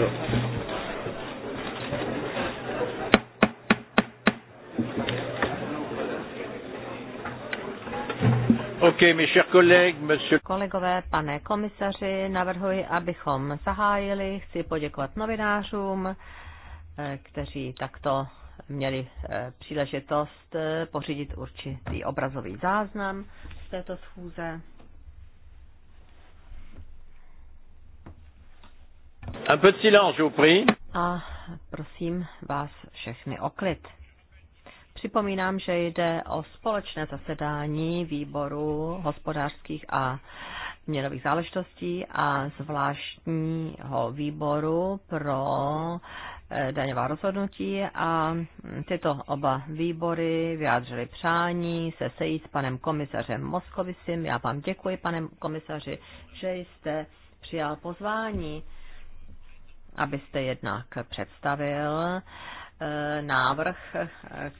No. Okay, mes chers collègues, monsieur... Kolegové, pane komisaři, navrhuji, abychom zahájili. Chci poděkovat novinářům, eh, kteří takto měli eh, příležitost eh, pořídit určitý obrazový záznam z této schůze. Un peu de silence, je vous prie. A prosím vás všechny o klid. Připomínám, že jde o společné zasedání výboru hospodářských a měnových záležitostí a zvláštního výboru pro eh, daňová rozhodnutí a tyto oba výbory vyjádřili přání se sejít s panem komisařem Moskovisem. Já vám děkuji, pane komisaři, že jste přijal pozvání abyste jednak představil eh, návrh,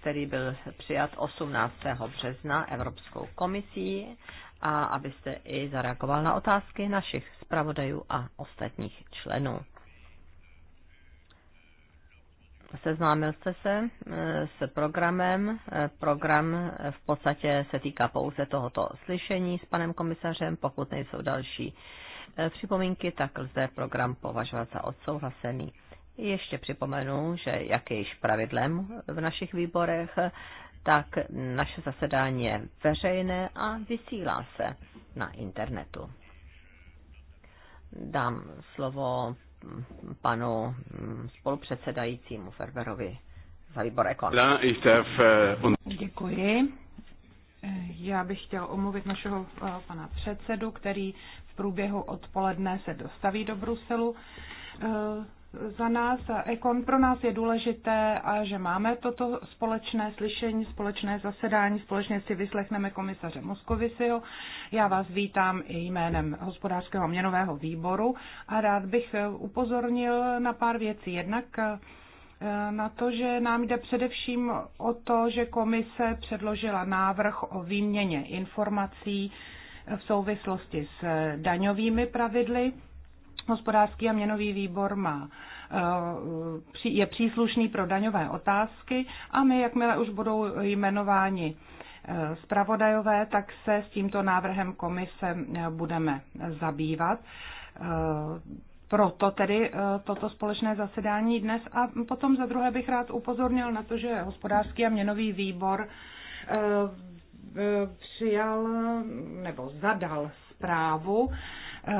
který byl přijat 18. března Evropskou komisí a abyste i zareagoval na otázky našich zpravodajů a ostatních členů. Seznámil jste se eh, s programem. Eh, program v podstatě se týká pouze tohoto slyšení s panem komisařem, pokud nejsou další Eh, připomínky, tak lze program považovat za odsouhlasený. Ještě připomenu, že jak je již pravidlem v našich výborech, tak naše zasedání je veřejné a vysílá se na internetu. Dám slovo mm, panu mm, spolupředsedajícímu Ferberovi za výbor Ekon. Eh, Děkuji. Eh, já bych chtěl omluvit našeho pana předsedu, který průběhu odpoledne se dostaví do Bruselu. Eh, za nás, Ekon, pro nás je důležité, a že máme toto společné slyšení, společné zasedání, společně si vyslechneme komisaře Moskovisiho. Já vás vítám i jménem hospodářského měnového výboru a rád bych eh, upozornil na pár věcí. Jednak eh, na to, že nám jde především o to, že komise předložila návrh o výměně informací v souvislosti s eh, daňovými pravidly. Hospodářský a měnový výbor má, eh, je příslušný pro daňové otázky a my, jakmile už budou jmenováni eh, zpravodajové, tak se s tímto návrhem komise budeme zabývat. Proto tedy toto společné zasedání dnes. A potom za druhé bych rád upozornil na to, že hospodářský a měnový výbor Eh, přijal nebo zadal zprávu eh,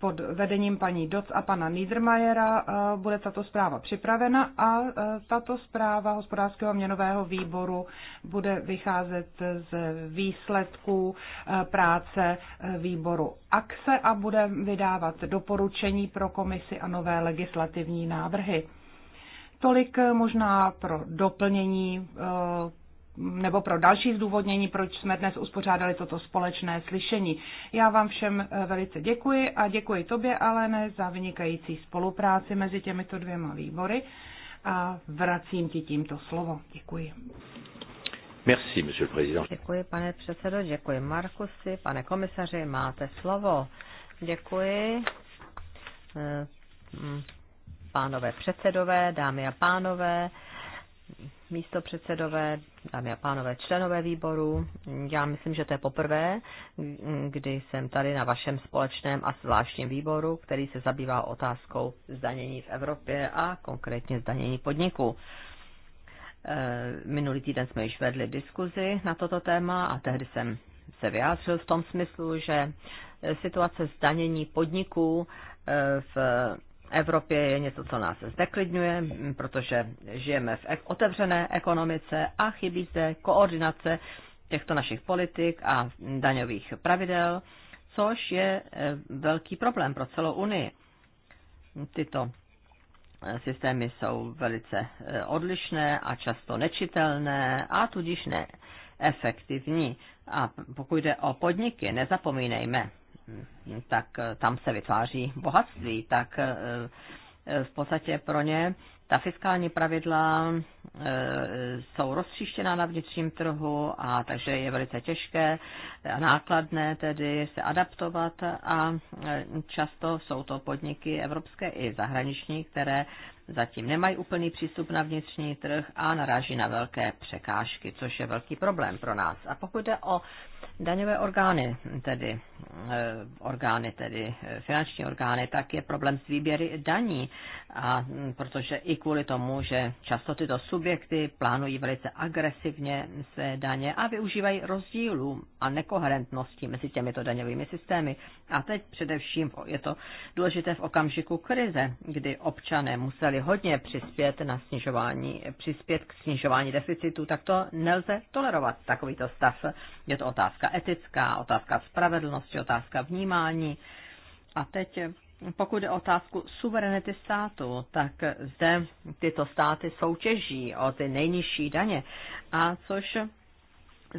pod vedením paní Doc a pana Niedermayera eh, bude tato zpráva připravena a tato zpráva hospodářského měnového výboru bude vycházet z výsledků práce výboru AXE a bude vydávat doporučení pro komisi a nové legislativní návrhy. Tolik možná pro doplnění nebo pro další zdůvodnění, proč jsme dnes uspořádali toto společné slyšení. Já vám všem eh, velice děkuji a děkuji tobě, Alene, za vynikající spolupráci mezi těmito dvěma výbory a vracím ti tímto slovo. Děkuji. Merci, monsieur le président. Děkuji, pane předsedo, děkuji Markusi, pane komisaři, máte slovo. Děkuji. Eh, mm, pánové předsedové, dámy a pánové, místo předsedové, dámy a pánové, členové výboru. Já myslím, že to je poprvé, kdy jsem tady na vašem společném a zvláštním výboru, který se zabývá otázkou zdanění v Evropě a konkrétně zdanění podniků. Eh, minulý týden jsme již vedli diskuzi na toto téma a tehdy jsem se vyjádřil v tom smyslu, že situace zdanění podniků eh, v Evropě je něco, co nás zdeklidňuje, protože žijeme v otevřené ekonomice a chybí zde koordinace těchto našich politik a daňových pravidel, což je eh, velký problém pro celou Unii. Tyto eh, systémy jsou velice eh, odlišné a často nečitelné a tudíž neefektivní. A pokud jde o podniky, nezapomínejme, Hm, tak eh, tam se vytváří bohatství, tak eh, eh, v podstatě pro ně ta fiskální pravidla jsou rozstříštěná na vnitřním trhu a takže je velice těžké a nákladné tedy se adaptovat a často jsou to podniky evropské i zahraniční, které zatím nemají úplný přístup na vnitřní trh a naráží na velké překážky, což je velký problém pro nás. A pokud jde o daňové orgány, tedy eh, orgány, tedy eh, finanční orgány, tak je problém s výběry daní. A mm, protože i kvůli tomu, že často tyto subjekty plánují velice agresivně své daně a využívají rozdílů a nekoherentnosti mezi těmito daňovými systémy. A teď především je to důležité v okamžiku krize, kdy občané museli hodně přispět na snižování, přispět k snižování deficitu, tak to nelze tolerovat takovýto stav. Je to otázka otázka etická, otázka spravedlnosti, otázka vnímání. A teď, pokud je otázku suverenity státu, tak zde tyto státy soutěží o ty nejnižší daně, a což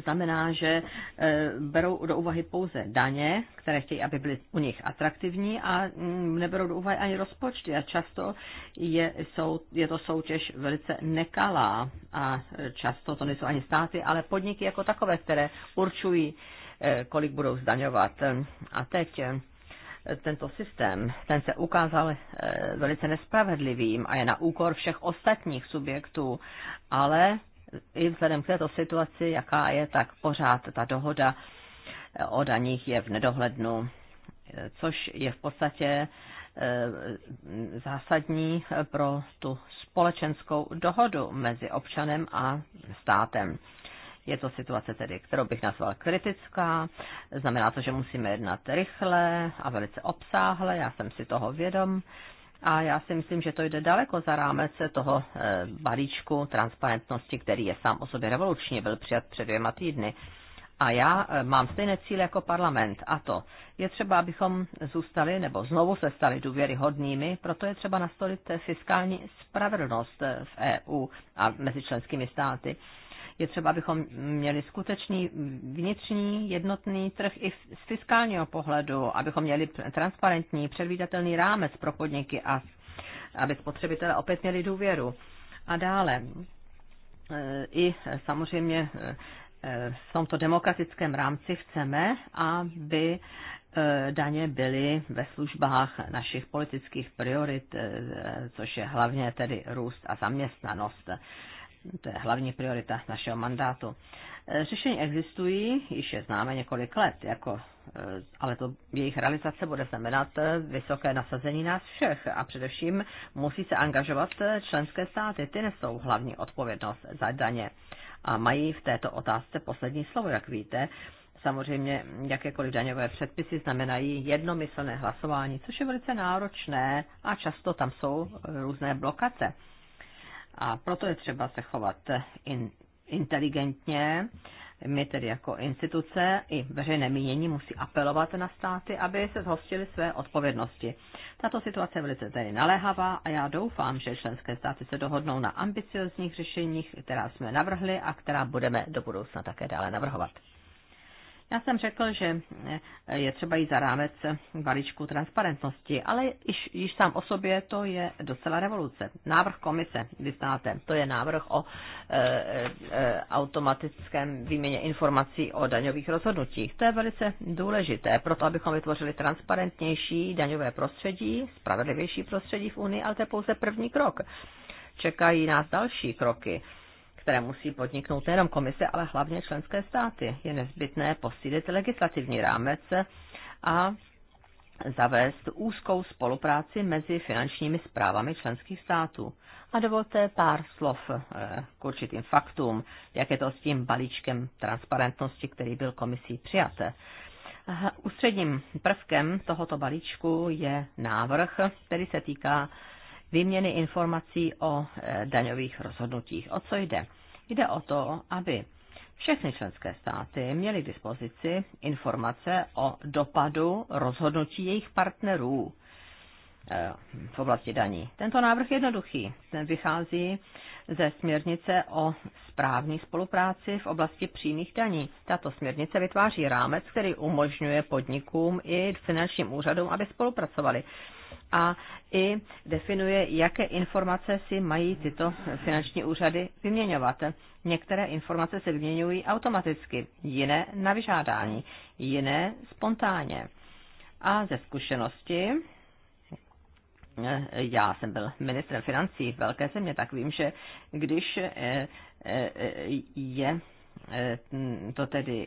znamená, že eh, berou do úvahy pouze daně, které chtějí, aby byly u nich atraktivní a mm, neberou do úvahy ani rozpočty a často je, jsou, je to soutěž velice nekalá a eh, často to nejsou ani státy, ale podniky jako takové, které určují, eh, kolik budou zdaňovat. A teď tento systém, ten se ukázal velice nespravedlivým a je na úkor všech ostatních subjektů, ale i vzhledem k této situaci, jaká je, tak pořád ta dohoda eh, o daních je v nedohlednu, eh, což je v podstatě eh, zásadní pro tu společenskou dohodu mezi občanem a státem. Je to situace tedy, kterou bych nazval kritická. Znamená to, že musíme jednat rychle a velice obsáhle. Já jsem si toho vědom. A já si myslím, že to jde daleko za rámec toho eh, balíčku transparentnosti, který je sám o sobě revoluční, byl přijat před dvěma týdny. A já eh, mám stejné cíle jako parlament a to je třeba, abychom zůstali nebo znovu se stali důvěryhodnými, proto je třeba nastolit fiskální spravedlnost eh, v EU a mezi členskými státy. Je třeba, abychom měli skutečný vnitřní jednotný trh i z fiskálního pohledu, abychom měli transparentní, předvídatelný rámec pro podniky a aby spotřebitelé opět měli důvěru. A dále eh, i samozřejmě eh, eh, v tomto demokratickém rámci chceme, aby daně byly ve službách našich politických priorit, což je hlavně tedy růst a zaměstnanost. To je hlavní priorita našeho mandátu. E, řešení existují, již je známe několik let, jako, e, ale to jejich realizace bude znamenat e, vysoké nasazení nás všech a především musí se angažovat členské státy. Ty nesou hlavní odpovědnost za daně a mají v této otázce poslední slovo, jak víte. Samozřejmě jakékoliv daňové předpisy znamenají jednomyslné hlasování, což je velice náročné a často tam jsou různé blokace. A proto je třeba se chovat eh, in, inteligentně. My tedy jako instituce i veřejné mínění musí apelovat na státy, aby se zhostili své odpovědnosti. Tato situace je velice tedy naléhavá a já doufám, že členské státy se dohodnou na ambiciozních řešeních, která jsme navrhli a která budeme do budoucna také dále navrhovat. Já jsem řekl, že eh, je třeba jít za rámec balíčku transparentnosti, ale již, již sám o sobě to je docela revoluce. Návrh komise, vy znáte, to je návrh o e, e, automatickém výměně informací o daňových rozhodnutích. To je velice důležité, proto abychom vytvořili transparentnější daňové prostředí, spravedlivější prostředí v Unii, ale to je pouze první krok. Čekají nás další kroky které musí podniknout nejenom komise, ale hlavně členské státy. Je nezbytné posílit legislativní rámec a zavést úzkou spolupráci mezi finančními zprávami členských států. A dovolte pár slov eh, k určitým faktům, jak je to s tím balíčkem transparentnosti, který byl komisí přijat. Eh, ústředním prvkem tohoto balíčku je návrh, který se týká výměny informací o e, daňových rozhodnutích. O co jde? Jde o to, aby všechny členské státy měly k dispozici informace o dopadu rozhodnutí jejich partnerů e, v oblasti daní. Tento návrh je jednoduchý. Ten vychází ze směrnice o správní spolupráci v oblasti přímých daní. Tato směrnice vytváří rámec, který umožňuje podnikům i finančním úřadům, aby spolupracovali a i definuje, jaké informace si mají tyto finanční úřady vyměňovat. Některé informace se vyměňují automaticky, jiné na vyžádání, jiné spontánně. A ze zkušenosti, eh, já jsem byl ministrem financí v velké země, tak vím, že když eh, eh, je Eh, to tedy,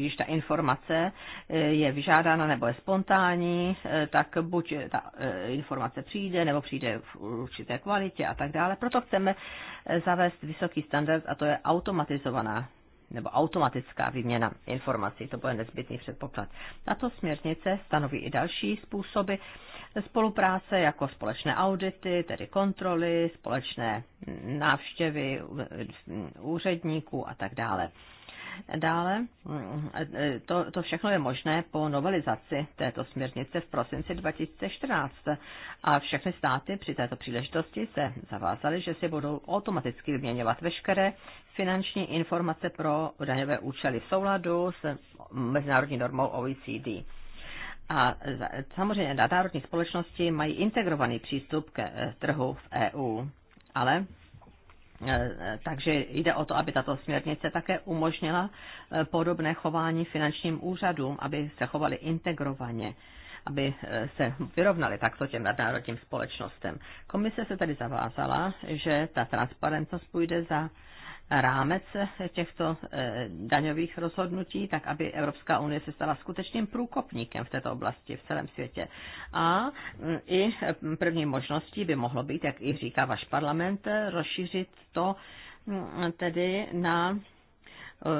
když ta informace eh, je vyžádána nebo je spontánní, eh, tak buď ta informace přijde, nebo přijde v určité kvalitě a tak dále. Proto chceme zavést vysoký standard a to je automatizovaná nebo automatická výměna informací. To bude nezbytný předpoklad. Tato směrnice stanoví i další způsoby, spolupráce jako společné audity, tedy kontroly, společné návštěvy úředníků a tak dále. Dále, to, to všechno je možné po novelizaci této směrnice v prosinci 2014 a všechny státy při této příležitosti se zavázaly, že si budou automaticky vyměňovat veškeré finanční informace pro daňové účely v souladu s mezinárodní normou OECD. A samozřejmě nadnárodní společnosti mají integrovaný přístup k eh, trhu v EU, ale eh, eh, takže jde o to, aby tato směrnice také umožnila podobné chování finančním úřadům, aby se chovali integrovaně aby se vyrovnali takto těm nadnárodním společnostem. Komise se tedy zavázala, že ta transparentnost půjde za rámec těchto eh, daňových rozhodnutí, tak aby Evropská unie se stala skutečným průkopníkem v této oblasti v celém světě. A mm, i mm, první možností by mohlo být, jak i říká váš parlament, rozšířit to mm, tedy na eh,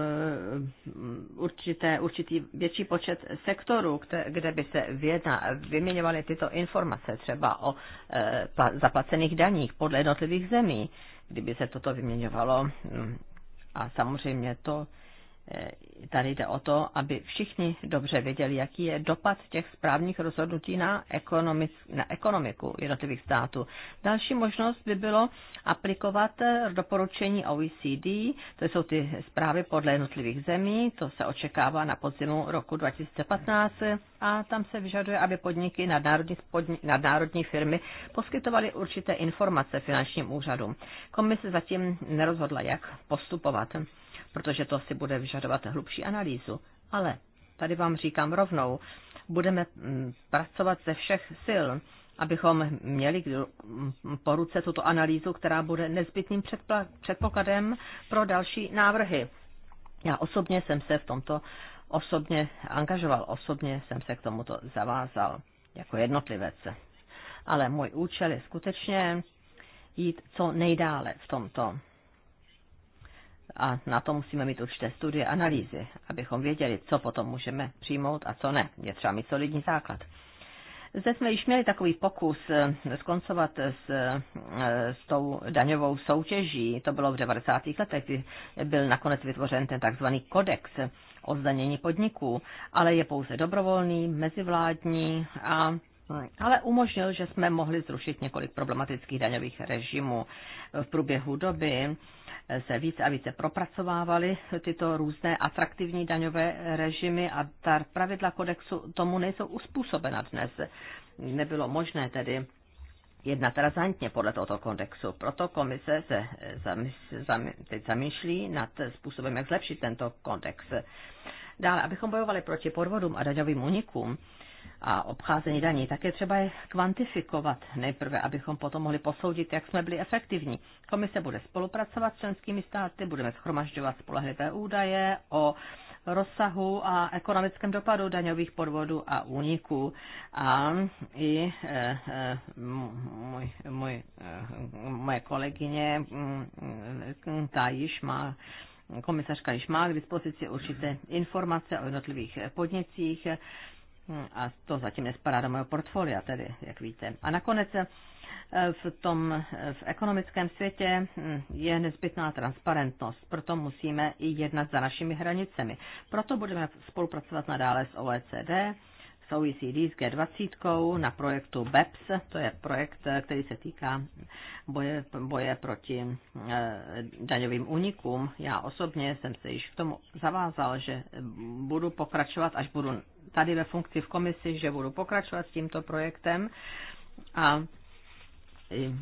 určité, určitý větší počet sektorů, kde by se vědna, vyměňovaly tyto informace třeba o eh, zaplacených daních podle jednotlivých zemí kdyby se toto vyměňovalo. Mm. A samozřejmě to Eh, tady jde o to, aby všichni dobře věděli, jaký je dopad těch správních rozhodnutí na, na ekonomiku jednotlivých států. Další možnost by bylo aplikovat eh, doporučení OECD, to jsou ty zprávy podle jednotlivých zemí, to se očekává na podzimu roku 2015 a tam se vyžaduje, aby podniky nadnárodní, podni, nadnárodní firmy poskytovaly určité informace finančním úřadům. Komise zatím nerozhodla, jak postupovat protože to asi bude vyžadovat hlubší analýzu. Ale tady vám říkám rovnou, budeme mm, pracovat ze všech sil, abychom měli po ruce tuto analýzu, která bude nezbytným předpokladem pro další návrhy. Já osobně jsem se v tomto osobně angažoval, osobně jsem se k tomuto zavázal jako jednotlivec. Ale můj účel je skutečně jít co nejdále v tomto. A na to musíme mít určité studie, analýzy, abychom věděli, co potom můžeme přijmout a co ne. Je třeba mít solidní základ. Zde jsme již měli takový pokus eh, skoncovat s, eh, s tou daňovou soutěží. To bylo v 90. letech, kdy byl nakonec vytvořen ten takzvaný kodex o zdanění podniků, ale je pouze dobrovolný, mezivládní a ale umožnil, že jsme mohli zrušit několik problematických daňových režimů v průběhu doby se víc a více propracovávaly tyto různé atraktivní daňové režimy a ta pravidla kodexu tomu nejsou uspůsobena dnes. Nebylo možné tedy jednat razantně podle tohoto kodexu. Proto komise se teď zamýšlí nad způsobem, jak zlepšit tento kodex. Dále, abychom bojovali proti podvodům a daňovým unikům, a obcházení daní, tak je třeba je kvantifikovat nejprve, abychom potom mohli posoudit, jak jsme byli efektivní. Komise bude spolupracovat s členskými státy, budeme schromažďovat spolehlivé údaje o rozsahu a ekonomickém dopadu daňových podvodů a úniků. A i e, e, můj, můj, e, moje kolegyně, mm, ta již má komisařka již má k dispozici určité informace o jednotlivých podnicích, Hm, a to zatím nespadá do mého portfolia, tedy, jak víte. A nakonec eh, v tom eh, v ekonomickém světě hm, je nezbytná transparentnost, proto musíme i jednat za našimi hranicemi. Proto budeme spolupracovat nadále s OECD, s OECD, s G20 na projektu BEPS, to je projekt, eh, který se týká boje, boje proti daňovým únikům. Já osobně jsem se již k tomu zavázal, že budu pokračovat, až budu tady ve funkci v komisi, že budu pokračovat s tímto projektem a e,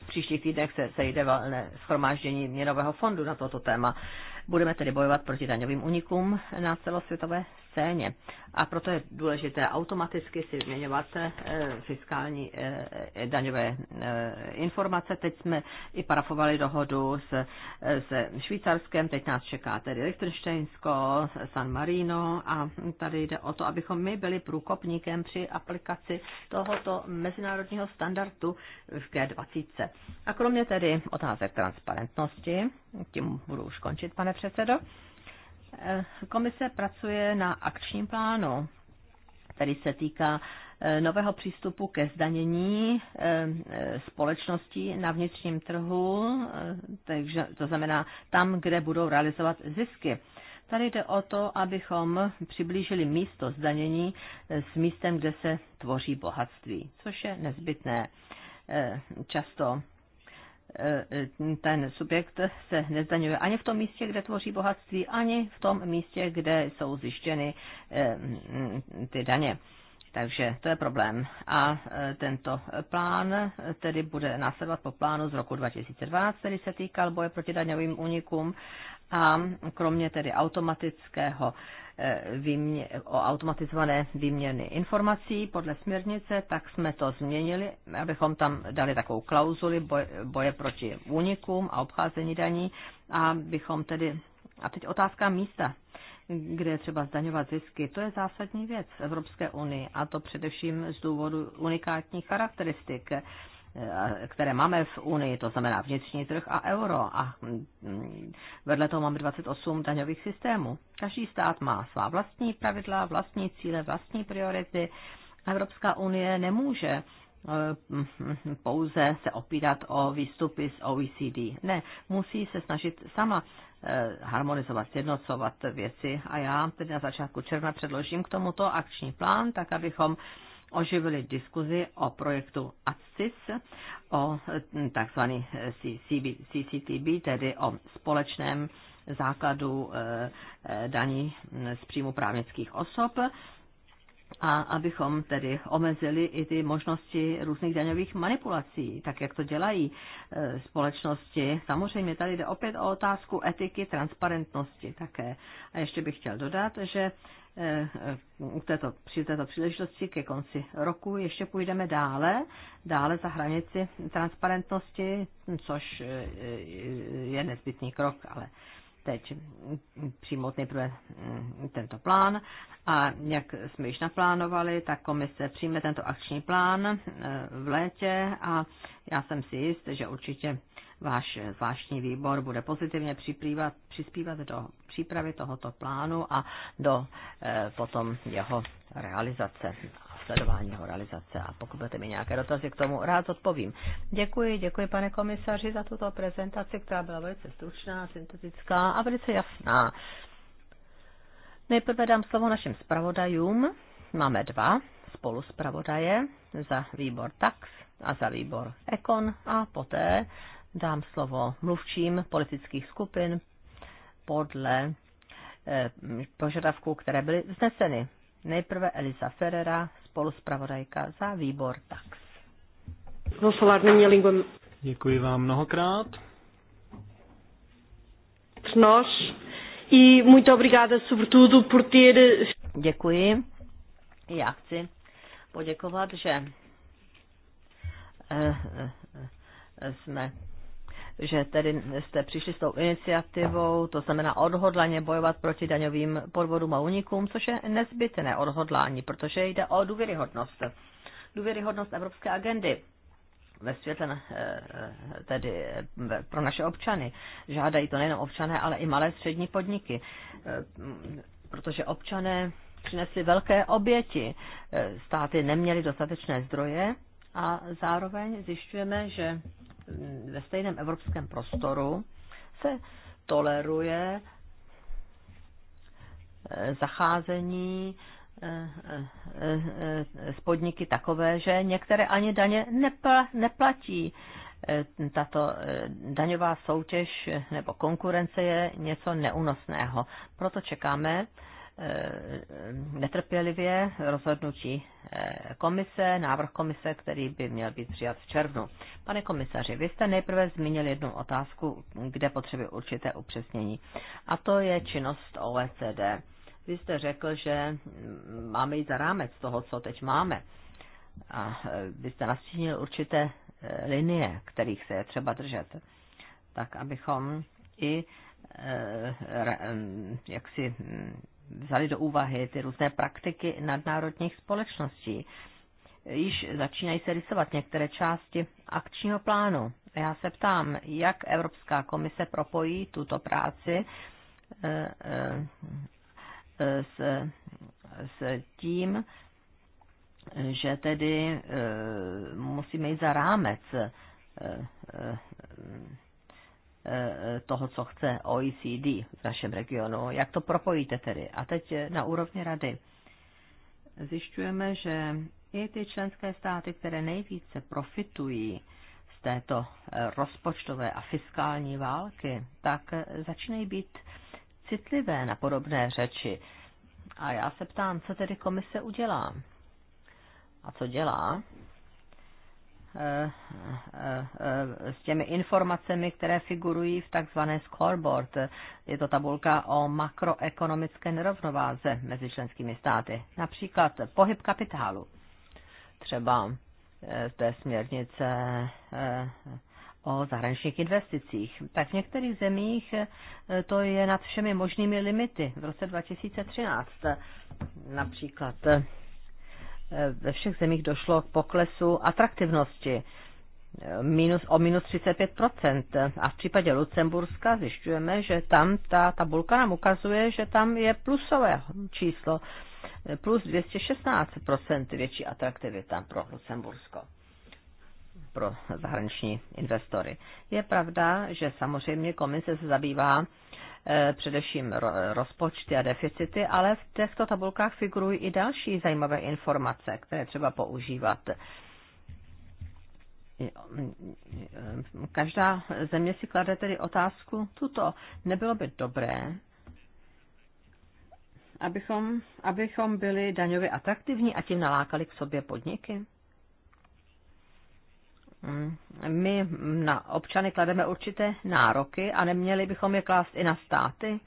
v příštích týdnech se sejde valné schromáždění měnového fondu na toto téma. Budeme tedy bojovat proti daňovým unikům na celosvětové scéně. A proto je důležité automaticky si vyměňovat eh, fiskální eh, daňové eh, informace. Teď jsme i parafovali dohodu s, se Švýcarskem, teď nás čeká tedy Liechtensteinsko, San Marino a tady jde o to, abychom my byli průkopníkem při aplikaci tohoto mezinárodního standardu v G20. A kromě tedy otázek transparentnosti, tím budu už končit, pane předsedo, Eh, komise pracuje na akčním plánu, který se týká eh, nového přístupu ke zdanění eh, společností na vnitřním trhu, takže to znamená tam, kde budou realizovat zisky. Tady jde o to, abychom přiblížili místo zdanění s místem, kde se tvoří bohatství, což je nezbytné. Často ten subjekt se nezdaňuje ani v tom místě, kde tvoří bohatství, ani v tom místě, kde jsou zjištěny eh, ty daně. Takže to je problém. A eh, tento plán tedy bude následovat po plánu z roku 2012, který se týkal boje proti daňovým únikům a kromě tedy automatického eh, výmě, o automatizované výměny informací podle směrnice, tak jsme to změnili, abychom tam dali takovou klauzuli boje, boje proti únikům a obcházení daní, a bychom tedy, a teď otázka místa, kde je třeba zdaňovat zisky, to je zásadní věc v Evropské unii, a to především z důvodu unikátních charakteristik Eh, které máme v Unii, to znamená vnitřní trh a euro. A mm, vedle toho máme 28 daňových systémů. Každý stát má svá vlastní pravidla, vlastní cíle, vlastní priority. Evropská unie nemůže eh, pouze se opírat o výstupy z OECD. Ne, musí se snažit sama eh, harmonizovat, sjednocovat věci a já tedy na začátku června předložím k tomuto akční plán, tak abychom oživili diskuzi o projektu ACCIS, o hm, takzvaný eh, CCTB, tedy o společném základu eh, eh, daní hm, z příjmu právnických osob, a abychom tedy omezili i ty možnosti různých daňových manipulací, tak jak to dělají e, společnosti. Samozřejmě tady jde opět o otázku etiky, transparentnosti také. A ještě bych chtěl dodat, že e, e, u této, při této příležitosti ke konci roku ještě půjdeme dále, dále za hranici transparentnosti, což je nezbytný krok, ale teď přijmout nejprve mm, tento plán a jak jsme již naplánovali, tak komise přijme tento akční plán e, v létě a já jsem si jist, že určitě váš zvláštní výbor bude pozitivně přispívat, přispívat do přípravy tohoto plánu a do e, potom jeho realizace sledování jeho realizace. A pokud budete mít nějaké dotazy k tomu, rád odpovím. Děkuji, děkuji pane komisaři za tuto prezentaci, která byla velice stručná, syntetická a velice jasná. Nejprve dám slovo našim zpravodajům. Máme dva spolu zpravodaje za výbor TAX a za výbor EKON a poté dám slovo mluvčím politických skupin podle eh, požadavků, které byly vzneseny. Nejprve Elisa Ferrera spoluspravodajka za výbor TAX. Děkuji vám mnohokrát. Nós e muito obrigada sobretudo por ter... Děkuji. Já chci poděkovat, že eh, eh, eh, jsme že tedy jste přišli s tou iniciativou, to znamená odhodlaně bojovat proti daňovým podvodům a unikům, což je nezbytné odhodlání, protože jde o důvěryhodnost. Důvěryhodnost evropské agendy ve světle eh, eh, tedy eh, pro naše občany. Žádají to nejen občané, ale i malé střední podniky, protože občané přinesli velké oběti. Státy neměly dostatečné zdroje a zároveň zjišťujeme, že ve stejném evropském prostoru se toleruje eh, zacházení eh, eh, s podniky takové, že některé ani daně neplatí. Tato daňová soutěž nebo konkurence je něco neúnosného. Proto čekáme, Eh, netrpělivě rozhodnutí eh, komise, návrh komise, který by měl být přijat v červnu. Pane komisaři, vy jste nejprve zmínil jednu otázku, kde potřebuje určité upřesnění, a to je činnost OECD. Vy jste řekl, že máme jít za rámec toho, co teď máme. A eh, vy jste nastínil určité linie, kterých se je třeba držet, tak abychom i jak si hm, vzali do úvahy ty různé praktiky nadnárodních společností. Již začínají se rysovat některé části akčního plánu. Já se ptám, jak Evropská komise propojí tuto práci eh, eh, s, s tím, že tedy eh, musíme jít za rámec Eh, eh, toho, co chce OECD v našem regionu. Jak to propojíte tedy? A teď eh, na úrovni rady. Zjišťujeme, že i ty členské státy, které nejvíce profitují z této rozpočtové a fiskální války, tak začínají být citlivé na podobné řeči. A já se ptám, co tedy komise udělá? A co dělá? Eh, eh, eh, s těmi informacemi, které figurují v takzvané scoreboard. Je to tabulka o makroekonomické nerovnováze mezi členskými státy. Například pohyb kapitálu. Třeba té směrnice o zahraničních investicích. Tak v některých zemích to je nad všemi možnými limity. V roce 2013 například Eh, ve všech zemích došlo k poklesu atraktivnosti eh, minus, o minus 35%. A v případě Lucemburska zjišťujeme, že tam ta tabulka nám ukazuje, že tam je plusové číslo, eh, plus 216% větší atraktivita pro Lucembursko pro zahraniční investory. Je pravda, že samozřejmě komise se zabývá Eh, především rozpočty a deficity, ale v těchto tabulkách figurují i další zajímavé informace, které třeba používat. Eh, každá země si klade tedy otázku tuto. Nebylo by dobré, abychom, abychom byli daňově atraktivní a tím nalákali k sobě podniky? Mm, my na občany klademe určité nároky a neměli bychom je klást i na státy.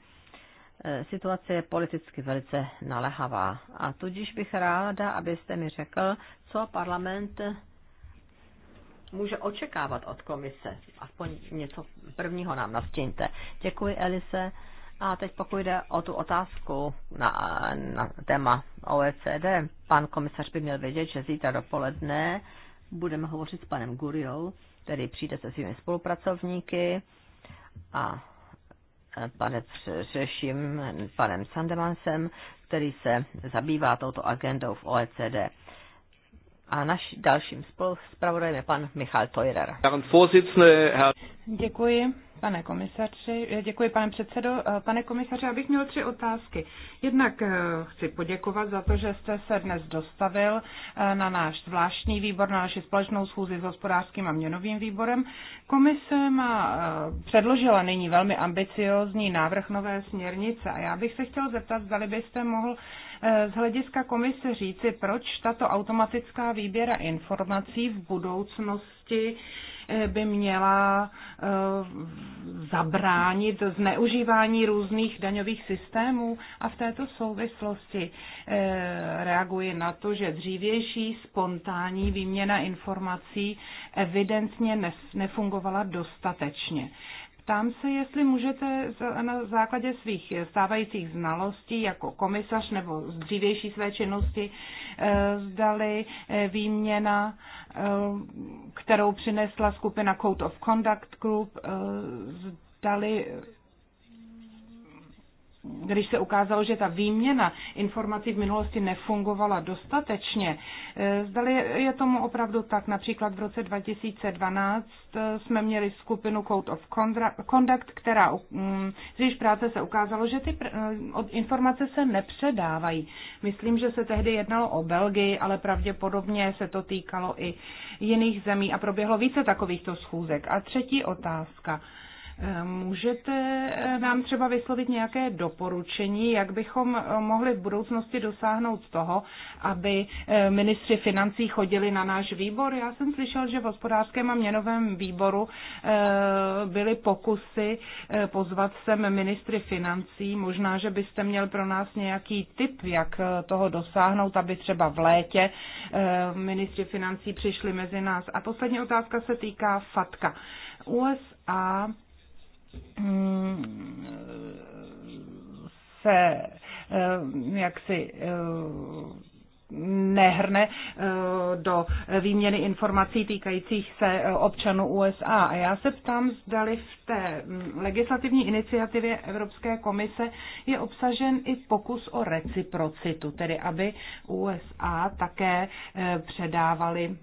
E, situace je politicky velice nalehavá a tudíž bych ráda, abyste mi řekl, co parlament může očekávat od komise. Aspoň něco prvního nám nastíňte. Děkuji, Elise. A teď pokud jde o tu otázku na, na téma OECD, pan komisař by měl vědět, že zítra dopoledne budeme hovořit s panem Guriou, který přijde se svými spolupracovníky a pane řeším panem Sandemansem, který se zabývá touto agendou v OECD. A naš dalším zpravodajem je pan Michal Tojrer. Děkuji, pane komisaři. Eh, děkuji, pane předsedo. Eh, pane komisaři, abych měl tři otázky. Jednak eh, chci poděkovat za to, že jste se dnes dostavil na náš zvláštní výbor, na naši společnou schůzi s hospodářským a měnovým výborem. Komise má, předložila nyní velmi ambiciozní návrh nové směrnice a já bych se chtěl zeptat, zda byste mohl Eh, z hlediska komise říci, proč tato automatická výběra informací v budoucnosti eh, by měla eh, zabránit zneužívání různých daňových systémů a v této souvislosti reaguji na to, že dřívější spontánní výměna informací evidentně nefungovala dostatečně. Ptám se, jestli můžete na základě svých stávajících znalostí jako komisař nebo z dřívější své činnosti eh, zdali eh, výměna, eh, kterou přinesla skupina Code of Conduct Group, zdali když se ukázalo, že ta výměna informací v minulosti nefungovala dostatečně. E, zdali je tomu opravdu tak, například v roce 2012 e, jsme měli skupinu Code of Conduct, která mm, z jejíž práce se ukázalo, že ty e, informace se nepředávají. Myslím, že se tehdy jednalo o Belgii, ale pravděpodobně se to týkalo i jiných zemí a proběhlo více takovýchto schůzek. A třetí otázka Můžete eh, nám třeba vyslovit nějaké doporučení, jak bychom eh, mohli v budoucnosti dosáhnout toho, aby eh, ministři financí chodili na náš výbor? Já jsem slyšel, že v hospodářském a měnovém výboru byly pokusy pozvat sem ministry financí. Možná, že byste měl pro nás nějaký tip, jak toho dosáhnout, aby třeba v létě ministři financí přišli mezi nás. A poslední otázka se týká FATKA. USA Mm, se eh, jak si eh, nehrne eh, do výměny informací týkajících se eh, občanů USA. A já se ptám, zdali v té mm, legislativní iniciativě Evropské komise je obsažen i pokus o reciprocitu, tedy aby USA také eh, předávali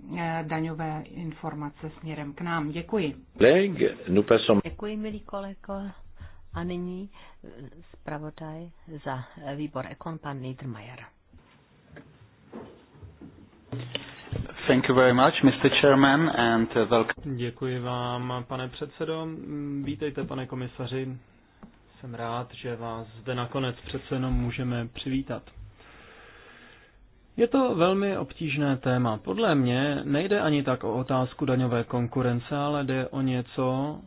daňové informace směrem k nám. Děkuji. Děkuji, milí kolego. A nyní zpravodaj za výbor Ekon, pan Niedermayer. Thank you very much, Mr. Chairman, and uh, welcome. Děkuji vám, pane předsedo. Vítejte, pane komisaři. Jsem rád, že vás zde nakonec přece jenom můžeme přivítat. Je to velmi obtížné téma. Podle mě nejde ani tak o otázku daňové konkurence, ale jde o něco,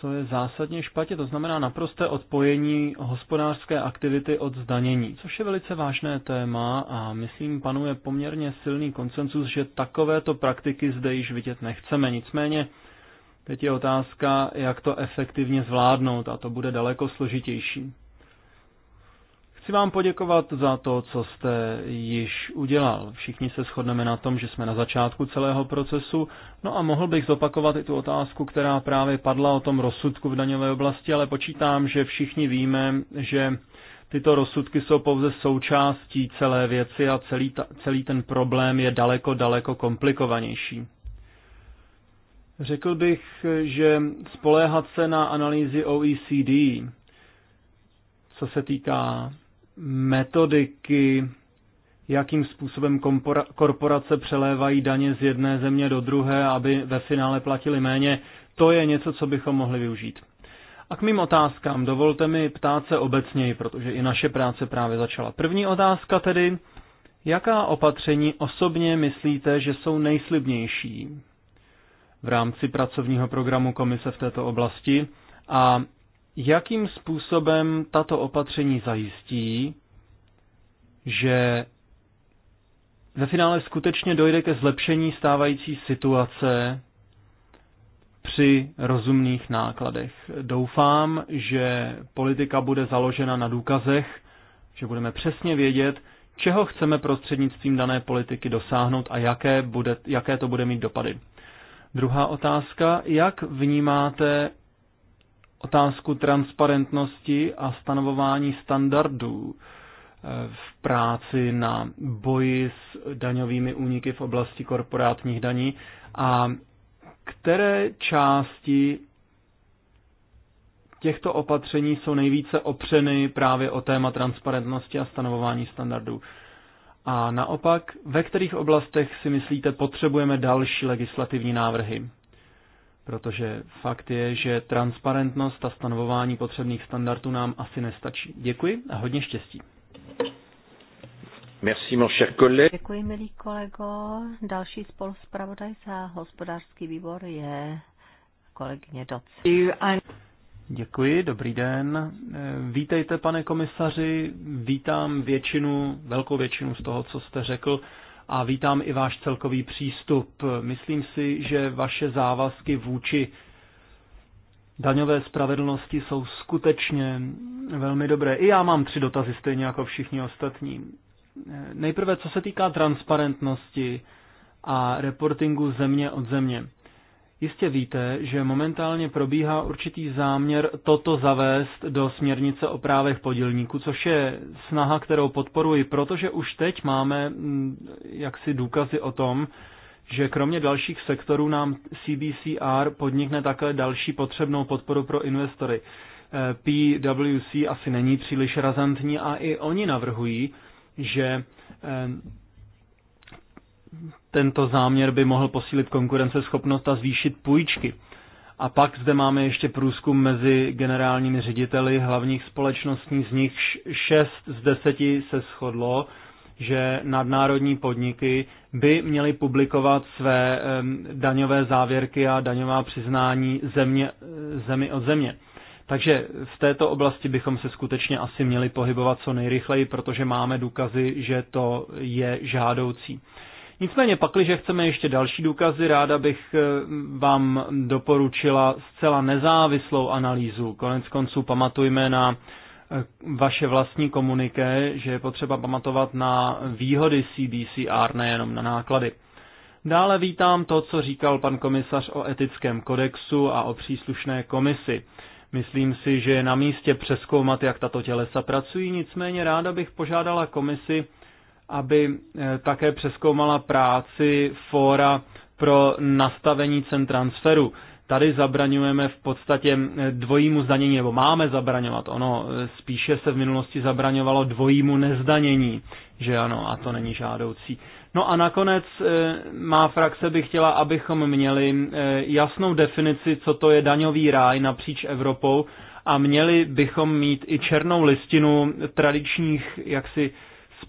co je zásadně špatně, to znamená naprosté odpojení hospodářské aktivity od zdanění, což je velice vážné téma a myslím panuje poměrně silný koncensus, že takovéto praktiky zde již vidět nechceme. Nicméně teď je otázka, jak to efektivně zvládnout a to bude daleko složitější. Chci vám poděkovat za to, co jste již udělal. Všichni se shodneme na tom, že jsme na začátku celého procesu. No a mohl bych zopakovat i tu otázku, která právě padla o tom rozsudku v daňové oblasti, ale počítám, že všichni víme, že tyto rozsudky jsou pouze součástí celé věci a celý, ta, celý ten problém je daleko, daleko komplikovanější. Řekl bych, že spoléhat se na analýzy OECD, co se týká metodiky, jakým způsobem korporace přelévají daně z jedné země do druhé, aby ve finále platili méně, to je něco, co bychom mohli využít. A k mým otázkám dovolte mi ptát se obecněji, protože i naše práce právě začala. První otázka tedy, jaká opatření osobně myslíte, že jsou nejslibnější v rámci pracovního programu komise v této oblasti a jakým způsobem tato opatření zajistí, že ve finále skutečně dojde ke zlepšení stávající situace při rozumných nákladech. Doufám, že politika bude založena na důkazech, že budeme přesně vědět, čeho chceme prostřednictvím dané politiky dosáhnout a jaké, bude, jaké to bude mít dopady. Druhá otázka, jak vnímáte otázku transparentnosti a stanovování standardů eh, v práci na boji s daňovými úniky v oblasti korporátních daní a které části těchto opatření jsou nejvíce opřeny právě o téma transparentnosti a stanovování standardů. A naopak, ve kterých oblastech si myslíte, potřebujeme další legislativní návrhy? protože fakt je, že transparentnost a stanovování potřebných standardů nám asi nestačí. Děkuji a hodně štěstí. Merci, mon cher collègue. Děkuji, milý kolego. Další spoluspravodaj za hospodářský výbor je kolegyně Doc. Děkuji, dobrý den. Vítejte, pane komisaři. Vítám většinu, velkou většinu z toho, co jste řekl a vítám i váš celkový přístup. Myslím si, že vaše závazky vůči daňové spravedlnosti jsou skutečně velmi dobré. I já mám tři dotazy stejně jako všichni ostatní. Nejprve, co se týká transparentnosti a reportingu země od země. Jistě víte, že momentálně probíhá určitý záměr toto zavést do směrnice o právech podílníků, což je snaha, kterou podporuji, protože už teď máme mm, jaksi důkazy o tom, že kromě dalších sektorů nám CBCR podnikne také další potřebnou podporu pro investory. Eh, PWC asi není příliš razantní a i oni navrhují, že eh, tento záměr by mohl posílit konkurenceschopnost a zvýšit půjčky. A pak zde máme ještě průzkum mezi generálními řediteli hlavních společností, z nich šest z deseti se shodlo, že nadnárodní podniky by měly publikovat své daňové závěrky a daňová přiznání země, zemi od země. Takže v této oblasti bychom se skutečně asi měli pohybovat co nejrychleji, protože máme důkazy, že to je žádoucí. Nicméně pakliže chceme ještě další důkazy, ráda bych eh, vám doporučila zcela nezávislou analýzu. Konec konců pamatujme na eh, vaše vlastní komuniké, že je potřeba pamatovat na výhody CBCR, nejenom na náklady. Dále vítám to, co říkal pan komisař o etickém kodexu a o příslušné komisi. Myslím si, že je na místě přeskoumat, jak tato tělesa pracují, nicméně ráda bych požádala komisi aby eh, také přeskoumala práci fóra pro nastavení cen transferu. Tady zabraňujeme v podstatě eh, dvojímu zdanění, nebo máme zabraňovat. Ono eh, spíše se v minulosti zabraňovalo dvojímu nezdanění, že ano, a to není žádoucí. No a nakonec má frakce by chtěla, abychom měli jasnou definici, co to je daňový ráj napříč Evropou a měli bychom mít i černou listinu tradičních jaksi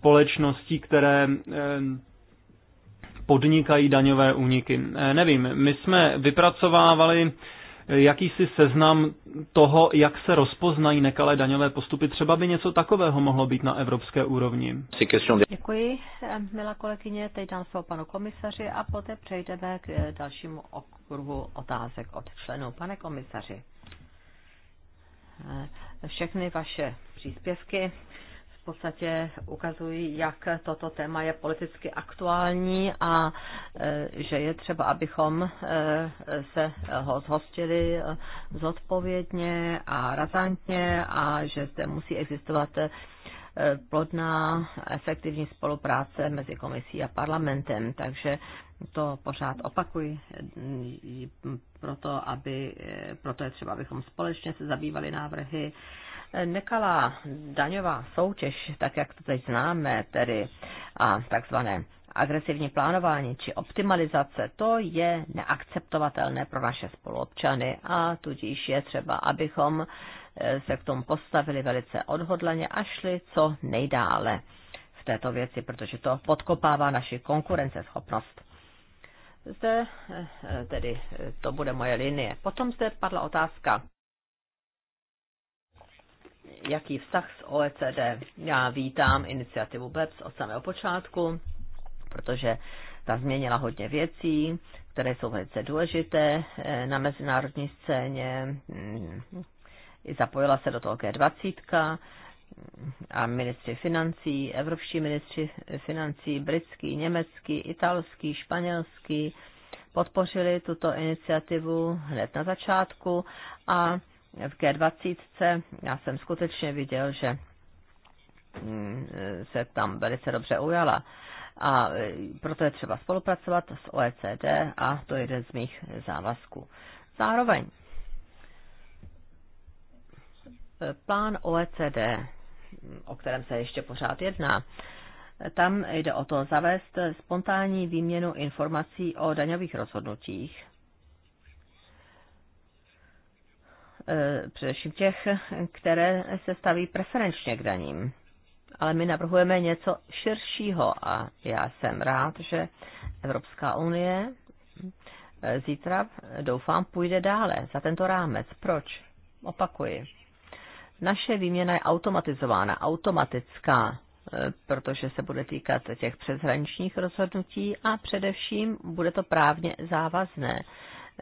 společností, které eh, podnikají daňové úniky. Eh, nevím, my jsme vypracovávali eh, jakýsi seznam toho, jak se rozpoznají nekalé daňové postupy. Třeba by něco takového mohlo být na evropské úrovni. Děkuji, milá kolegyně. Teď dám slovo panu komisaři a poté přejdeme k dalšímu okruhu otázek od členů. Pane komisaři, všechny vaše příspěvky v podstatě ukazují, jak toto téma je politicky aktuální a e, že je třeba, abychom e, se ho zhostili e, zodpovědně a razantně a že zde musí existovat plodná, efektivní spolupráce mezi komisí a parlamentem. Takže to pořád opakuji, proto, aby, proto je třeba, abychom společně se zabývali návrhy nekalá daňová soutěž, tak jak to teď známe, tedy a takzvané agresivní plánování či optimalizace, to je neakceptovatelné pro naše spoluobčany a tudíž je třeba, abychom e, se k tomu postavili velice odhodlaně a šli co nejdále v této věci, protože to podkopává naši konkurenceschopnost. Zde e, e, tedy to bude moje linie. Potom zde padla otázka jaký vztah s OECD. Já vítám iniciativu BEPS od samého počátku, protože ta změnila hodně věcí, které jsou velice důležité eh, na mezinárodní scéně. Mm, I zapojila se do toho G20 a ministři financí, evropští ministři financí, britský, německý, italský, španělský, podpořili tuto iniciativu hned na začátku a v G20, já jsem skutečně viděl, že mm, se tam velice dobře ujala. A proto je třeba spolupracovat s OECD a to je jeden z mých závazků. Zároveň plán OECD, o kterém se ještě pořád jedná, tam jde o to zavést spontánní výměnu informací o daňových rozhodnutích E, především těch, které se staví preferenčně k daním. Ale my navrhujeme něco širšího a já jsem rád, že Evropská unie e, zítra, doufám, půjde dále za tento rámec. Proč? Opakuji. Naše výměna je automatizována, automatická, e, protože se bude týkat těch přeshraničních rozhodnutí a především bude to právně závazné.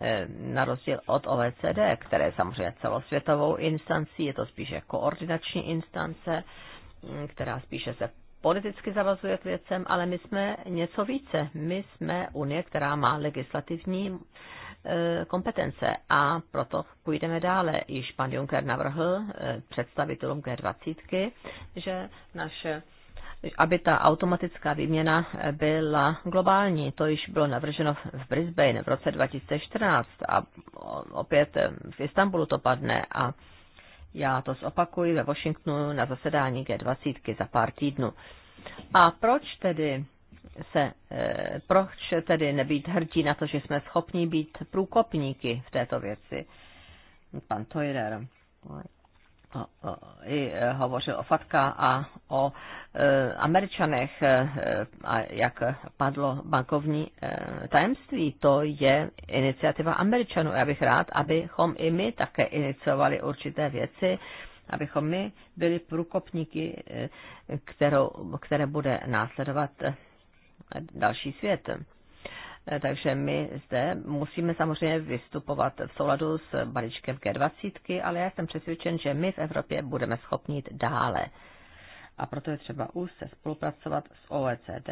Eh, na rozdíl od OECD, které je samozřejmě celosvětovou instancí, je to spíše koordinační instance, mm, která spíše se politicky zavazuje k věcem, ale my jsme něco více. My jsme Unie, která má legislativní eh, kompetence a proto půjdeme dále. Již pan Juncker navrhl eh, představitelům G20, že naše aby ta automatická výměna eh, byla globální. To již bylo navrženo v Brisbane v roce 2014 a opět eh, v Istanbulu to padne a já to zopakuji ve Washingtonu na zasedání G20 za pár týdnů. A proč tedy se, eh, proč tedy nebýt hrdí na to, že jsme schopni být průkopníky v této věci? Pan Toiler i e, hovořil o Fatka a o e, Američanech e, a jak padlo bankovní tajemství. To je iniciativa Američanů. Já bych rád, abychom i my také iniciovali určité věci, abychom my byli průkopníky, kterou, které bude následovat další svět. Eh, takže my zde musíme samozřejmě vystupovat v souladu s balíčkem G20, ale já jsem přesvědčen, že my v Evropě budeme schopni jít dále. A proto je třeba úzce spolupracovat s OECD,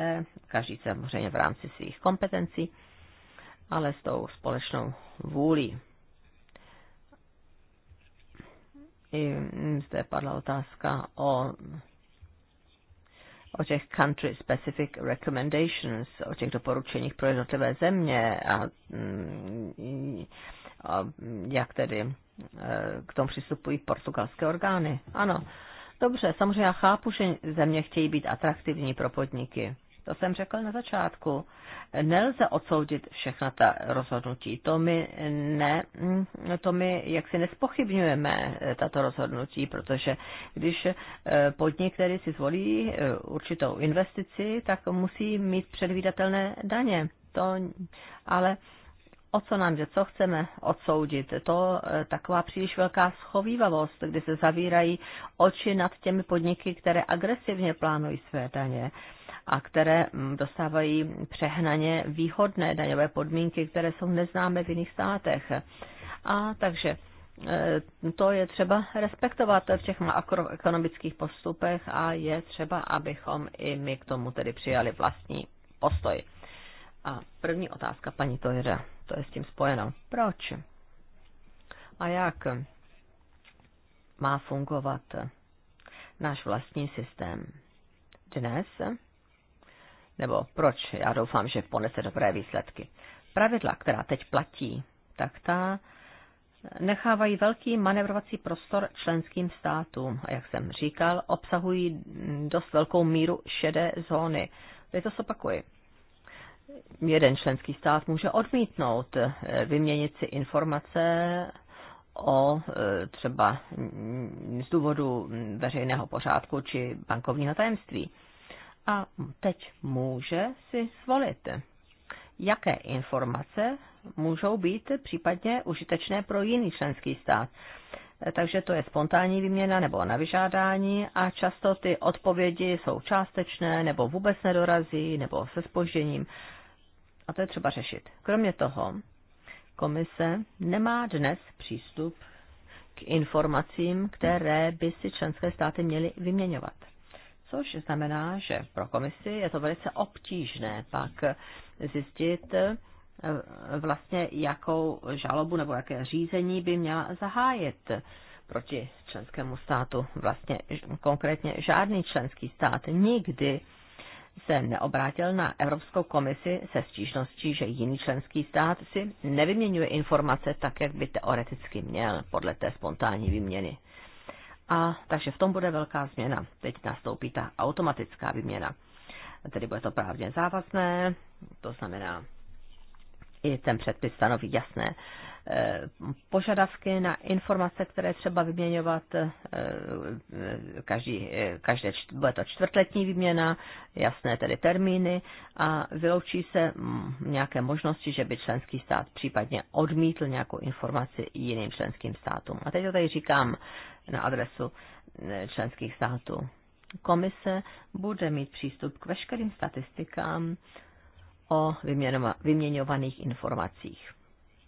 každý samozřejmě v rámci svých kompetencí, ale s tou společnou vůlí. I zde padla otázka o o těch country specific recommendations, o těch doporučeních pro jednotlivé země a, mm, a jak tedy eh, k tomu přistupují portugalské orgány. Ano, dobře, samozřejmě já chápu, že země chtějí být atraktivní pro podniky. To jsem řekl na začátku. Nelze odsoudit všechna ta rozhodnutí. To my, ne, to my jaksi nespochybňujeme eh, tato rozhodnutí, protože když eh, podnik, který si zvolí eh, určitou investici, tak musí mít předvídatelné daně. To, ale o co nám jde, co chceme odsoudit. To taková příliš velká schovývavost, kdy se zavírají oči nad těmi podniky, které agresivně plánují své daně a které mm, dostávají přehnaně výhodné daňové podmínky, které jsou neznámé v jiných státech. A takže eh, to je třeba respektovat v těch makroekonomických postupech a je třeba, abychom i my k tomu tedy přijali vlastní postoj. A první otázka, paní Tojře, to je s tím spojeno. Proč? A jak má fungovat náš vlastní systém? Dnes nebo proč? Já doufám, že ponese dobré výsledky. Pravidla, která teď platí, tak ta nechávají velký manevrovací prostor členským státům a jak jsem říkal, obsahují dost velkou míru šedé zóny. Teď to zopakuji. Jeden členský stát může odmítnout eh, vyměnit si informace o eh, třeba z důvodu mm, veřejného pořádku či bankovního tajemství a teď může si zvolit, jaké informace můžou být případně užitečné pro jiný členský stát. Takže to je spontánní výměna nebo na vyžádání a často ty odpovědi jsou částečné nebo vůbec nedorazí nebo se spožděním. A to je třeba řešit. Kromě toho, komise nemá dnes přístup k informacím, které by si členské státy měly vyměňovat což znamená, že pro komisi je to velice obtížné pak zjistit, eh, vlastně jakou žalobu nebo jaké řízení by měla zahájit proti členskému státu. Vlastně konkrétně žádný členský stát nikdy se neobrátil na Evropskou komisi se stížností, že jiný členský stát si nevyměňuje informace tak, jak by teoreticky měl podle té spontánní výměny a takže v tom bude velká změna. Teď nastoupí ta automatická výměna. Tedy bude to právně závazné, to znamená, i ten předpis stanoví jasné eh, požadavky na informace, které třeba vyměňovat. Eh, eh, každý, každé, bude to čtvrtletní výměna, jasné tedy termíny a vyloučí se mm, nějaké možnosti, že by členský stát případně odmítl nějakou informaci jiným členským státům. A teď to tady říkám na adresu eh, členských států. Komise bude mít přístup k veškerým statistikám o vyměňovaných informacích.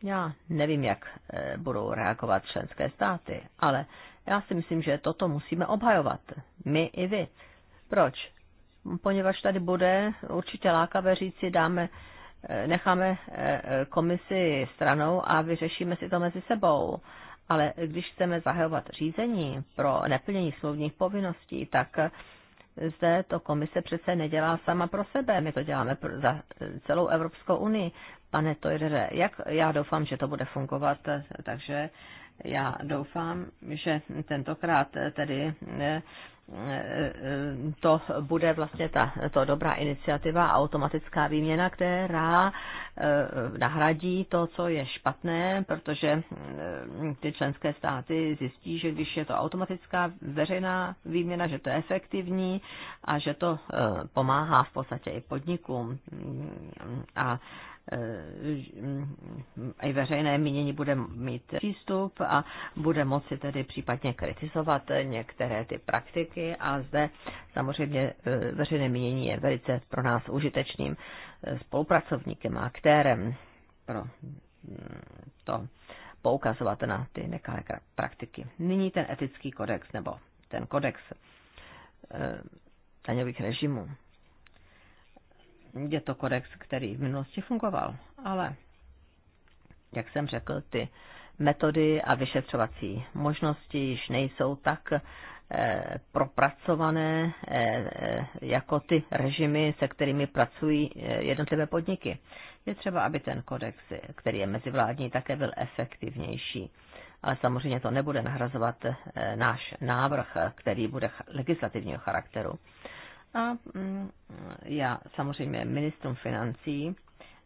Já nevím, jak eh, budou reagovat členské státy, ale já si myslím, že toto musíme obhajovat. My i vy. Proč? Poněvadž tady bude určitě lákavé říci, dáme, eh, necháme komisi stranou a vyřešíme si to mezi sebou ale když chceme zahajovat řízení pro neplnění slovních povinností, tak zde to komise přece nedělá sama pro sebe, my to děláme za celou Evropskou unii. Pane Tojrere, jak já doufám, že to bude fungovat, takže já doufám, že tentokrát tedy eh, to bude vlastně ta to dobrá iniciativa, automatická výměna, která eh, nahradí to, co je špatné, protože eh, ty členské státy zjistí, že když je to automatická veřejná výměna, že to je efektivní a že to eh, pomáhá v podstatě i podnikům. A Eh, i veřejné mínění bude mít přístup a bude moci tedy případně kritizovat některé ty praktiky a zde samozřejmě eh, veřejné mínění je velice pro nás užitečným eh, spolupracovníkem a aktérem pro mm, to poukazovat na ty nekalé praktiky. Nyní ten etický kodex nebo ten kodex daňových režimů je to kodex, který v minulosti fungoval, ale jak jsem řekl, ty metody a vyšetřovací možnosti již nejsou tak eh, propracované eh, eh, jako ty režimy, se kterými pracují eh, jednotlivé podniky. Je třeba, aby ten kodex, který je mezivládní, také byl efektivnější. Ale samozřejmě to nebude nahrazovat eh, náš návrh, který bude legislativního charakteru. Eh, a mm, já samozřejmě ministrům financí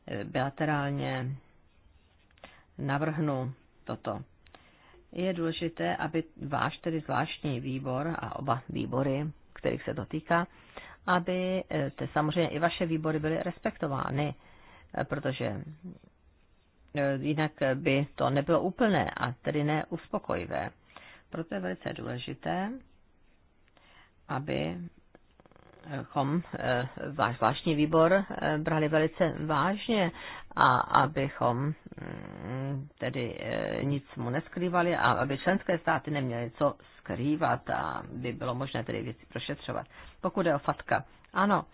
eh, bilaterálně navrhnu toto. Je důležité, aby váš tedy zvláštní výbor a oba výbory, kterých se to týká, aby eh, te, samozřejmě i vaše výbory byly respektovány, eh, protože jinak by to nebylo úplné a tedy neuspokojivé. Proto je velice důležité, aby abychom eh, váš vášní výbor eh, brali velice vážně a abychom mm, tedy eh, nic mu neskrývali a aby členské státy neměly co skrývat a by bylo možné tedy věci prošetřovat. Pokud je o FATKA, ano,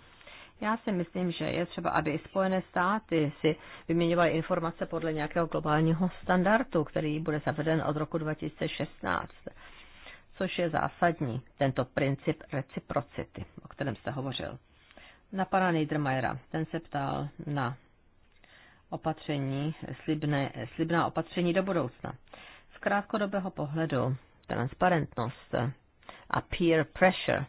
já si myslím, že je třeba, aby i Spojené státy si vyměňovaly informace podle nějakého globálního standardu, který bude zaveden od roku 2016 což je zásadní, tento princip reciprocity, o kterém jste hovořil. Na pana Niedermayera, ten se ptal na opatření, slibné, slibná opatření do budoucna. Z krátkodobého pohledu transparentnost a peer pressure,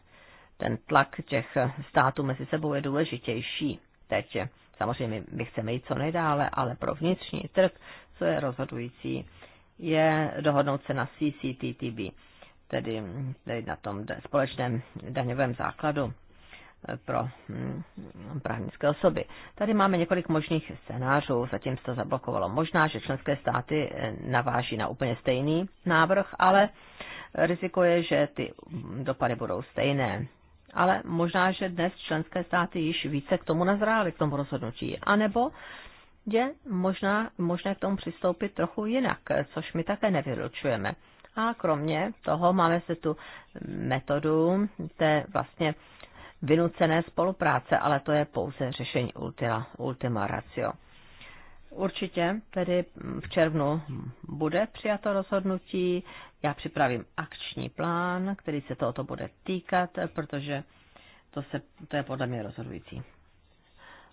ten tlak těch států mezi sebou je důležitější teď. Samozřejmě my chceme jít co nejdále, ale pro vnitřní trh, co je rozhodující, je dohodnout se na CCTTB tedy, tedy na tom společném daňovém základu eh, pro mm, právnické osoby. Tady máme několik možných scénářů, zatím se to zablokovalo. Možná, že členské státy eh, naváží na úplně stejný návrh, ale riziko je, že ty dopady budou stejné. Ale možná, že dnes členské státy již více k tomu nazrály, k tomu rozhodnutí. A nebo je možná, možné k tomu přistoupit trochu jinak, eh, což my také nevylučujeme. A kromě toho máme se tu metodu té vlastně vynucené spolupráce, ale to je pouze řešení ultima, ultima ratio. Určitě tedy v červnu bude přijato rozhodnutí. Já připravím akční plán, který se tohoto bude týkat, protože to, se, to je podle mě rozhodující.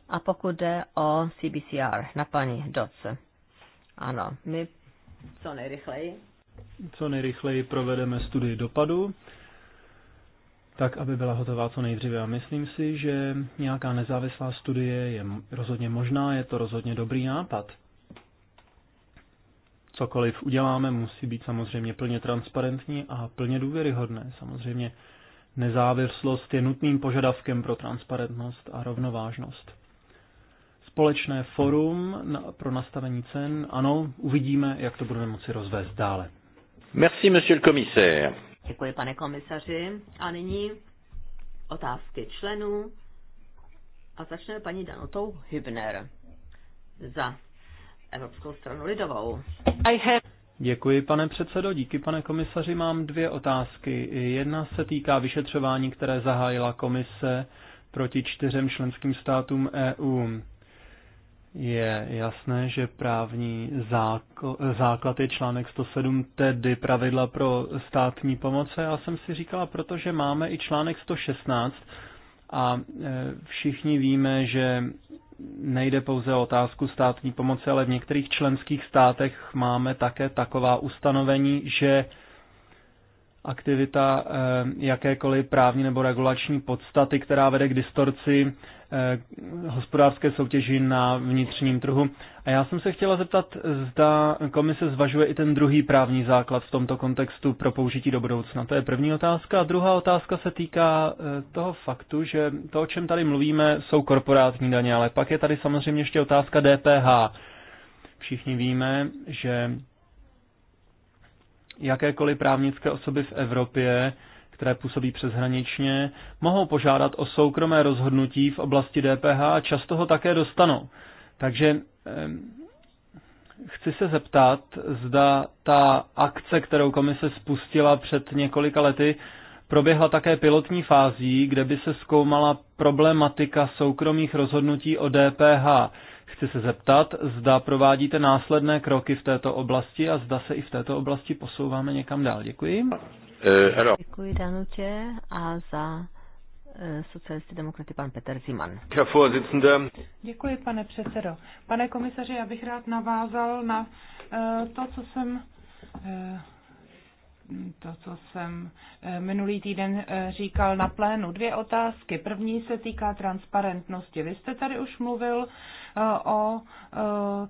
A pokud jde o CBCR na paní Doce. ano, my co nejrychleji co nejrychleji provedeme studii dopadu, tak aby byla hotová co nejdříve. A myslím si, že nějaká nezávislá studie je rozhodně možná, je to rozhodně dobrý nápad. Cokoliv uděláme, musí být samozřejmě plně transparentní a plně důvěryhodné. Samozřejmě nezávislost je nutným požadavkem pro transparentnost a rovnovážnost společné forum pro nastavení cen. Ano, uvidíme, jak to budeme moci rozvést dále. Merci, monsieur le commissaire. Děkuji, pane komisaři. A nyní otázky členů. A začneme paní Danotou Hübner za Evropskou stranu lidovou. I have... Děkuji, pane předsedo. Díky, pane komisaři. Mám dvě otázky. Jedna se týká vyšetřování, které zahájila komise proti čtyřem členským státům EU. Je jasné, že právní základ je článek 107, tedy pravidla pro státní pomoc. Já jsem si říkala, protože máme i článek 116 a e, všichni víme, že nejde pouze o otázku státní pomoci, ale v některých členských státech máme také taková ustanovení, že aktivita eh, jakékoliv právní nebo regulační podstaty, která vede k distorci eh, hospodářské soutěži na vnitřním trhu. A já jsem se chtěla zeptat, zda komise zvažuje i ten druhý právní základ v tomto kontextu pro použití do budoucna. To je první otázka. A druhá otázka se týká eh, toho faktu, že to, o čem tady mluvíme, jsou korporátní daně, ale pak je tady samozřejmě ještě otázka DPH. Všichni víme, že Jakékoliv právnické osoby v Evropě, které působí přeshraničně, mohou požádat o soukromé rozhodnutí v oblasti DPH a často ho také dostanou. Takže chci se zeptat, zda ta akce, kterou komise spustila před několika lety, proběhla také pilotní fází, kde by se zkoumala problematika soukromých rozhodnutí o DPH. Chci se zeptat, zda provádíte následné kroky v této oblasti a zda se i v této oblasti posouváme někam dál. Děkuji. Eh, Děkuji Danutě a za eh, socialisty demokraty pan Petr Ziman. Děkuji, pane předsedo. Pane komisaři, já bych rád navázal na eh, to, co jsem to, co jsem minulý týden říkal na plénu. Dvě otázky. První se týká transparentnosti. Vy jste tady už mluvil o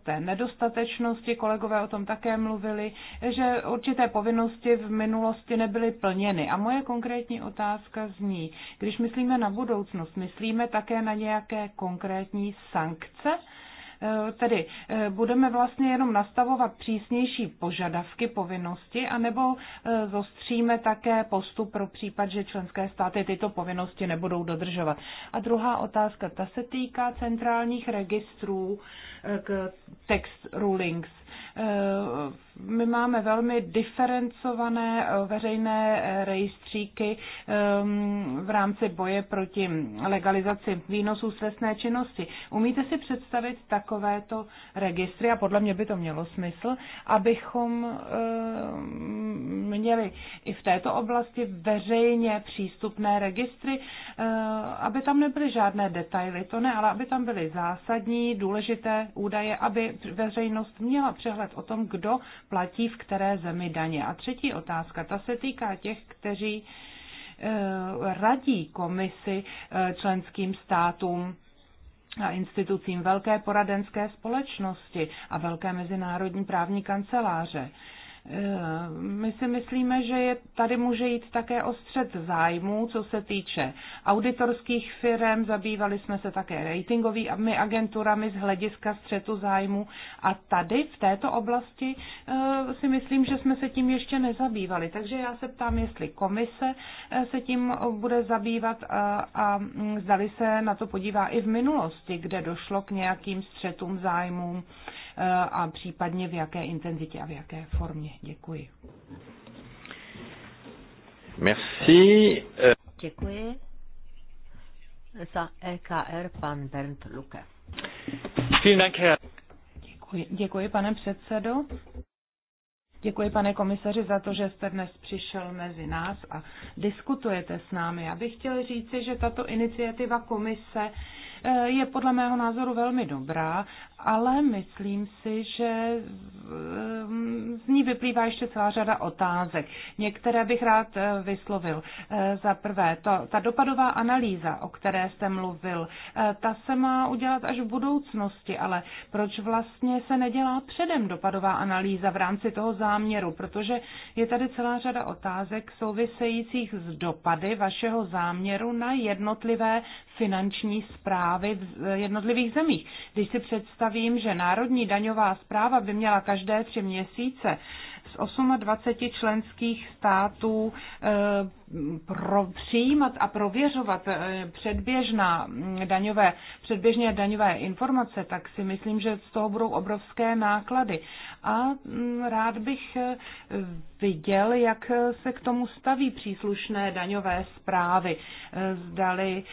té nedostatečnosti, kolegové o tom také mluvili, že určité povinnosti v minulosti nebyly plněny. A moje konkrétní otázka zní, když myslíme na budoucnost, myslíme také na nějaké konkrétní sankce, Eh, tedy eh, budeme vlastně jenom nastavovat přísnější požadavky, povinnosti, anebo eh, zostříme také postup pro případ, že členské státy tyto povinnosti nebudou dodržovat. A druhá otázka, ta se týká centrálních registrů k text rulings Eh, my máme velmi diferencované eh, veřejné eh, rejstříky ehm, v rámci boje proti legalizaci výnosů z činnosti. Umíte si představit takovéto registry, a podle mě by to mělo smysl, abychom ehm, měli i v této oblasti veřejně přístupné registry, aby tam nebyly žádné detaily, to ne, ale aby tam byly zásadní, důležité údaje, aby veřejnost měla přehled rozhodovat o tom, kdo platí v které zemi daně. A třetí otázka, ta se týká těch, kteří e, radí komisi e, členským státům a institucím velké poradenské společnosti a velké mezinárodní právní kanceláře. My si myslíme, že je, tady může jít také o střed zájmů, co se týče auditorských firm. Zabývali jsme se také ratingovými agenturami z hlediska střetu zájmu. A tady v této oblasti eh, si myslím, že jsme se tím ještě nezabývali. Takže já se ptám, jestli komise eh, se tím bude zabývat eh, a, a mm, zdali se na to podívá i v minulosti, kde došlo k nějakým střetům zájmům a případně v jaké intenzitě a v jaké formě. Děkuji. Merci. Děkuji. Za EKR pan Bernd Luke. Děkuji, děkuji pane předsedo. Děkuji, pane komisaři, za to, že jste dnes přišel mezi nás a diskutujete s námi. Já bych chtěl říci, že tato iniciativa komise je podle mého názoru velmi dobrá, ale myslím si, že z ní vyplývá ještě celá řada otázek. Některé bych rád eh, vyslovil. Eh, za prvé, to, ta dopadová analýza, o které jste mluvil, eh, ta se má udělat až v budoucnosti, ale proč vlastně se nedělá předem dopadová analýza v rámci toho záměru? Protože je tady celá řada otázek souvisejících s dopady vašeho záměru na jednotlivé finanční zprávy v jednotlivých zemích. Když si představím, že Národní daňová zpráva by měla každé tři měsíce z 28 členských států eh, pro, přijímat a prověřovat eh, předběžná mm, daňové, předběžně daňové informace, tak si myslím, že z toho budou obrovské náklady. A mm, rád bych eh, viděl, jak eh, se k tomu staví příslušné daňové zprávy. Zdali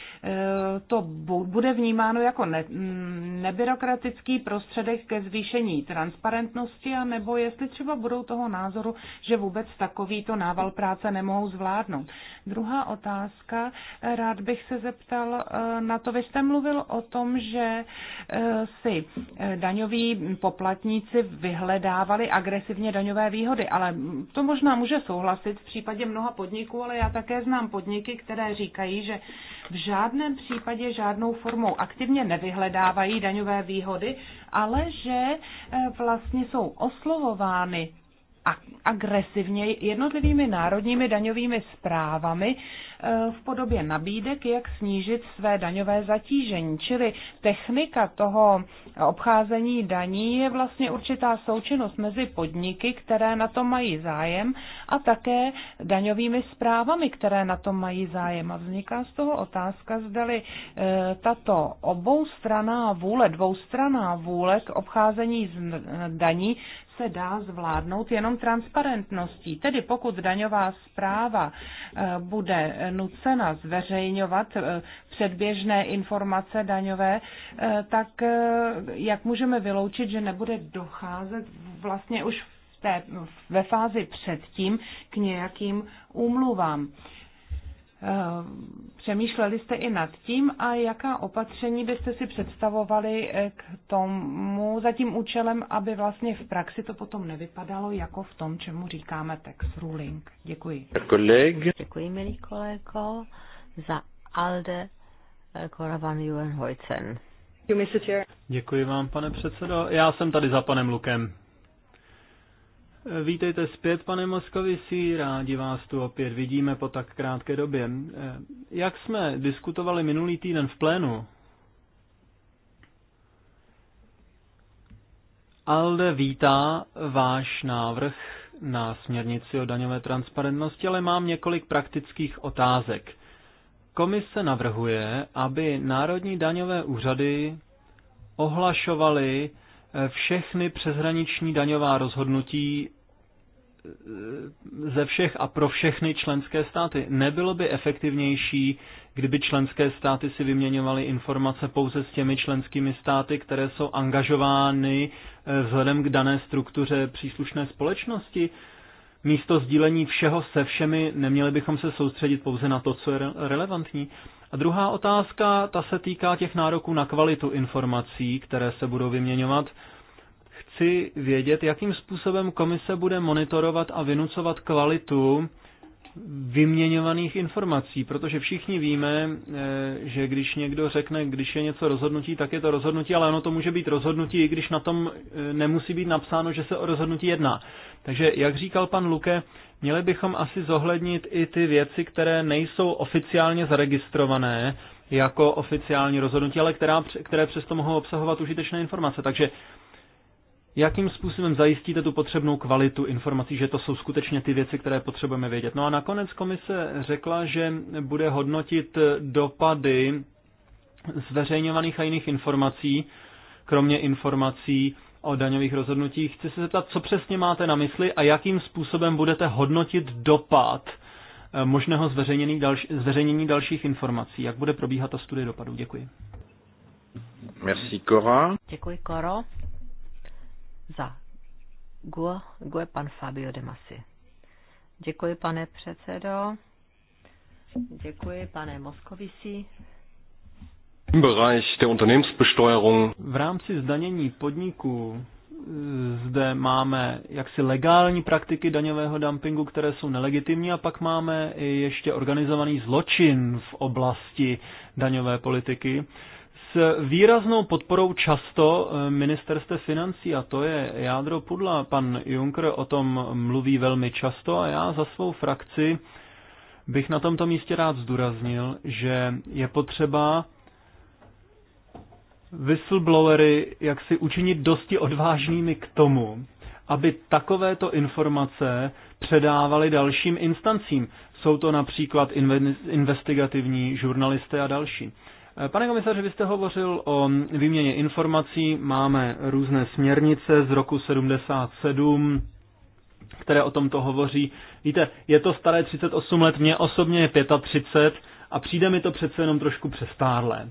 to bude vnímáno jako ne, mm, nebyrokratický prostředek ke zvýšení transparentnosti, nebo jestli třeba budou toho názoru, že vůbec takovýto nával práce nemohou zvládnout. Druhá otázka, rád bych se zeptal eh, na to, vy jste mluvil o tom, že eh, si eh, daňoví poplatníci vyhledávali agresivně daňové výhody, ale to možná může souhlasit v případě mnoha podniků, ale já také znám podniky, které říkají, že v žádném případě žádnou formou aktivně nevyhledávají daňové výhody, ale že vlastně jsou oslovovány agresivně jednotlivými národními daňovými zprávami eh, v podobě nabídek, jak snížit své daňové zatížení. Čili technika toho obcházení daní je vlastně určitá součinnost mezi podniky, které na to mají zájem, a také daňovými zprávami, které na to mají zájem. A vzniká z toho otázka, zdali eh, tato oboustraná vůle, dvoustraná vůle k obcházení daní se dá zvládnout jenom transparentností. Tedy pokud daňová zpráva eh, bude nucena zveřejňovat eh, předběžné informace daňové, eh, tak jak můžeme vyloučit, že nebude docházet vlastně už v té, ve fázi předtím k nějakým úmluvám. Přemýšleli jste i nad tím a jaká opatření byste si představovali k tomu za tím účelem, aby vlastně v praxi to potom nevypadalo jako v tom, čemu říkáme tax ruling. Děkuji. Koleg. Děkuji, milý kolego, za Alde Koravan eh, Jurenhojcen. Děkuji vám, pane předsedo. Já jsem tady za panem Lukem. Vítejte zpět, pane Moskovisí, rádi vás tu opět vidíme po tak krátké době. Eh, jak jsme diskutovali minulý týden v plénu, Alde vítá váš návrh na směrnici o daňové transparentnosti, ale mám několik praktických otázek. Komise navrhuje, aby národní daňové úřady ohlašovaly všechny přeshraniční daňová rozhodnutí eh, ze všech a pro všechny členské státy. Nebylo by efektivnější, kdyby členské státy si vyměňovaly informace pouze s těmi členskými státy, které jsou angažovány eh, vzhledem k dané struktuře příslušné společnosti? místo sdílení všeho se všemi neměli bychom se soustředit pouze na to, co je relevantní. A druhá otázka, ta se týká těch nároků na kvalitu informací, které se budou vyměňovat. Chci vědět, jakým způsobem komise bude monitorovat a vynucovat kvalitu vyměňovaných informací, protože všichni víme, eh, že když někdo řekne, když je něco rozhodnutí, tak je to rozhodnutí, ale ono to může být rozhodnutí, i když na tom eh, nemusí být napsáno, že se o rozhodnutí jedná. Takže, jak říkal pan Luke, měli bychom asi zohlednit i ty věci, které nejsou oficiálně zaregistrované jako oficiální rozhodnutí, ale která, které přesto mohou obsahovat užitečné informace. Takže jakým způsobem zajistíte tu potřebnou kvalitu informací, že to jsou skutečně ty věci, které potřebujeme vědět. No a nakonec komise řekla, že bude hodnotit dopady zveřejňovaných a jiných informací, kromě informací o daňových rozhodnutích. Chci se zeptat, co přesně máte na mysli a jakým způsobem budete hodnotit dopad eh, možného zveřejnění, dalši, zveřejnění dalších informací. Jak bude probíhat ta studie dopadů? Děkuji. Merci, Cora. Děkuji, Koro za Guo, je pan Fabio de Masi. Děkuji, pane předsedo. Děkuji, pane Moskovisi. V rámci zdanění podniků eh, zde máme jaksi legální praktiky daňového dumpingu, které jsou nelegitimní a pak máme ještě organizovaný zločin v oblasti daňové politiky, s výraznou podporou často eh, ministerstve financí, a to je jádro pudla. Pan Juncker o tom mluví velmi často a já za svou frakci bych na tomto místě rád zdůraznil, že je potřeba whistleblowery jak si učinit dosti odvážnými k tomu, aby takovéto informace předávali dalším instancím. Jsou to například investigativní žurnalisté a další. Eh, pane komisaře, vy jste hovořil o výměně informací. Máme různé směrnice z roku 77, které o tomto hovoří. Víte, je to staré 38 let, mě osobně je 35 a přijde mi to přece jenom trošku přestárlé.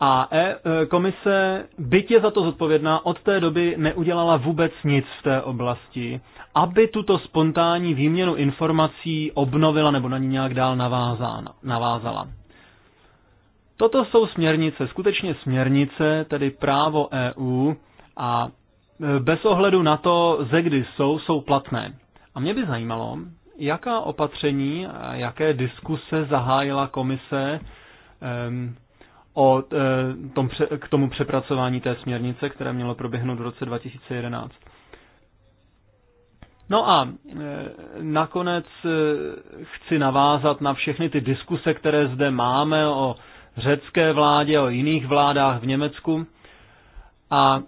A e, komise, byť je za to zodpovědná, od té doby neudělala vůbec nic v té oblasti, aby tuto spontánní výměnu informací obnovila nebo na ní nějak dál navázána, navázala. Toto jsou směrnice, skutečně směrnice, tedy právo EU a e, bez ohledu na to, ze kdy jsou, jsou platné. A mě by zajímalo, jaká opatření, jaké diskuse zahájila komise um, o, e, tom, k tomu přepracování té směrnice, které mělo proběhnout v roce 2011. No a e, nakonec chci navázat na všechny ty diskuse, které zde máme o řecké vládě, o jiných vládách v Německu. A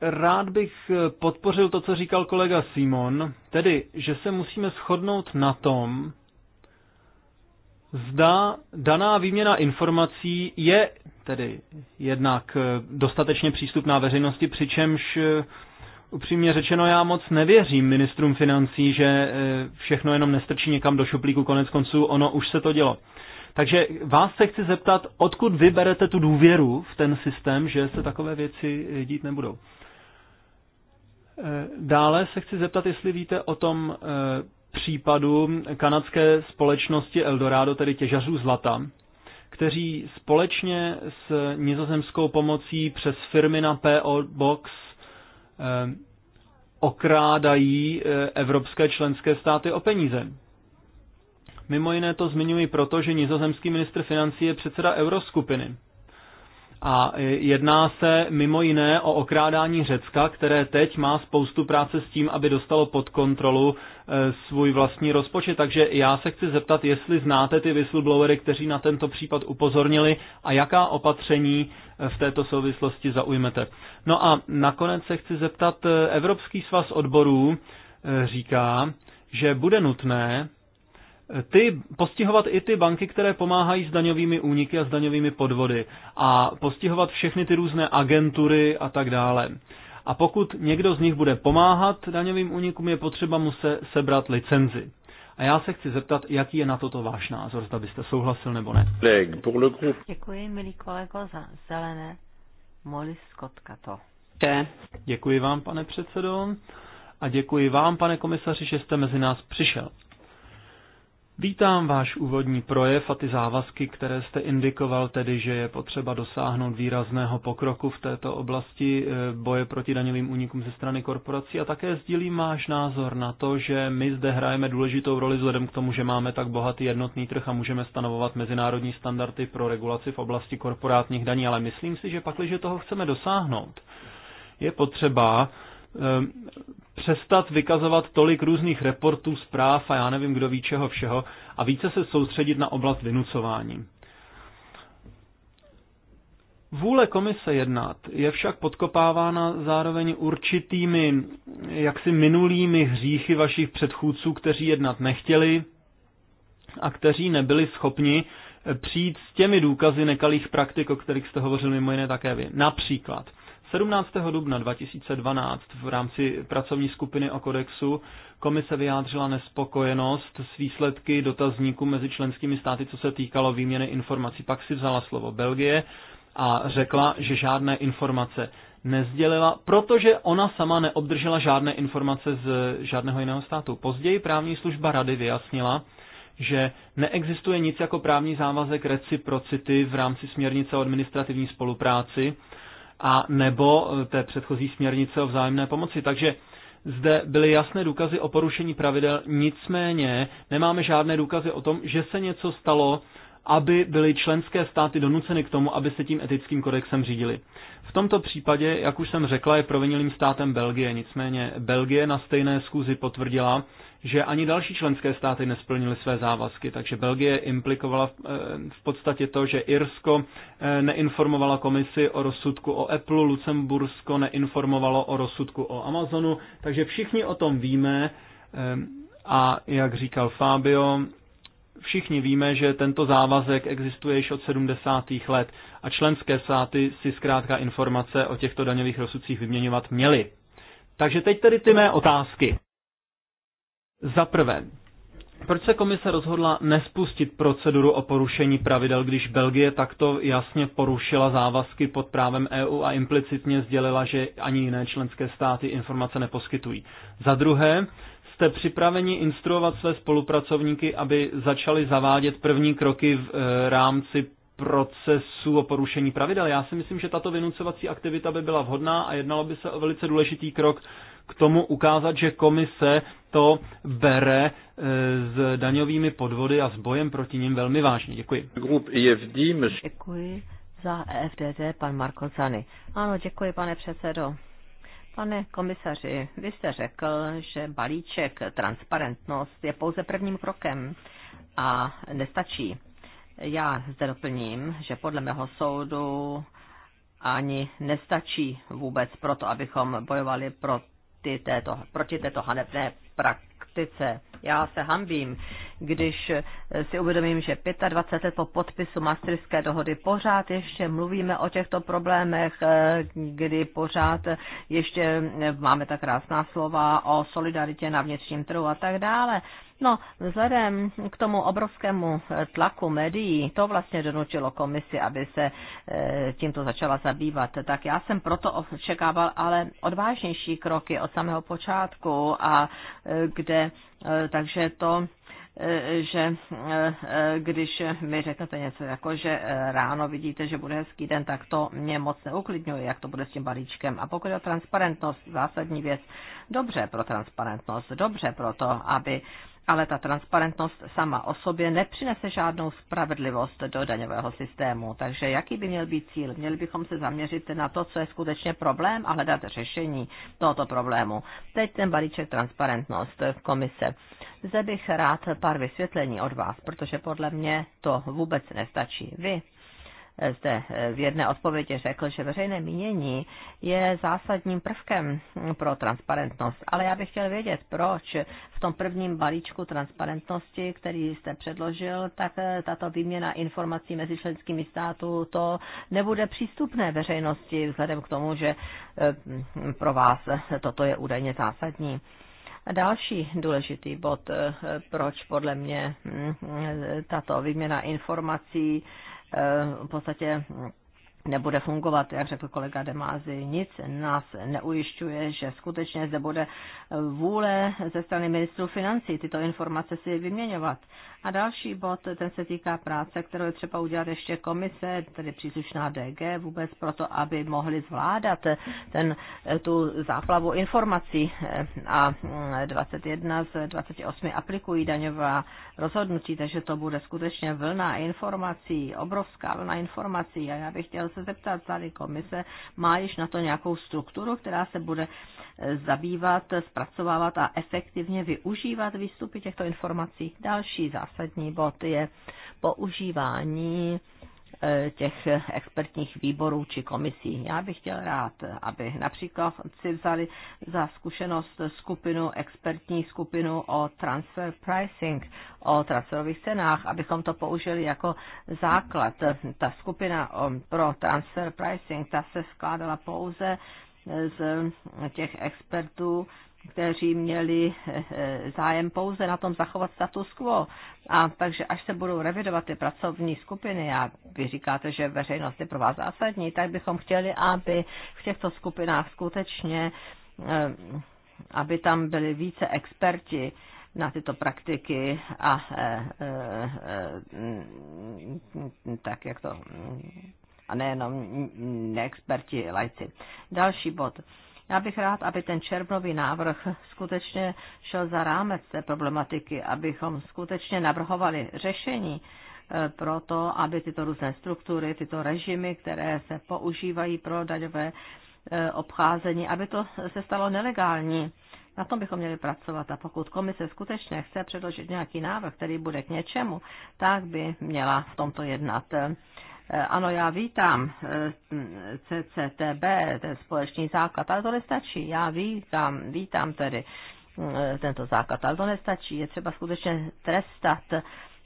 rád bych podpořil to, co říkal kolega Simon, tedy, že se musíme shodnout na tom, zda daná výměna informací je tedy jednak dostatečně přístupná veřejnosti, přičemž upřímně řečeno já moc nevěřím ministrům financí, že eh, všechno jenom nestrčí někam do šuplíku, konec konců ono už se to dělo. Takže vás se chci zeptat, odkud vyberete tu důvěru v ten systém, že se takové věci eh, dít nebudou. Eh, dále se chci zeptat, jestli víte o tom eh, případu kanadské společnosti Eldorado, tedy těžařů zlata, kteří společně s nizozemskou pomocí přes firmy na PO Box okrádají evropské členské státy o peníze. Mimo jiné to zmiňuji proto, že nizozemský ministr financí je předseda euroskupiny. A jedná se mimo jiné o okrádání Řecka, které teď má spoustu práce s tím, aby dostalo pod kontrolu e, svůj vlastní rozpočet. Takže já se chci zeptat, jestli znáte ty whistleblowery, kteří na tento případ upozornili a jaká opatření e, v této souvislosti zaujmete. No a nakonec se chci zeptat, e, Evropský svaz odborů říká, že bude nutné ty, postihovat i ty banky, které pomáhají s daňovými úniky a s daňovými podvody a postihovat všechny ty různé agentury a tak dále. A pokud někdo z nich bude pomáhat daňovým únikům, je potřeba mu se sebrat licenzi. A já se chci zeptat, jaký je na toto váš názor, zda byste souhlasil nebo ne. Děkuji, milý kolego, za zelené. Moli Skotka to. Děkuji vám, pane předsedo, a děkuji vám, pane komisaři, že jste mezi nás přišel. Vítám váš úvodní projev a ty závazky, které jste indikoval, tedy že je potřeba dosáhnout výrazného pokroku v této oblasti eh, boje proti daňovým únikům ze strany korporací a také sdílím váš názor na to, že my zde hrajeme důležitou roli vzhledem k tomu, že máme tak bohatý jednotný trh a můžeme stanovovat mezinárodní standardy pro regulaci v oblasti korporátních daní, ale myslím si, že pakliže toho chceme dosáhnout, je potřeba eh, přestat vykazovat tolik různých reportů, zpráv a já nevím, kdo ví čeho všeho a více se soustředit na oblast vynucování. Vůle komise jednat je však podkopávána zároveň určitými jaksi minulými hříchy vašich předchůdců, kteří jednat nechtěli a kteří nebyli schopni přijít s těmi důkazy nekalých praktik, o kterých jste hovořili mimo jiné také vy. Například 17. dubna 2012 v rámci pracovní skupiny o kodexu komise vyjádřila nespokojenost s výsledky dotazníků mezi členskými státy, co se týkalo výměny informací. Pak si vzala slovo Belgie a řekla, že žádné informace nezdělila, protože ona sama neobdržela žádné informace z žádného jiného státu. Později právní služba rady vyjasnila, že neexistuje nic jako právní závazek reciprocity v rámci směrnice o administrativní spolupráci a nebo té předchozí směrnice o vzájemné pomoci. Takže zde byly jasné důkazy o porušení pravidel, nicméně nemáme žádné důkazy o tom, že se něco stalo, aby byly členské státy donuceny k tomu, aby se tím etickým kodexem řídili. V tomto případě, jak už jsem řekla, je provinilým státem Belgie, nicméně Belgie na stejné schůzi potvrdila, že ani další členské státy nesplnily své závazky, takže Belgie implikovala eh, v podstatě to, že Irsko eh, neinformovala komisi o rozsudku o Apple, Lucembursko neinformovalo o rozsudku o Amazonu, takže všichni o tom víme eh, a jak říkal Fabio, všichni víme, že tento závazek existuje již od 70. let a členské státy si zkrátka informace o těchto daňových rozsudcích vyměňovat měly. Takže teď tedy ty mé otázky. Za prvé, proč se komise rozhodla nespustit proceduru o porušení pravidel, když Belgie takto jasně porušila závazky pod právem EU a implicitně sdělila, že ani jiné členské státy informace neposkytují? Za druhé, jste připraveni instruovat své spolupracovníky, aby začali zavádět první kroky v e, rámci procesu o porušení pravidel? Já si myslím, že tato vynucovací aktivita by byla vhodná a jednalo by se o velice důležitý krok k tomu ukázat, že komise to bere e, s daňovými podvody a s bojem proti ním velmi vážně. Děkuji. Grup e Děkuji za EFDD, pan Marko Zany. Ano, děkuji, pane předsedo. Pane komisaři, vy jste řekl, že balíček transparentnost je pouze prvním krokem a nestačí. Já zde doplním, že podle mého soudu ani nestačí vůbec proto, abychom bojovali pro proti této, proti této hanebné praktice. Já se hambím, když eh, si uvědomím, že 25 let po podpisu mastrické dohody pořád ještě mluvíme o těchto problémech, eh, kdy pořád ještě eh, máme tak krásná slova o solidaritě na vnitřním trhu a tak dále. No, vzhledem k tomu obrovskému tlaku médií, to vlastně donutilo komisi, aby se tímto začala zabývat. Tak já jsem proto očekával ale odvážnější kroky od samého počátku a kde, takže to že eh, eh, když mi řeknete něco jako, že eh, ráno vidíte, že bude hezký den, tak to mě moc neuklidňuje, jak to bude s tím balíčkem. A pokud je transparentnost, zásadní věc, dobře pro transparentnost, dobře pro to, aby ale ta transparentnost sama o sobě nepřinese žádnou spravedlivost do daňového systému. Takže jaký by měl být cíl? Měli bychom se zaměřit na to, co je skutečně problém a hledat řešení tohoto problému. Teď ten balíček transparentnost komise. Zde bych rád pár vysvětlení od vás, protože podle mě to vůbec nestačí. Vy zde eh, v jedné odpovědi řekl, že veřejné mínění je zásadním prvkem pro transparentnost. Ale já bych chtěl vědět, proč v tom prvním balíčku transparentnosti, který jste předložil, tak eh, tato výměna informací mezi členskými států to nebude přístupné veřejnosti vzhledem k tomu, že eh, pro vás toto je údajně zásadní. Další důležitý bod, proč podle mě hm, tato výměna informací v podstatě nebude fungovat, jak řekl kolega Demázy, nic nás neujišťuje, že skutečně zde bude vůle ze strany ministrů financí tyto informace si vyměňovat. A další bod, ten se týká práce, kterou je třeba udělat ještě komise, tedy příslušná DG, vůbec proto, aby mohli zvládat ten, tu záplavu informací. A 21 z 28 aplikují daňová rozhodnutí, takže to bude skutečně vlna informací, obrovská vlna informací. A já bych chtěl se zeptat, tady komise má již na to nějakou strukturu, která se bude zabývat, zpracovávat a efektivně využívat výstupy těchto informací. Další zásad zásadní bod je používání e, těch expertních výborů či komisí. Já bych chtěl rád, aby například si vzali za zkušenost skupinu, expertní skupinu o transfer pricing, o transferových cenách, abychom to použili jako základ. Ta skupina pro transfer pricing, ta se skládala pouze z těch expertů, kteří měli eh, eh, zájem pouze na tom zachovat status quo. A takže až se budou revidovat ty pracovní skupiny, a vy říkáte, že veřejnost je pro vás zásadní, tak bychom chtěli, aby v těchto skupinách skutečně, eh, aby tam byli více experti, na tyto praktiky a tak, jak to, a nejenom neexperti, lajci. Další bod. E, já bych rád, aby ten červnový návrh skutečně šel za rámec té problematiky, abychom skutečně navrhovali řešení eh, pro to, aby tyto různé struktury, tyto režimy, které se používají pro daňové eh, obcházení, aby to se stalo nelegální. Na tom bychom měli pracovat a pokud komise skutečně chce předložit nějaký návrh, který bude k něčemu, tak by měla v tomto jednat. Eh, ano, já vítám eh, CCTB, ten společný základ, ale to nestačí. Já vítám, vítám tedy eh, tento základ, ale to nestačí. Je třeba skutečně trestat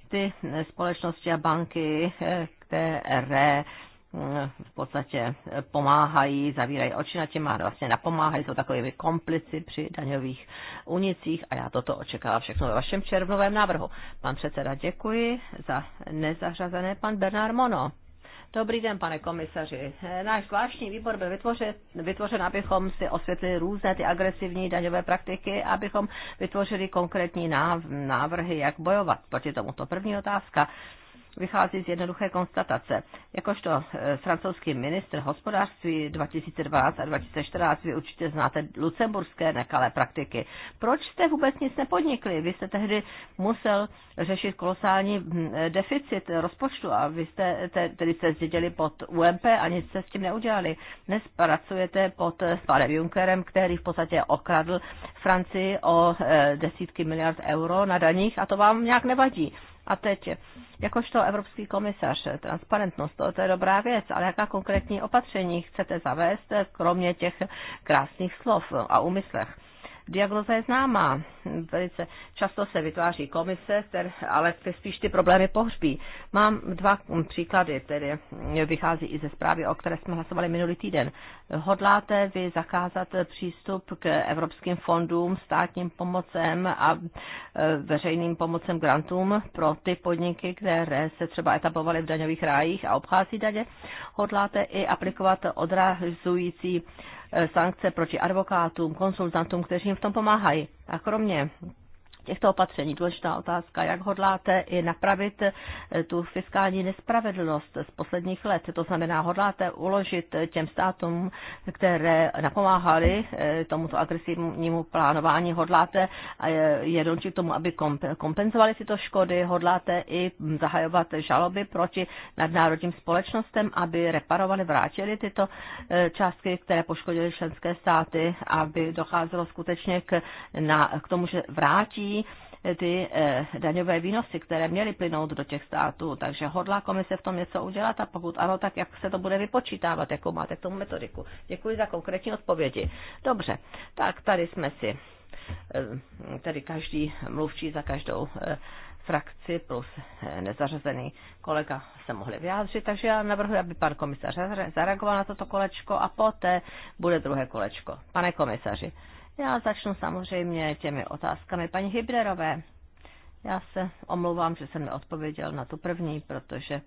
ty společnosti a banky, které v podstatě pomáhají, zavírají oči na těma, vlastně napomáhají, jsou takovými komplici při daňových unicích a já toto očekávám všechno ve vašem červnovém návrhu. Pan předseda, děkuji za nezařazené pan Bernard Mono. Dobrý den, pane komisaři. Náš zvláštní výbor byl vytvořen, abychom si osvětlili různé ty agresivní daňové praktiky, abychom vytvořili konkrétní návrhy, jak bojovat proti tomuto. První otázka vychází z jednoduché konstatace. Jakožto eh, francouzský ministr hospodářství 2012 a 2014 vy určitě znáte lucemburské nekalé praktiky. Proč jste vůbec nic nepodnikli? Vy jste tehdy musel řešit kolosální hm, eh, deficit rozpočtu a vy jste tedy se zděděli pod UMP a nic jste s tím neudělali. Dnes pracujete pod eh, panem Junckerem, který v podstatě okradl Francii o desítky miliard euro na daních a to vám nějak nevadí. A teď, jakožto Evropský komisař, transparentnost, to, to je dobrá věc, ale jaká konkrétní opatření chcete zavést, kromě těch krásných slov a úmyslech? Diagnoza je známá. Velice často se vytváří komise, které, ale ty spíš ty problémy pohřbí. Mám dva příklady, tedy vychází i ze zprávy, o které jsme hlasovali minulý týden. Hodláte vy zakázat přístup k evropským fondům, státním pomocem a e, veřejným pomocem grantům pro ty podniky, které se třeba etablovaly v daňových rájích a obchází daně? Hodláte i aplikovat odrazující sankce proti advokátům, konsultantům, kteří jim v tom pomáhají. A kromě těchto opatření. Důležitá otázka, jak hodláte i napravit eh, tu fiskální nespravedlnost z posledních let. To znamená, hodláte uložit těm státům, které napomáhali eh, tomuto agresivnímu plánování, hodláte eh, je donutit k tomu, aby kompenzovali tyto škody, hodláte i zahajovat žaloby proti nadnárodním společnostem, aby reparovali, vrátili tyto částky, které poškodily členské státy, aby docházelo skutečně k, na, k tomu, že vrátí ty ty eh, daňové výnosy, které měly plynout do těch států. Takže hodlá komise v tom něco udělat a pokud ano, tak jak se to bude vypočítávat, jakou máte k tomu metodiku. Děkuji za konkrétní odpovědi. Dobře, tak tady jsme si, eh, tady každý mluvčí za každou eh, frakci plus nezařazený kolega se mohli vyjádřit, takže já navrhuji, aby pan komisař zareagoval na toto kolečko a poté bude druhé kolečko. Pane komisaři, já začnu samozřejmě těmi otázkami paní Hybrerové. Já se omlouvám, že jsem neodpověděl na tu první, protože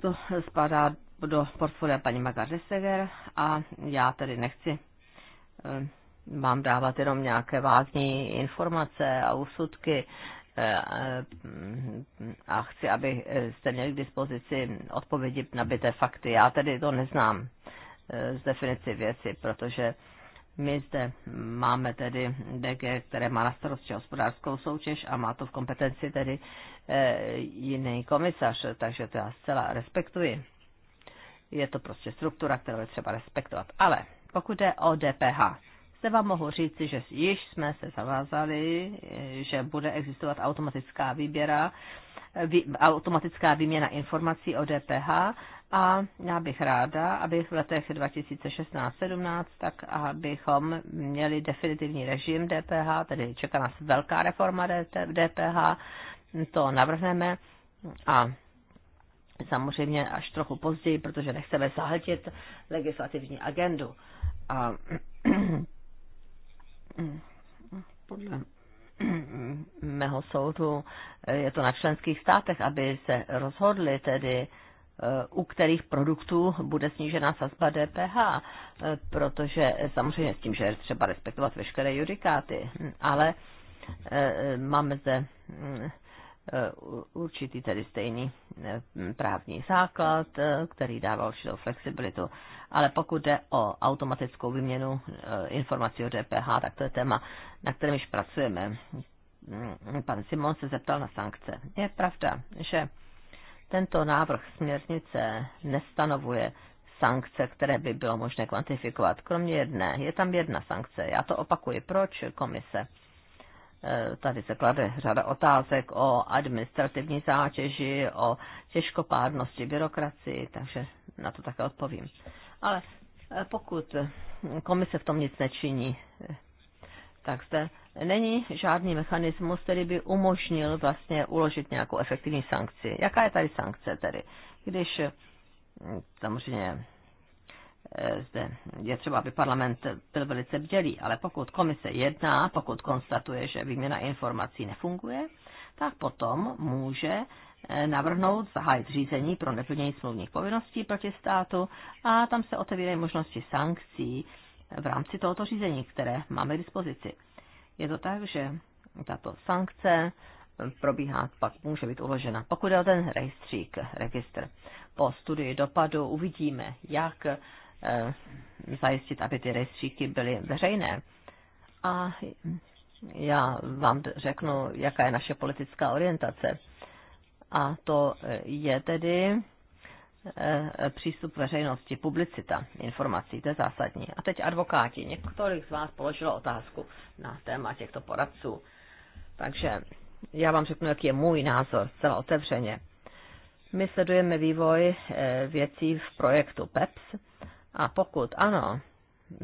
to spadá do portfolia paní Magarde Seger a já tedy nechci vám eh, dávat jenom nějaké vágní informace a úsudky eh, a chci, aby jste měli k dispozici odpovědi na byté fakty. Já tedy to neznám eh, z definici věci, protože my zde máme tedy DG, které má na starosti hospodářskou soutěž a má to v kompetenci tedy e, jiný komisař, takže to já zcela respektuji. Je to prostě struktura, kterou je třeba respektovat. Ale pokud jde o DPH, zde vám mohu říci, že již jsme se zavázali, že bude existovat automatická výběra, vý, automatická výměna informací o DPH a já bych ráda, aby v letech 2016-17, tak abychom měli definitivní režim DPH, tedy čeká nás velká reforma DPH, to navrhneme a samozřejmě až trochu později, protože nechceme zahltit legislativní agendu. A Podle mého soudu je to na členských státech, aby se rozhodli tedy, eh, u kterých produktů bude snížena sazba DPH, eh, protože samozřejmě s tím, že je třeba respektovat veškeré judikáty, ale eh, máme zde mm, Eh, určitý tedy stejný eh, právní základ, eh, který dával určitou flexibilitu. Ale pokud jde o automatickou výměnu informací o DPH, tak to je téma, na kterém již pracujeme. Mm, pan Simon se zeptal na sankce. Je pravda, že tento návrh směrnice nestanovuje sankce, které by bylo možné kvantifikovat, kromě jedné. Je tam jedna sankce. Já to opakuji. Proč komise? Eh, tady se klade řada otázek o administrativní zátěži, o těžkopádnosti byrokracii, takže na to také odpovím. Ale eh, pokud komise v tom nic nečiní, eh, tak zde není žádný mechanismus, který by umožnil vlastně uložit nějakou efektivní sankci. Jaká je tady sankce tedy? Když hm, samozřejmě Eh, zde je třeba, aby parlament byl velice bdělý, ale pokud komise jedná, pokud konstatuje, že výměna informací nefunguje, tak potom může eh, navrhnout zahájit řízení pro neplnění smluvních povinností proti státu a tam se otevírají možnosti sankcí v rámci tohoto řízení, které máme k dispozici. Je to tak, že tato sankce eh, probíhá, pak může být uložena. Pokud je o ten rejstřík, registr, po studii dopadu uvidíme, jak Eh, zajistit, aby ty rejstříky byly veřejné. A já vám řeknu, jaká je naše politická orientace. A to eh, je tedy eh, přístup veřejnosti, publicita informací, to je zásadní. A teď advokáti. Několik z vás položilo otázku na téma těchto poradců. Takže já vám řeknu, jaký je můj názor, zcela otevřeně. My sledujeme vývoj věcí v projektu PEPS a pokud ano,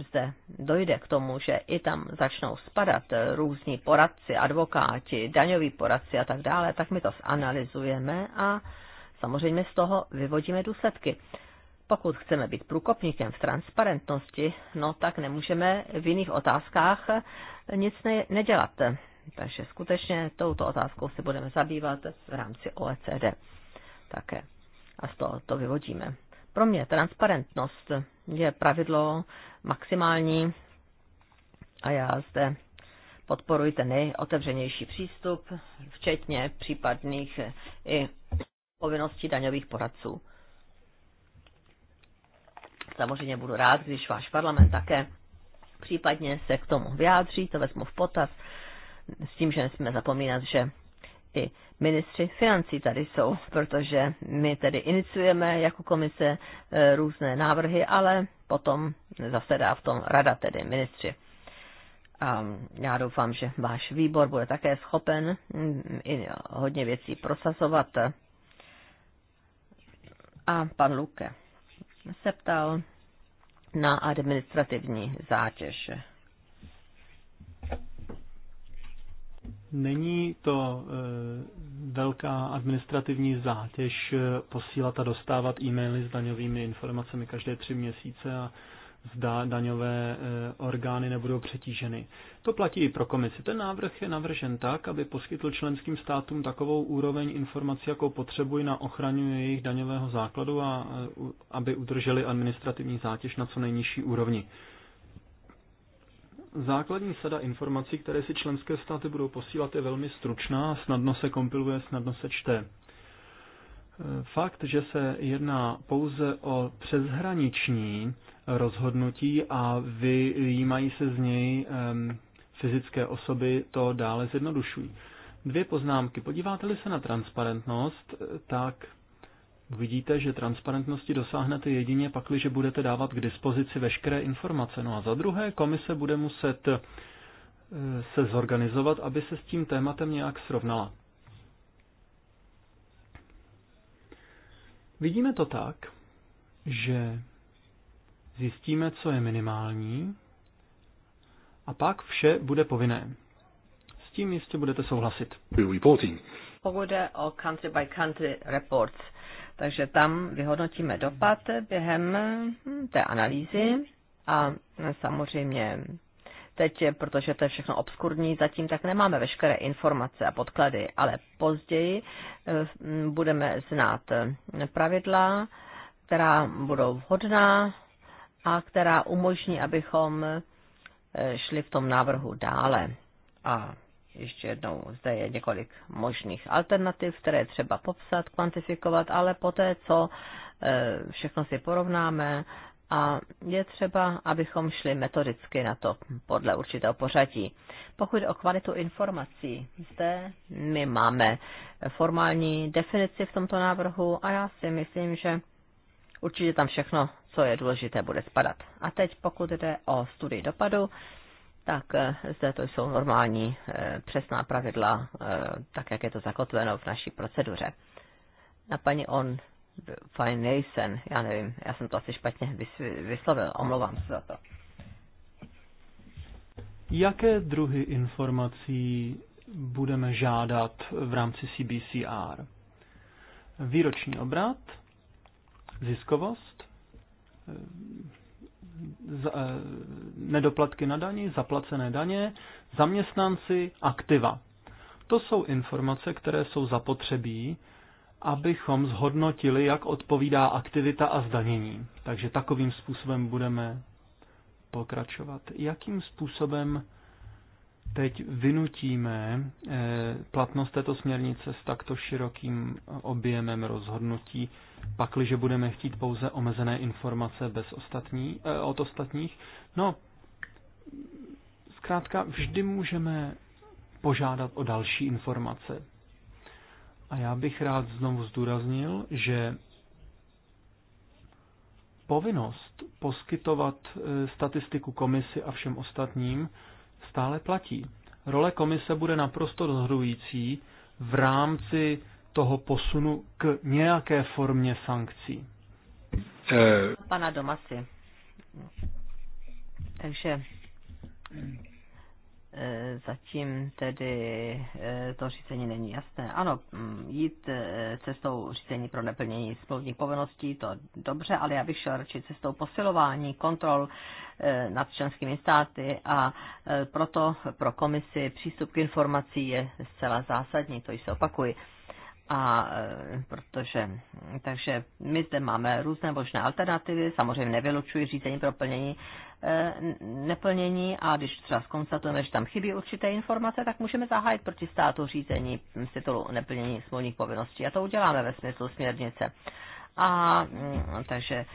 zde dojde k tomu, že i tam začnou spadat různí poradci, advokáti, daňoví poradci a tak dále, tak my to zanalizujeme a samozřejmě z toho vyvodíme důsledky. Pokud chceme být průkopníkem v transparentnosti, no tak nemůžeme v jiných otázkách nic ne- nedělat. Takže skutečně touto otázkou se budeme zabývat v rámci OECD také. A z toho to vyvodíme. Pro mě transparentnost je pravidlo maximální a já zde podporuji ten nejotevřenější přístup, včetně případných i povinností daňových poradců. Samozřejmě budu rád, když váš parlament také případně se k tomu vyjádří, to vezmu v potaz, s tím, že nesmíme zapomínat, že i ministři financí tady jsou, protože my tedy iniciujeme jako komise e, různé návrhy, ale potom zasedá v tom rada, tedy ministři. A já doufám, že váš výbor bude také schopen mm, i hodně věcí prosazovat. A pan Luke se ptal na administrativní zátěž Není to eh, velká administrativní zátěž eh, posílat a dostávat e-maily s daňovými informacemi každé tři měsíce a zda daňové eh, orgány nebudou přetíženy. To platí i pro komisi. Ten návrh je navržen tak, aby poskytl členským státům takovou úroveň informací, jakou potřebují na ochranu jejich daňového základu a aby udrželi administrativní zátěž na co nejnižší úrovni. Základní sada informací, které si členské státy budou posílat, je velmi stručná, snadno se kompiluje, snadno se čte. E, fakt, že se jedná pouze o přeshraniční rozhodnutí a vyjímají se z něj fyzické osoby, to dále zjednodušují. Dvě poznámky. Podíváte-li se na transparentnost, tak Vidíte, že transparentnosti dosáhnete jedině pakli, že budete dávat k dispozici veškeré informace. No a za druhé, komise bude muset e, se zorganizovat, aby se s tím tématem nějak srovnala. Vidíme to tak, že zjistíme, co je minimální, a pak vše bude povinné. S tím jistě budete souhlasit. Reporting. Pokud jde o country by country reports, takže tam vyhodnotíme dopad během té analýzy a samozřejmě teď, protože to je všechno obskurní, zatím tak nemáme veškeré informace a podklady, ale později eh, budeme znát eh, pravidla, která budou vhodná a která umožní, abychom eh, šli v tom návrhu dále. A ještě jednou, zde je několik možných alternativ, které třeba popsat, kvantifikovat, ale poté, co e, všechno si porovnáme, a je třeba, abychom šli metodicky na to podle určitého pořadí. Pokud o kvalitu informací, zde my máme formální definici v tomto návrhu a já si myslím, že určitě tam všechno, co je důležité, bude spadat. A teď pokud jde o studii dopadu, tak eh, zde to jsou normální eh, přesná pravidla, eh, tak jak je to zakotveno v naší proceduře. Na paní On Feinneisen, já nevím, já jsem to asi špatně vyslovil, omlouvám se za to. Jaké druhy informací budeme žádat v rámci CBCR? Výroční obrat, ziskovost, Eh, nedoplatky na daní, zaplacené daně, zaměstnanci, aktiva. To jsou informace, které jsou zapotřebí, abychom zhodnotili, jak odpovídá aktivita a zdanění. Takže takovým způsobem budeme pokračovat. Jakým způsobem teď vynutíme eh, platnost této směrnice s takto širokým objemem rozhodnutí, pakliže budeme chtít pouze omezené informace bez ostatní, eh, od ostatních. No, zkrátka vždy můžeme požádat o další informace. A já bych rád znovu zdůraznil, že povinnost poskytovat eh, statistiku komisi a všem ostatním stále platí. Role komise bude naprosto rozhodující v rámci toho posunu k nějaké formě sankcí. Eh. Pana Domasy. Takže E, zatím tedy e, to řízení není jasné. Ano, mm, jít e, cestou řízení pro neplnění smluvních povinností, to dobře, ale já bych šel radši cestou posilování kontrol nad členskými státy a proto pro komisi přístup k informací je zcela zásadní, to již se opakuji. A e, protože, takže my zde máme různé možné alternativy, samozřejmě nevylučuji řízení pro plnění, e, neplnění a když třeba skonstatujeme, že tam chybí určité informace, tak můžeme zahájit proti státu řízení z titulu neplnění smluvních povinností. A to uděláme ve smyslu směrnice. A takže e,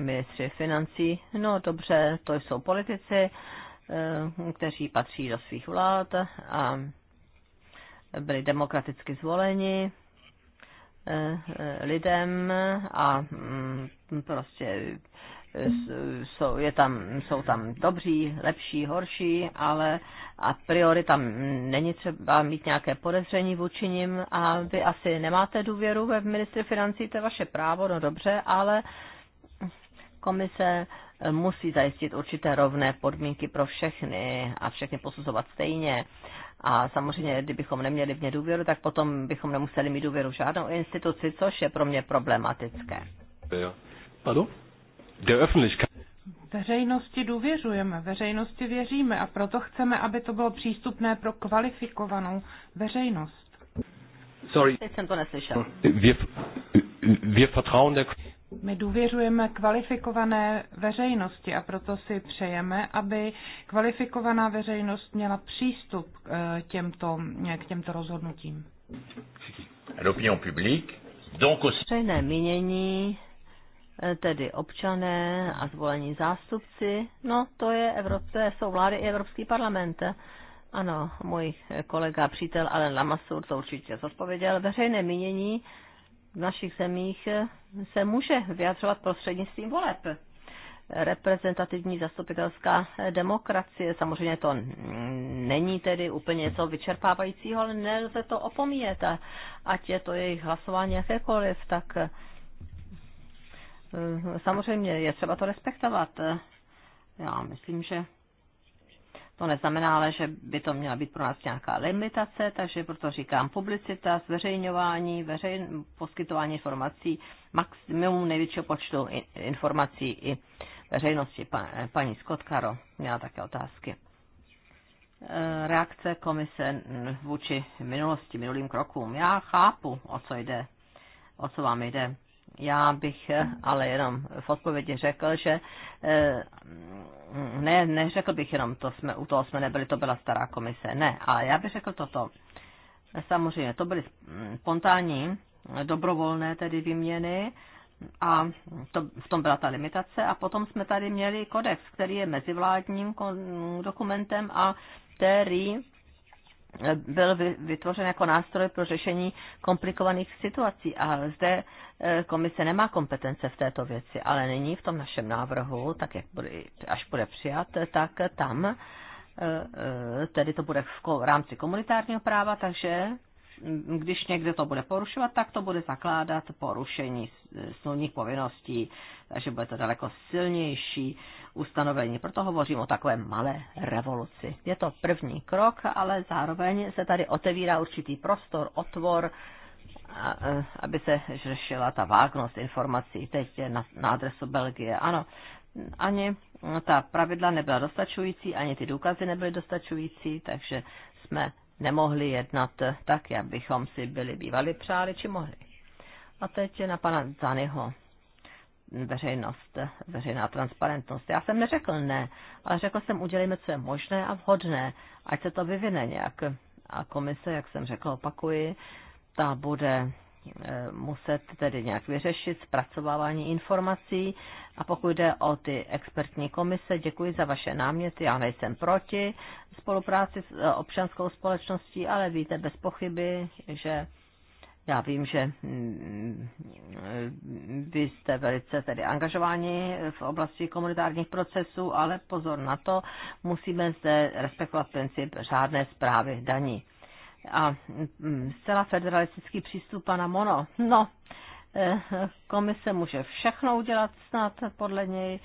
ministři financí, no dobře, to jsou politici, kteří patří do svých vlád a byli demokraticky zvoleni eh, eh, lidem a mm, prostě eh, jsou, je tam, jsou tam dobří, lepší, horší, ale a priori tam není třeba mít nějaké podezření vůči nim a vy asi nemáte důvěru ve ministry financí, to je vaše právo, no dobře, ale komise musí zajistit určité rovné podmínky pro všechny a všechny posuzovat stejně. A samozřejmě, kdybychom neměli v ně důvěru, tak potom bychom nemuseli mít důvěru žádnou instituci, což je pro mě problematické. Öffentlichkeit. Veřejnosti důvěřujeme, veřejnosti věříme a proto chceme, aby to bylo přístupné pro kvalifikovanou veřejnost. Sorry. Teď jsem to neslyšel. Wir, wir vertrauen der... My důvěřujeme kvalifikované veřejnosti a proto si přejeme, aby kvalifikovaná veřejnost měla přístup k eh, těmto, k těmto rozhodnutím. Přejné mínění, eh, tedy občané a zvolení zástupci, no to, je Evropské jsou vlády i Evropský parlament. Ano, můj kolega, přítel Alen Lamassur to určitě zodpověděl. Veřejné mínění, v našich zemích eh, se může vyjadřovat prostřednictvím voleb. Reprezentativní zastupitelská demokracie, samozřejmě to není tedy úplně něco vyčerpávajícího, ale nelze to opomíjet. Ať je to jejich hlasování jakékoliv, tak eh, samozřejmě je třeba to respektovat. Já myslím, že to neznamená ale, že by to měla být pro nás nějaká limitace, takže proto říkám publicita, zveřejňování, veřejn, poskytování informací, maximum největšího počtu informací i veřejnosti. Pa, paní Skotkaro měla také otázky. E, reakce komise vůči minulosti, minulým krokům. Já chápu, o co jde, o co vám jde. Já bych ale jenom v odpovědi řekl, že e, ne, neřekl bych jenom, to jsme, u toho jsme nebyli, to byla stará komise, ne, ale já bych řekl toto. Samozřejmě, to byly spontánní, dobrovolné tedy výměny a to, v tom byla ta limitace a potom jsme tady měli kodex, který je mezivládním dokumentem a který byl vytvořen jako nástroj pro řešení komplikovaných situací a zde eh, komise nemá kompetence v této věci, ale nyní v tom našem návrhu, tak jak bude, až bude přijat, tak tam eh, eh, tedy to bude v rámci komunitárního práva, takže když někde to bude porušovat, tak to bude zakládat porušení e, smluvních povinností, takže bude to daleko silnější ustanovení. Proto hovořím o takové malé revoluci. Je to první krok, ale zároveň se tady otevírá určitý prostor, otvor, e, aby se řešila ta vágnost informací. Teď je na, na adresu Belgie. Ano, ani ta pravidla nebyla dostačující, ani ty důkazy nebyly dostačující, takže jsme nemohli jednat tak, jak bychom si byli bývali přáli, či mohli. A teď je na pana Zanyho veřejnost, veřejná transparentnost. Já jsem neřekl ne, ale řekl jsem, udělejme, co je možné a vhodné, ať se to vyvine nějak. A komise, jak jsem řekl, opakuji, ta bude Eh, muset tedy nějak vyřešit zpracovávání informací. A pokud jde o ty expertní komise, děkuji za vaše náměty. Já nejsem proti spolupráci s eh, občanskou společností, ale víte bez pochyby, že já vím, že mm, vy jste velice tedy angažováni v oblasti komunitárních procesů, ale pozor na to, musíme zde respektovat princip řádné zprávy daní a mm, zcela federalistický přístup pana Mono. No, eh, komise může všechno udělat snad podle něj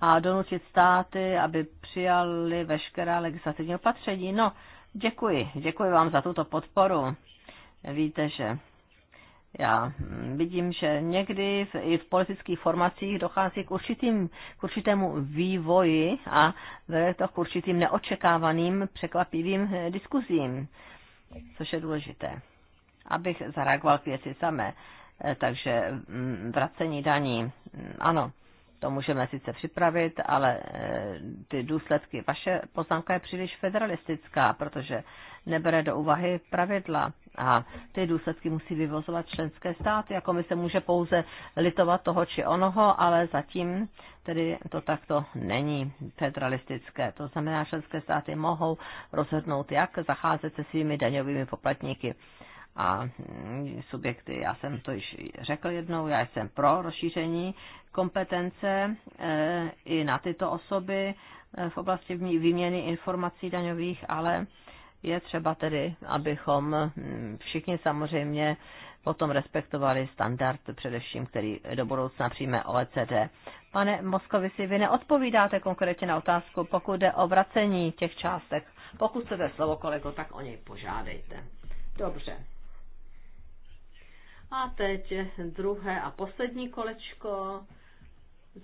a donutit státy, aby přijali veškerá legislativní opatření. No, děkuji, děkuji vám za tuto podporu. Víte, že já mm, vidím, že někdy v, i v politických formacích dochází k, určitým, k určitému vývoji a vede to k určitým neočekávaným, překvapivým eh, diskuzím což je důležité. Abych zareagoval k věci samé, eh, takže mm, vracení daní, mm, ano, to můžeme sice připravit, ale eh, ty důsledky, vaše poznámka je příliš federalistická, protože nebere do úvahy pravidla a ty důsledky musí vyvozovat členské státy. Jako my se může pouze litovat toho či onoho, ale zatím tedy to takto není federalistické. To znamená, členské státy mohou rozhodnout, jak zacházet se svými daňovými poplatníky a mm, subjekty. Já jsem to již řekl jednou, já jsem pro rozšíření kompetence e, i na tyto osoby e, v oblasti výměny informací daňových, ale je třeba tedy, abychom mm, všichni samozřejmě potom respektovali standard především, který do budoucna přijme OECD. Pane si vy neodpovídáte konkrétně na otázku, pokud jde o vracení těch částek. Pokud chcete slovo, kolego, tak o něj požádejte. Dobře. A teď druhé a poslední kolečko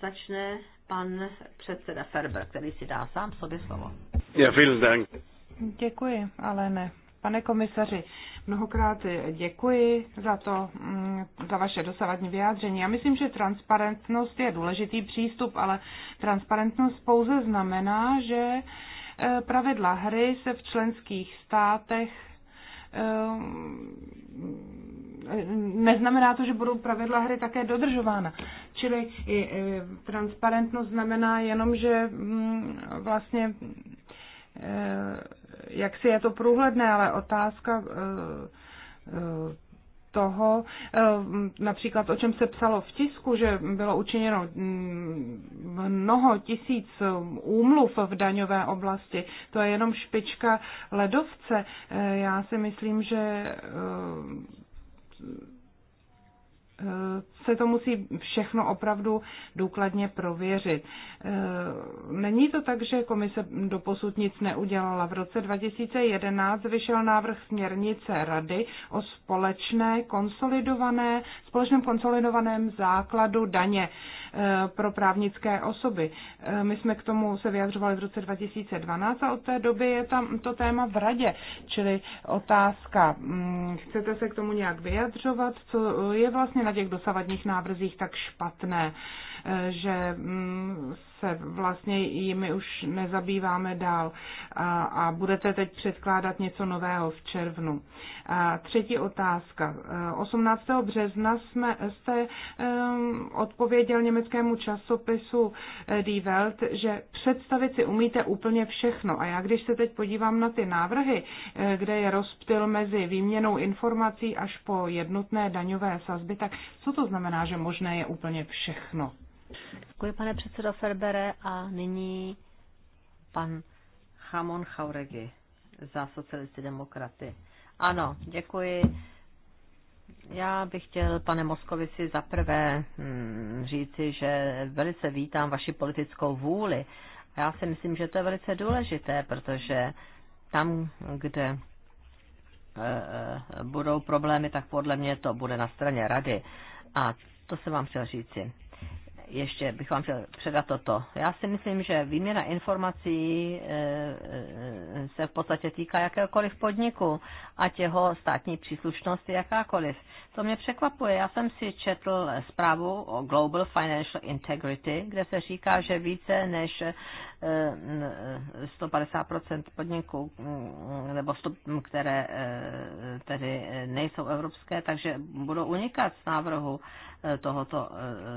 začne pan předseda Ferber, který si dá sám sobě slovo. Ja, Děkuji, ale ne. Pane komisaři, mnohokrát děkuji za to, mm, za vaše dosavadní vyjádření. Já myslím, že transparentnost je důležitý přístup, ale transparentnost pouze znamená, že e, pravidla hry se v členských státech e, neznamená to, že budou pravidla hry také dodržována. Čili e, transparentnost znamená jenom, že mm, vlastně e, jak si je to průhledné, ale otázka e, toho, například o čem se psalo v tisku, že bylo učiněno mm, mnoho tisíc úmluv v daňové oblasti, to je jenom špička ledovce. Já si myslím, že uh, se to musí všechno opravdu důkladně prověřit. E, není to tak, že komise doposud nic neudělala. V roce 2011 vyšel návrh směrnice Rady o společné konsolidované, společném konsolidovaném základu daně e, pro právnické osoby. E, my jsme k tomu se vyjadřovali v roce 2012 a od té doby je tam to téma v radě, čili otázka, mm, chcete se k tomu nějak vyjadřovat, co je vlastně na těch dosavadních legislativních návrzích tak špatné že mm, se vlastně jimi už nezabýváme dál a, budete teď předkládat něco nového v červnu. A třetí otázka. 18. E, března jsme, jste odpověděl německému časopisu e, Die Welt, že představit si umíte úplně všechno. A já když se teď podívám na ty návrhy, e, kde je rozptyl mezi výměnou informací až po jednotné daňové sazby, tak co to znamená, že možné je úplně všechno? Děkuji, pane předsedo Ferbere, a nyní pan Hamon Chauregi za socialisty demokraty. Ano, děkuji. Já bych chtěl, pane Moskovici, zaprvé hmm, říci, že velice vítám vaši politickou vůli. Já si myslím, že to je velice důležité, protože tam, kde eh, eh, budou problémy, tak podle mě to bude na straně rady. A to se vám chtěl říci ještě bych vám chtěl předat toto. Já si myslím, že výměna informací e, e, se v podstatě týká jakéhokoliv podniku, ať jeho státní příslušnosti jakákoliv. To mě překvapuje. Já jsem si četl zprávu o Global Financial Integrity, kde se říká, že více než 150% podniků, nebo stup, které eh, tedy nejsou evropské, takže budou unikat z návrhu eh, tohoto,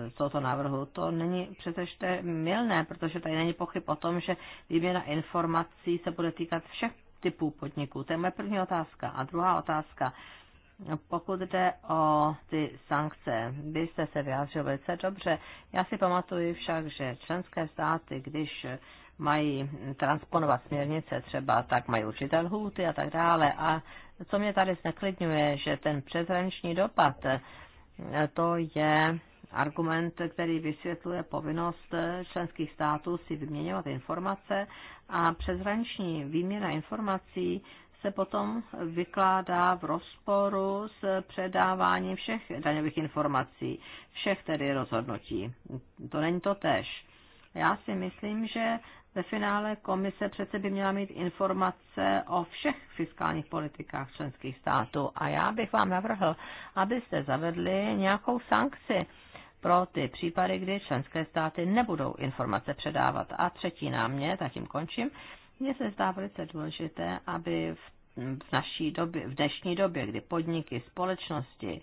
eh, tohoto návrhu. To není přece ještě milné, protože tady není pochyb o tom, že výměna informací se bude týkat všech typů podniků. To je moje první otázka. A druhá otázka No, pokud jde o ty sankce, byste jste se vyjádřil velice dobře. Já si pamatuju však, že členské státy, když mají transponovat směrnice třeba, tak mají určité lhůty a tak dále. A co mě tady zneklidňuje, že ten přeshraniční dopad, to je argument, který vysvětluje povinnost členských států si vyměňovat informace a přeshraniční výměna informací se potom vykládá v rozporu s předáváním všech daňových informací, všech tedy rozhodnutí. To není to tež. Já si myslím, že ve finále komise přece by měla mít informace o všech fiskálních politikách členských států a já bych vám navrhl, abyste zavedli nějakou sankci pro ty případy, kdy členské státy nebudou informace předávat. A třetí námět, a tím končím, mně se zdá velice důležité, aby v, v naší době, v dnešní době, kdy podniky, společnosti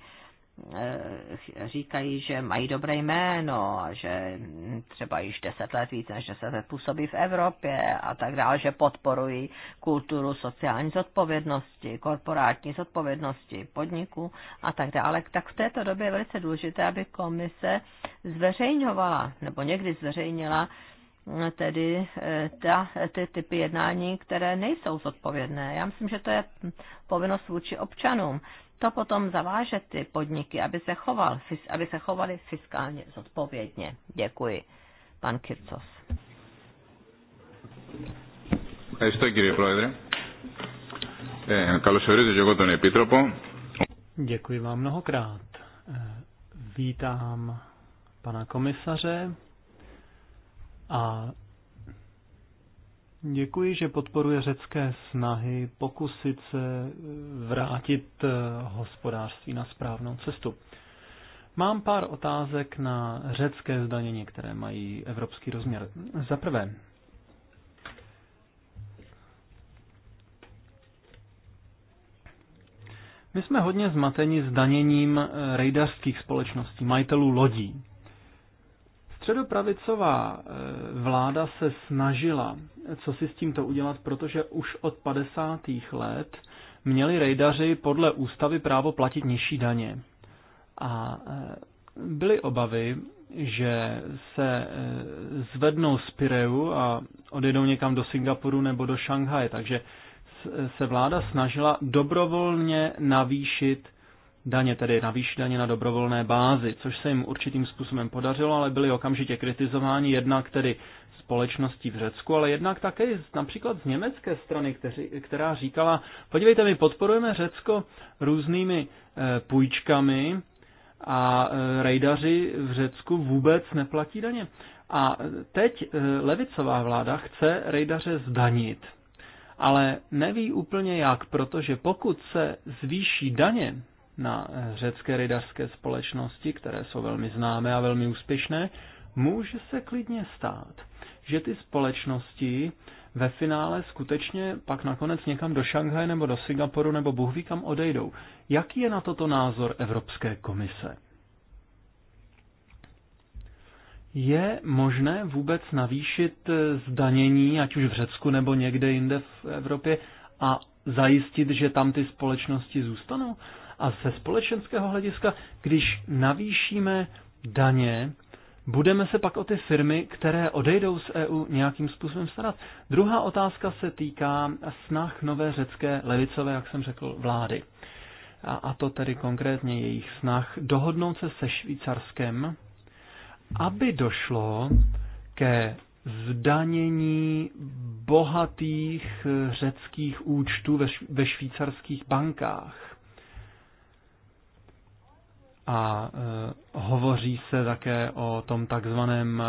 e, říkají, že mají dobré jméno a že třeba již deset let více než deset let působí v Evropě a tak dále, že podporují kulturu sociální zodpovědnosti, korporátní zodpovědnosti podniků a tak dále, tak v této době je velice důležité, aby komise zveřejňovala nebo někdy zveřejnila tedy eh, ta, ty typy jednání, které nejsou zodpovědné. Já myslím, že to je povinnost vůči občanům. To potom zaváže ty podniky, aby se, choval, aby se chovali fiskálně zodpovědně. Děkuji. Pan Kircos. Děkuji vám mnohokrát. Eh, vítám pana komisaře a děkuji, že podporuje řecké snahy pokusit se vrátit eh, hospodářství na správnou cestu. Mám pár otázek na řecké zdanění, které mají evropský rozměr. Za prvé, my jsme hodně zmateni zdaněním eh, rejdařských společností, majitelů lodí. Středopravicová eh, vláda se snažila, co si s tímto udělat, protože už od 50. let měli rejdaři podle ústavy právo platit nižší daně. A eh, byly obavy, že se eh, zvednou z Pireu a odejdou někam do Singapuru nebo do Šanghaje. Takže se vláda snažila dobrovolně navýšit daně, tedy navýšit daně na dobrovolné bázi, což se jim určitým způsobem podařilo, ale byli okamžitě kritizováni jednak tedy společností v Řecku, ale jednak také například z německé strany, kteři, která říkala, podívejte, my podporujeme Řecko různými e, půjčkami a e, rejdaři v Řecku vůbec neplatí daně. A eh, teď e, levicová vláda chce rejdaře zdanit, ale neví úplně jak, protože pokud se zvýší daně, na řecké rydařské společnosti, které jsou velmi známé a velmi úspěšné, může se klidně stát, že ty společnosti ve finále skutečně pak nakonec někam do Šanghaje nebo do Singapuru nebo Bůh ví kam odejdou. Jaký je na toto názor Evropské komise? Je možné vůbec navýšit zdanění, ať už v Řecku nebo někde jinde v Evropě, a zajistit, že tam ty společnosti zůstanou? A ze společenského hlediska, když navýšíme daně, budeme se pak o ty firmy, které odejdou z EU, nějakým způsobem starat. Druhá otázka se týká snah nové řecké levicové, jak jsem řekl, vlády. A, a to tedy konkrétně jejich snah dohodnout se se Švýcarskem, aby došlo ke zdanění bohatých řeckých účtů ve, ve švýcarských bankách a e, hovoří se také o tom takzvaném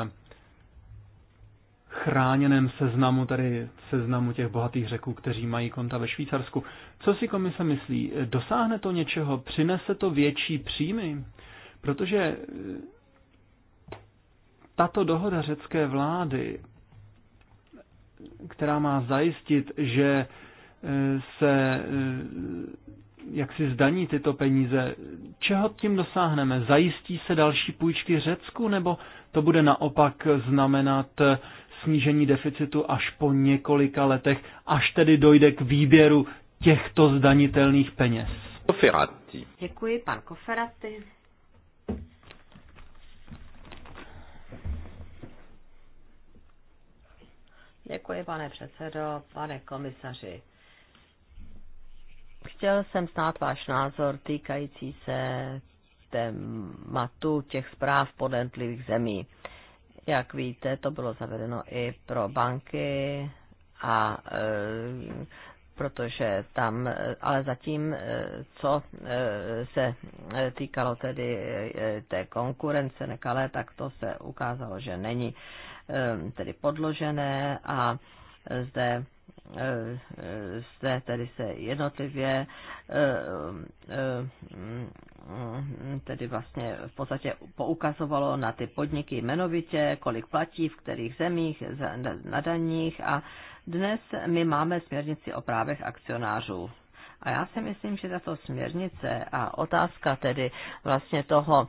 chráněném seznamu, tedy seznamu těch bohatých řeků, kteří mají konta ve Švýcarsku. Co si komise myslí? Dosáhne to něčeho? Přinese to větší příjmy? Protože e, tato dohoda řecké vlády, která má zajistit, že e, se jak si zdaní tyto peníze. Čeho tím dosáhneme? Zajistí se další půjčky Řecku, nebo to bude naopak znamenat snížení deficitu až po několika letech, až tedy dojde k výběru těchto zdanitelných peněz? Koferati. Děkuji, pan Koferati. Děkuji, pane předsedo, pane komisaři. Chtěl jsem znát váš názor týkající se tématu těch zpráv podentlivých zemí. Jak víte, to bylo zavedeno i pro banky a e, protože tam, e, ale zatím, e, co e, se týkalo tedy té konkurence nekalé, tak to se ukázalo, že není tedy podložené a zde zde tedy se jednotlivě eh, eh, eh, tedy vlastně v podstatě poukazovalo na ty podniky jmenovitě, kolik platí, v kterých zemích, na daních a dnes my máme směrnici o právech akcionářů a já si myslím, že tato směrnice a otázka tedy vlastně toho,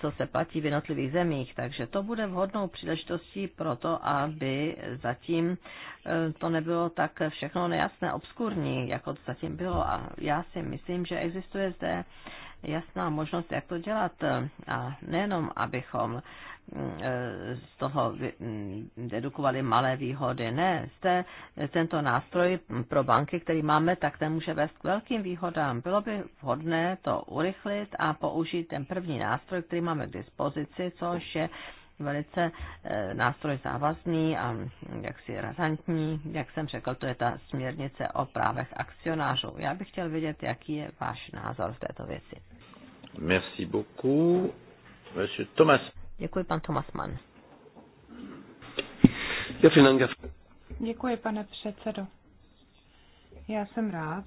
co se platí v jednotlivých zemích, takže to bude vhodnou příležitostí pro to, aby zatím eh, to nebylo tak všechno nejasné, obskurní, jako to zatím bylo. A já si myslím, že existuje zde jasná možnost, jak to dělat. A nejenom, abychom z toho mm, dedukovali malé výhody. Ne, jste, tento nástroj pro banky, který máme, tak ten může vést k velkým výhodám. Bylo by vhodné to urychlit a použít ten první nástroj, který máme k dispozici, což je velice e, nástroj závazný a jaksi razantní. Jak jsem řekl, to je ta směrnice o právech akcionářů. Já bych chtěl vědět, jaký je váš názor v této věci. Merci beaucoup, monsieur Thomas. Děkuji, pan Mann. Děkuji, pane předsedo. Já jsem rád,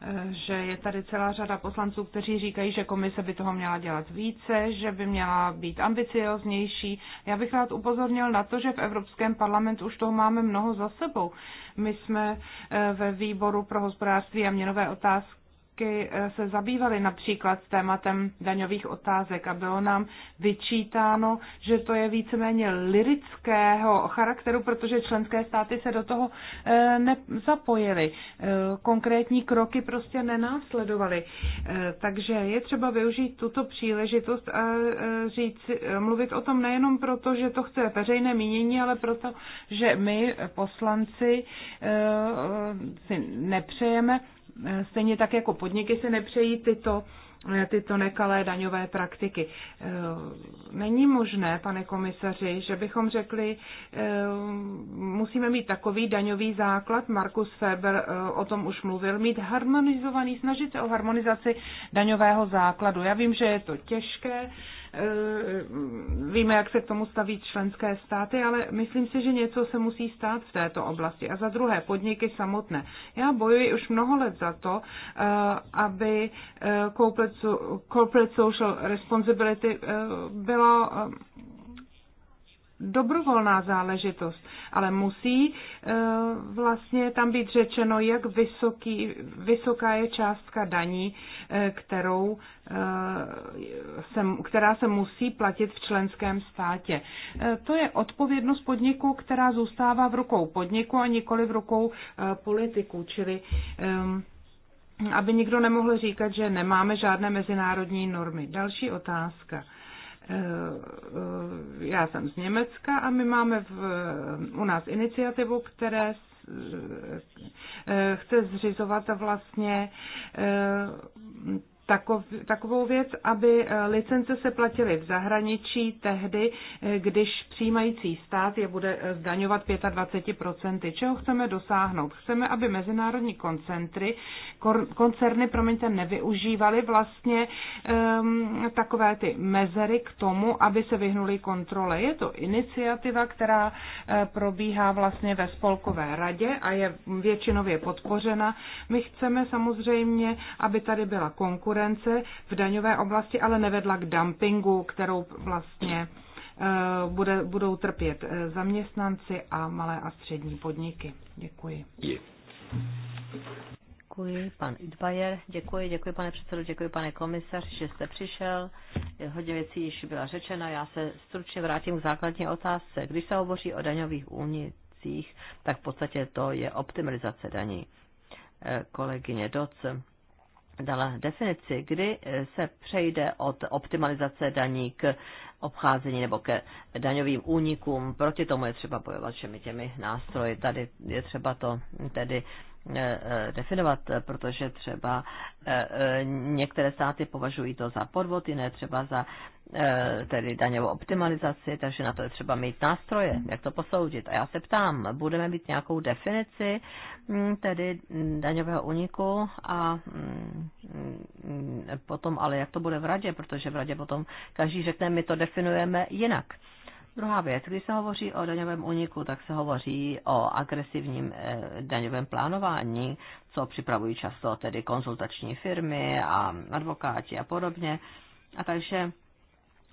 eh, že je tady celá řada poslanců, kteří říkají, že komise by toho měla dělat více, že by měla být ambicioznější. Já bych rád upozornil na to, že v Evropském parlamentu už toho máme mnoho za sebou. My jsme eh, ve výboru pro hospodářství a měnové otázky roky eh, se zabývali například s tématem daňových otázek a bylo nám vyčítáno, že to je víceméně lirického charakteru, protože členské státy se do toho eh, nezapojily. Eh, konkrétní kroky prostě nenásledovaly. Takže je třeba využít tuto příležitost a říct, mluvit o tom nejenom proto, že to chce veřejné mínění, ale proto, že my poslanci si nepřejeme Eh, stejně tak jako podniky si nepřejí tyto, eh, tyto nekalé daňové praktiky. Eh, není možné, pane komisaři, že bychom řekli, musíme mít takový daňový základ, Markus Feber o tom už mluvil, mít harmonizovaný, snažit se o harmonizaci daňového základu. Já vím, že je to těžké, Eh, víme, jak se k tomu staví členské státy, ale myslím si, že něco se musí stát v této oblasti. A za druhé, podniky samotné. Já bojuji už mnoho let za to, eh, aby eh, corporate social responsibility bylo dobrovolná záležitost, ale musí eh, vlastně tam být řečeno, jak vysoký, vysoká je částka daní, eh, kterou eh, se, která se musí platit v členském státě. To je odpovědnost podniku, která zůstává v rukou podniku a nikoli v rukou politiků, čili aby nikdo nemohl říkat, že nemáme žádné mezinárodní normy. Další otázka. Eh, eh, já jsem z Německa a my máme v, eh, u nás iniciativu, které chce zřizovat vlastně takov, takovou věc, aby eh, licence se platily v zahraničí tehdy, eh, když přijímající stát je bude eh, zdaňovat 25%. Čeho chceme dosáhnout? Chceme, aby mezinárodní koncentry, koncerny promiňte, nevyužívaly vlastně um, takové ty mezery k tomu, aby se vyhnuli kontrole. Je to iniciativa, která probíhá vlastně ve spolkové radě a je většinově podpořena. My chceme samozřejmě, aby tady byla konkurence konkurence v daňové oblasti ale nevedla k dumpingu, kterou vlastně eh, bude, budou trpět eh, zaměstnanci a malé a střední podniky. Děkuji. Děkuji, pan Idbajer. Děkuji, děkuji, pane předsedo, děkuji, pane komisař, že jste přišel. Hodně věcí již byla řečena. Já se stručně vrátím k základní otázce. Když se hovoří o daňových únicích, tak v podstatě to je optimalizace daní. Eh, kolegyně Doc dala definici, kdy eh, se přejde od optimalizace daní k obcházení nebo ke daňovým únikům. Proti tomu je třeba bojovat všemi těmi nástroji. Tady je třeba to tedy Eh, eh, definovat, eh, protože třeba některé státy považují to za podvod, jiné třeba za tedy daňovou optimalizaci, takže na to je třeba mít nástroje, jak to posoudit. A já se ptám, budeme mít nějakou definici mm, tedy mm, daňového uniku a mm, potom, ale jak to bude v radě, protože v radě potom každý řekne, my to definujeme jinak. Druhá věc, když se hovoří o daňovém uniku, tak se hovoří o agresivním eh, daňovém plánování, co připravují často tedy konzultační firmy a advokáti a podobně. A takže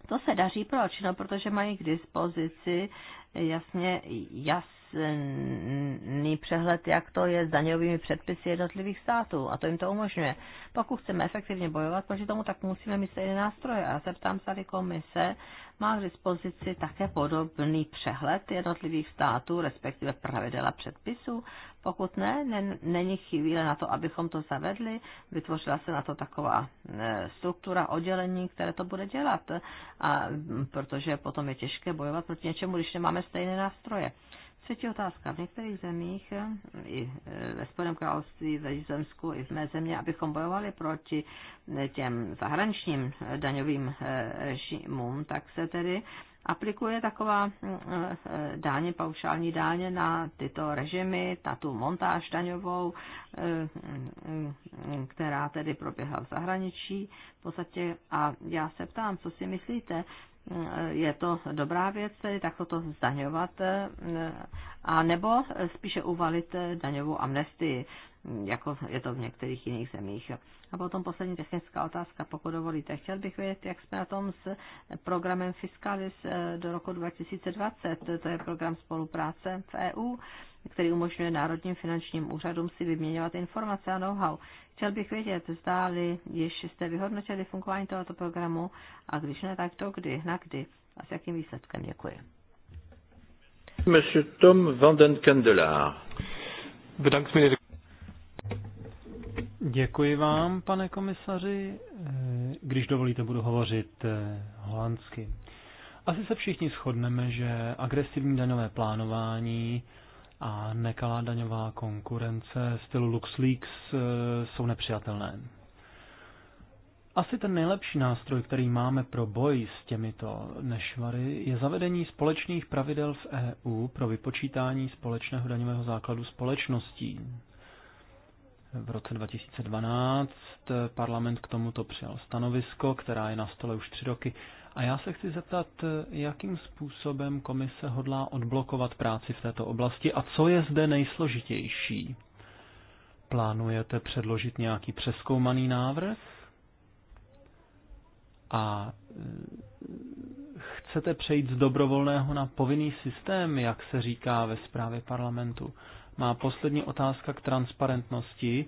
to se daří proč? No, protože mají k dispozici jasně, jas, obecný přehled, jak to je s daňovými předpisy jednotlivých států a to jim to umožňuje. Pokud chceme efektivně bojovat proti tomu, tak musíme mít stejné nástroje. A já se ptám, tady komise má k dispozici také podobný přehled jednotlivých států, respektive pravidela předpisů. Pokud ne, není chvíle na to, abychom to zavedli. Vytvořila se na to taková e, struktura oddělení, které to bude dělat, a, protože potom je těžké bojovat proti něčemu, když nemáme stejné nástroje. Třetí otázka. V některých zemích, i e, ve Spojeném království, ve Nizozemsku, i v mé země, abychom bojovali proti těm zahraničním daňovým e, režimům, tak se tedy aplikuje taková e, dáně, paušální dáně na tyto režimy, na tu montáž daňovou, která tedy proběhla v zahraničí v podstatě. A já se ptám, co si myslíte, je to dobrá věc, tedy takto to zdaňovat, eh, a nebo spíše uvalit eh, daňovou amnestii jako je to v některých jiných zemích. A potom poslední technická otázka, pokud dovolíte. Chtěl bych vědět, jak jsme na tom s programem Fiscalis eh, do roku 2020. To je program spolupráce v EU, který umožňuje národním finančním úřadům si vyměňovat informace a know-how. Chtěl bych vědět, zdáli, již jste vyhodnotili fungování tohoto programu a když ne, tak to kdy, na kdy a s jakým výsledkem. Děkuji. Monsieur Tom van den Bedankt, meneer Děkuji vám, pane komisaři. Eh, když dovolíte, budu hovořit eh, holandsky. Asi se všichni shodneme, že agresivní daňové plánování a nekalá daňová konkurence stylu LuxLeaks eh, jsou nepřijatelné. Asi ten nejlepší nástroj, který máme pro boj s těmito nešvary, je zavedení společných pravidel v EU pro vypočítání společného daňového základu společností, v roce 2012 parlament k tomuto přijal stanovisko, která je na stole už tři roky. A já se chci zeptat, jakým způsobem komise hodlá odblokovat práci v této oblasti a co je zde nejsložitější? Plánujete předložit nějaký přeskoumaný návrh? A e, chcete přejít z dobrovolného na povinný systém, jak se říká ve zprávě parlamentu? Má poslední otázka k transparentnosti.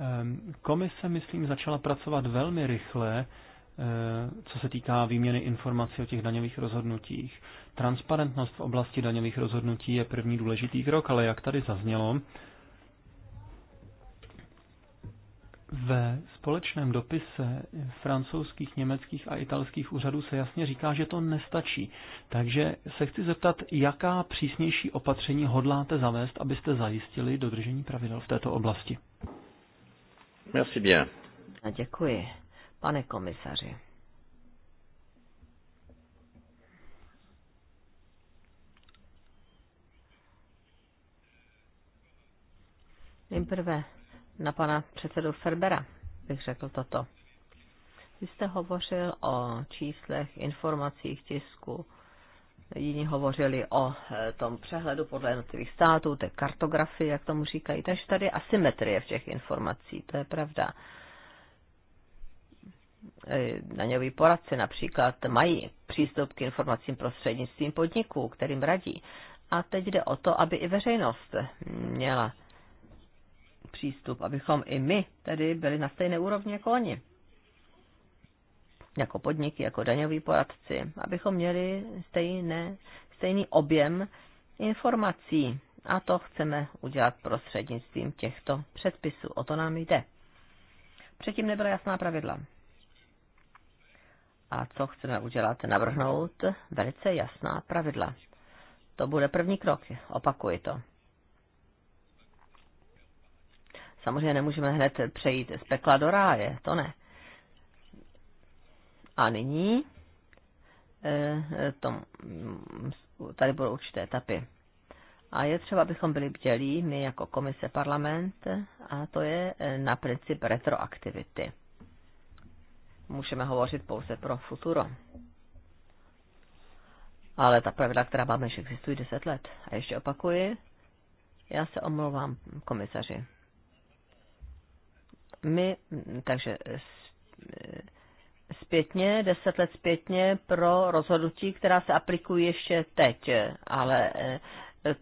Ehm, komise, myslím, začala pracovat velmi rychle, ehm, co se týká výměny informací o těch daňových rozhodnutích. Transparentnost v oblasti daňových rozhodnutí je první důležitý krok, ale jak tady zaznělo, Ve společném dopise francouzských, německých a italských úřadů se jasně říká, že to nestačí. Takže se chci zeptat, jaká přísnější opatření hodláte zavést, abyste zajistili dodržení pravidel v této oblasti. Merci bien. A děkuji, pane komisaři. Nejprve na pana předsedu Ferbera bych řekl toto. Vy jste hovořil o číslech, informacích, tisku, jiní hovořili o eh, tom přehledu podle jednotlivých států, té kartografii, jak tomu říkají. Takže tady je asymetrie v těch informací, to je pravda. Eh, daňoví poradci například mají přístup k informacím prostřednictvím podniků, kterým radí. A teď jde o to, aby i veřejnost měla přístup, abychom i my tedy byli na stejné úrovni jako oni. Jako podniky, jako daňoví poradci, abychom měli stejné, stejný objem informací. A to chceme udělat prostřednictvím těchto předpisů. O to nám jde. Předtím nebyla jasná pravidla. A co chceme udělat? Navrhnout velice jasná pravidla. To bude první krok, opakuji to. Samozřejmě nemůžeme hned přejít z pekla do ráje, to ne. A nyní eh, to, tady budou určité etapy. A je třeba, abychom byli bdělí, my jako komise parlament, a to je eh, na princip retroaktivity. Můžeme hovořit pouze pro futuro. Ale ta pravidla, která máme, že existují 10 let. A ještě opakuji, já se omlouvám komisaři my, takže zpětně, deset let zpětně pro rozhodnutí, která se aplikují ještě teď, ale eh,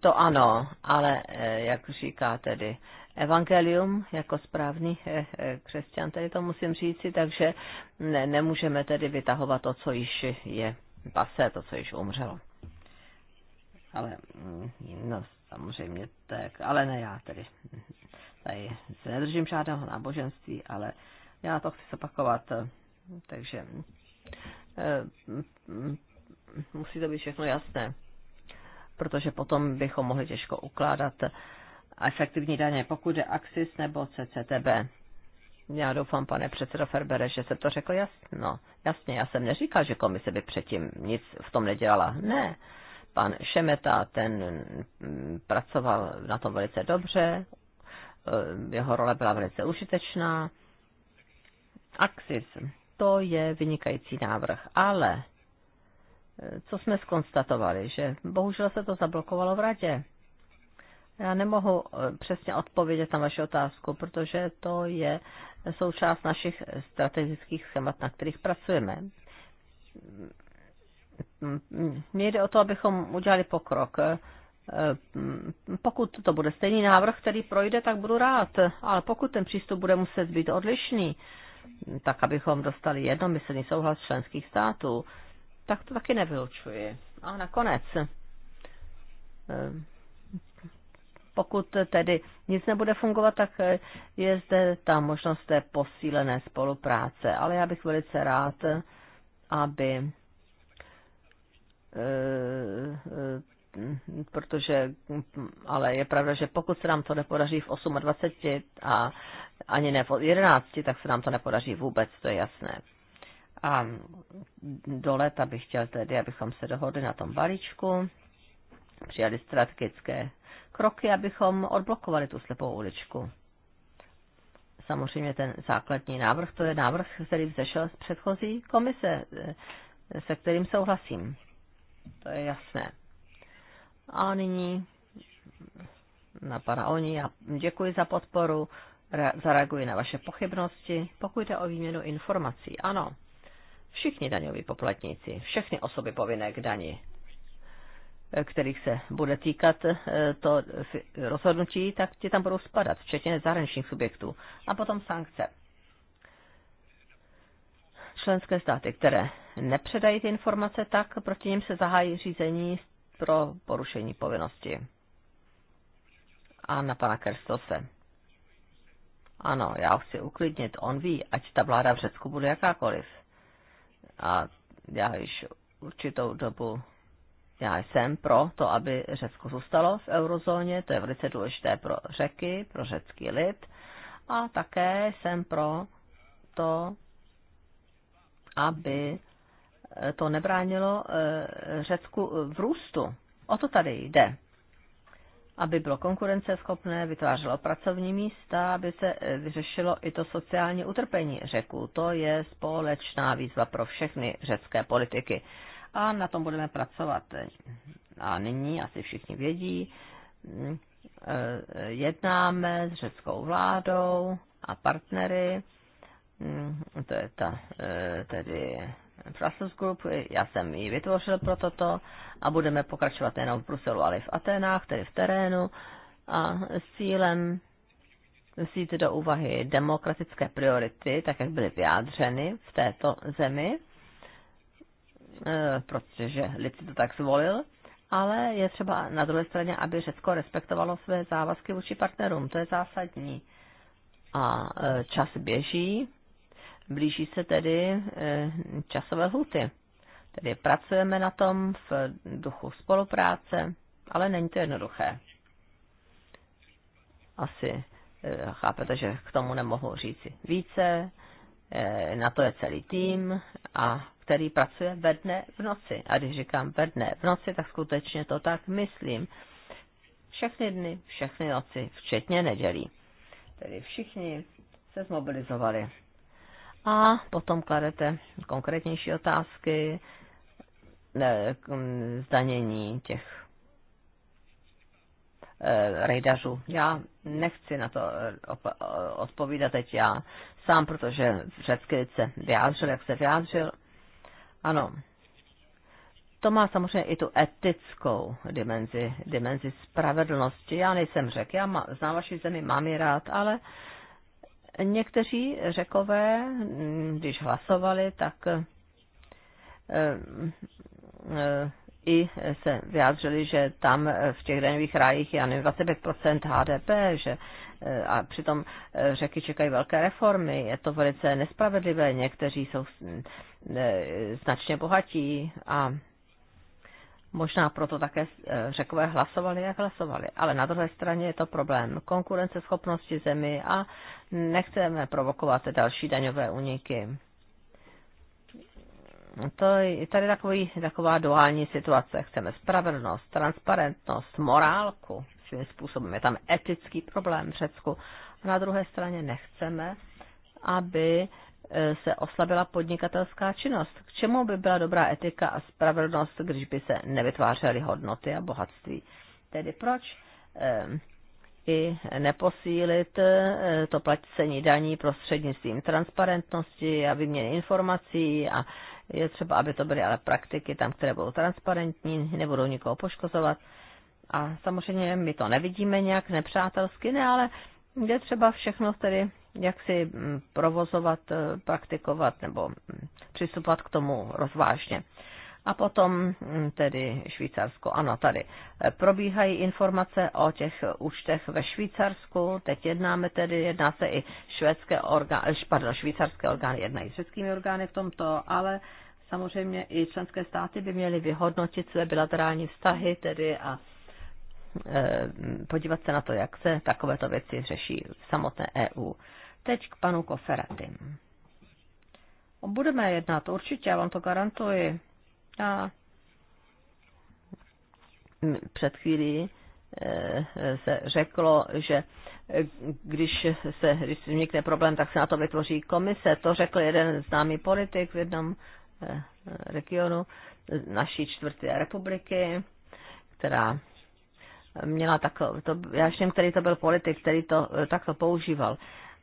to ano, ale eh, jak říká tedy evangelium jako správný eh, křesťan, tedy to musím říci, takže ne, nemůžeme tedy vytahovat to, co již je pase, to, co již umřelo. Ale, mm, no, samozřejmě tak, ale ne já tedy. Tady se nedržím žádného náboženství, ale já to chci zopakovat. Eh, takže eh, musí to být všechno jasné, protože potom bychom mohli těžko ukládat efektivní daně, pokud je AXIS nebo CCTB. Já doufám, pane předsedo Ferbere, že se to řekl jasno. Jasně, já jsem neříkal, že komise by předtím nic v tom nedělala. Ne. Pan Šemeta, ten mm, pracoval na tom velice dobře, Eh, jeho role byla velice užitečná. Axis, to je vynikající návrh, ale eh, co jsme skonstatovali, že bohužel se to zablokovalo v radě. Já nemohu eh, přesně odpovědět na vaši otázku, protože to je součást našich strategických schémat, na kterých pracujeme. Mm, mm, mm, mně jde o to, abychom udělali pokrok Eh, pokud to bude stejný návrh, který projde, tak budu rád. Ale pokud ten přístup bude muset být odlišný, tak abychom dostali jednomyslný souhlas členských států, tak to taky nevylučuji. A nakonec, eh, pokud tedy nic nebude fungovat, tak je zde ta možnost té posílené spolupráce. Ale já bych velice rád, aby eh, protože, ale je pravda, že pokud se nám to nepodaří v 28 a ani ne v 11, tak se nám to nepodaří vůbec, to je jasné. A do léta bych chtěl tedy, abychom se dohodli na tom balíčku, přijali strategické kroky, abychom odblokovali tu slepou uličku. Samozřejmě ten základní návrh, to je návrh, který vzešel z předchozí komise, se kterým souhlasím. To je jasné. A nyní na pana Oni, já děkuji za podporu, zareaguji na vaše pochybnosti, pokud jde o výměnu informací. Ano, všichni daňoví poplatníci, všechny osoby povinné k dani, kterých se bude týkat eh, to rozhodnutí, tak ti tam budou spadat, včetně zahraničních subjektů. A potom sankce. Členské státy, které nepředají ty informace, tak proti ním se zahájí řízení pro porušení povinnosti. A na pana Kerstose. Ano, já ho chci uklidnit, on ví, ať ta vláda v Řecku bude jakákoliv. A já již určitou dobu, já jsem pro to, aby Řecko zůstalo v eurozóně, to je velice důležité pro řeky, pro řecký lid. A také jsem pro to, aby to nebránilo eh, Řecku v růstu. O to tady jde. Aby bylo konkurenceschopné, vytvářelo pracovní místa, aby se eh, vyřešilo i to sociální utrpení Řeku. To je společná výzva pro všechny řecké politiky. A na tom budeme pracovat. A nyní asi všichni vědí, hm, eh, jednáme s řeckou vládou a partnery, hm, to je ta tedy Brussels Group, já jsem ji vytvořil pro toto a budeme pokračovat nejenom v Bruselu, ale i v Aténách, tedy v terénu a s cílem vzít do úvahy demokratické priority, tak jak byly vyjádřeny v této zemi, e, protože lid si to tak zvolil, ale je třeba na druhé straně, aby Řecko respektovalo své závazky vůči partnerům, to je zásadní. A e, čas běží, Blíží se tedy eh, časové lhuty. Tedy pracujeme na tom v duchu spolupráce, ale není to jednoduché. Asi eh, chápete, že k tomu nemohu říci více. Eh, na to je celý tým, a který pracuje ve dne v noci. A když říkám ve dne v noci, tak skutečně to tak myslím. Všechny dny, všechny noci, včetně nedělí. Tedy všichni se zmobilizovali a potom kladete konkrétnější otázky zdanění těch e, rejdařů. Já nechci na to e, e, odpovídat teď já sám, protože řecky se vyjádřil, jak se vyjádřil. Ano, to má samozřejmě i tu etickou dimenzi, dimenzi spravedlnosti. Já nejsem řek, já má, znám vaši zemi, mám ji rád, ale Někteří řekové, když hlasovali, tak eh, eh, i se vyjádřili, že tam v těch daňových rájích je 25% HDP, že eh, a přitom řeky čekají velké reformy. Je to velice nespravedlivé. Někteří jsou značně bohatí a Možná proto také eh, řekové hlasovali, jak hlasovali. Ale na druhé straně je to problém konkurenceschopnosti zemi a nechceme provokovat další daňové úniky. To je tady takový, taková duální situace. Chceme spravedlnost, transparentnost, morálku. Svým způsobem je tam etický problém v Řecku. A na druhé straně nechceme, aby Eh, se oslabila podnikatelská činnost. K čemu by byla dobrá etika a spravedlnost, když by se nevytvářely hodnoty a bohatství? Tedy proč eh, i neposílit eh, to placení daní prostřednictvím transparentnosti a vyměny informací a je třeba, aby to byly ale praktiky tam, které budou transparentní, nebudou nikoho poškozovat. A samozřejmě my to nevidíme nějak nepřátelsky, ne, ale je třeba všechno tedy jak si mm, provozovat, eh, praktikovat nebo mm, přistupovat k tomu rozvážně. A potom mm, tedy Švýcarsko. Ano, tady eh, probíhají informace o těch účtech ve Švýcarsku. Teď jednáme tedy, jedná se i švédské orgány, eh, pardon, švýcarské orgány jednají s švédskými orgány v tomto, ale samozřejmě i členské státy by měly vyhodnotit své bilaterální vztahy tedy a podívat se na to, jak se takovéto věci řeší v samotné EU. Teď k panu Koferatim. Budeme jednat určitě, já vám to garantuji. Já před chvílí eh, se řeklo, že když se když vznikne problém, tak se na to vytvoří komise. To řekl jeden známý politik v jednom eh, regionu naší čtvrté republiky, která měla takový, to, já všem, který to byl politik, který to eh, takto používal.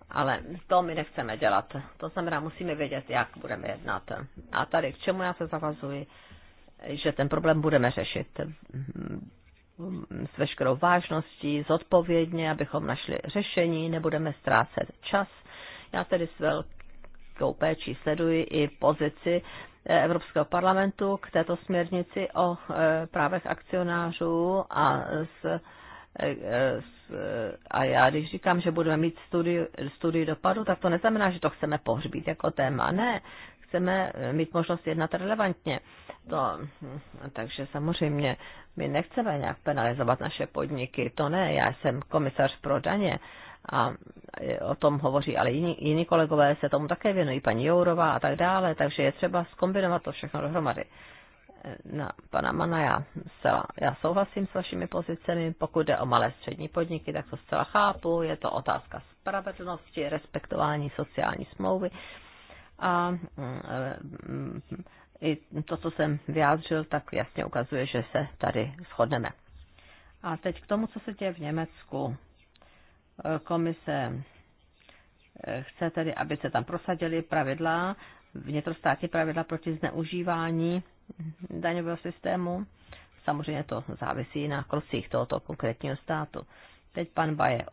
Ale to my nechceme dělat. To znamená, musíme vědět, jak budeme jednat. A tady k čemu já se zavazuji, že ten problém budeme řešit s veškerou vážností, zodpovědně, abychom našli řešení, nebudeme ztrácet čas. Já tedy s velkou péčí sleduji i pozici eh, Evropského parlamentu k této směrnici o eh, právech akcionářů a s a já když říkám, že budeme mít studii, studii dopadu, tak to neznamená, že to chceme pohřbít jako téma. Ne, chceme mít možnost jednat relevantně. To, takže samozřejmě my nechceme nějak penalizovat naše podniky, to ne, já jsem komisař pro daně a o tom hovoří, ale jiní, jiní kolegové se tomu také věnují, paní Jourová a tak dále, takže je třeba skombinovat to všechno dohromady na pana Mana, já, zcela, já souhlasím s vašimi pozicemi. Pokud jde o malé střední podniky, tak to zcela chápu. Je to otázka spravedlnosti, respektování sociální smlouvy. A mm, e, mm, i to, co jsem vyjádřil, tak jasně ukazuje, že se tady shodneme. A teď k tomu, co se děje v Německu. E, komise e, chce tedy, aby se tam prosadily pravidla, vnitrostátní pravidla proti zneužívání daňového systému. Samozřejmě to závisí na krocích tohoto konkrétního státu. Teď pan Baje,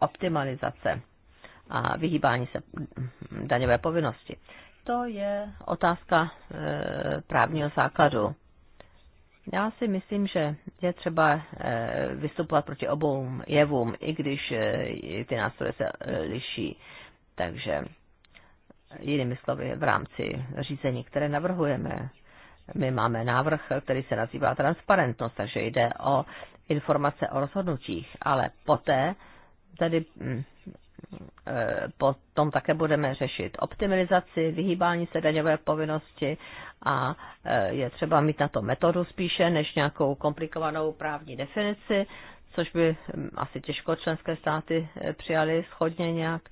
optimalizace a vyhýbání se daňové povinnosti. To je otázka e, právního základu. Já si myslím, že je třeba e, vystupovat proti obou jevům, i když e, ty nástroje se e, liší. Takže jinými slovy, v rámci řízení, které navrhujeme, my máme návrh, který se nazývá transparentnost, takže jde o informace o rozhodnutích, ale poté tedy mm, eh, potom také budeme řešit optimalizaci, vyhýbání se daňové povinnosti a eh, je třeba mít na to metodu spíše než nějakou komplikovanou právní definici, což by mm, asi těžko členské státy eh, přijali schodně nějak.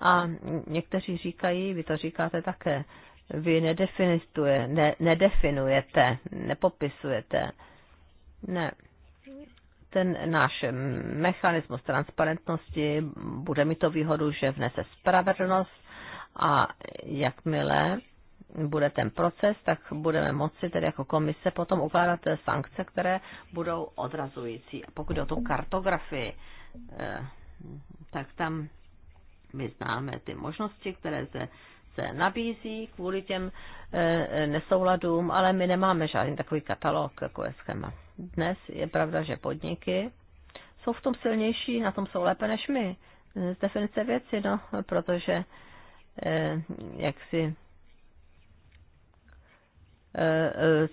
A někteří říkají, vy to říkáte také, vy nedefinistuje, ne, nedefinujete, nepopisujete. Ne. Ten náš mechanismus transparentnosti bude mi to výhodu, že vnese spravedlnost a jakmile bude ten proces, tak budeme moci tedy jako komise potom ukládat sankce, které budou odrazující. A pokud jde o tu kartografii, eh, tak tam my známe ty možnosti, které zde se nabízí kvůli těm eh, eh, nesouladům, ale my nemáme žádný takový katalog, jako je schéma. Dnes je pravda, že podniky jsou v tom silnější, na tom jsou lépe než my. Eh, z definice věci, no, protože jak si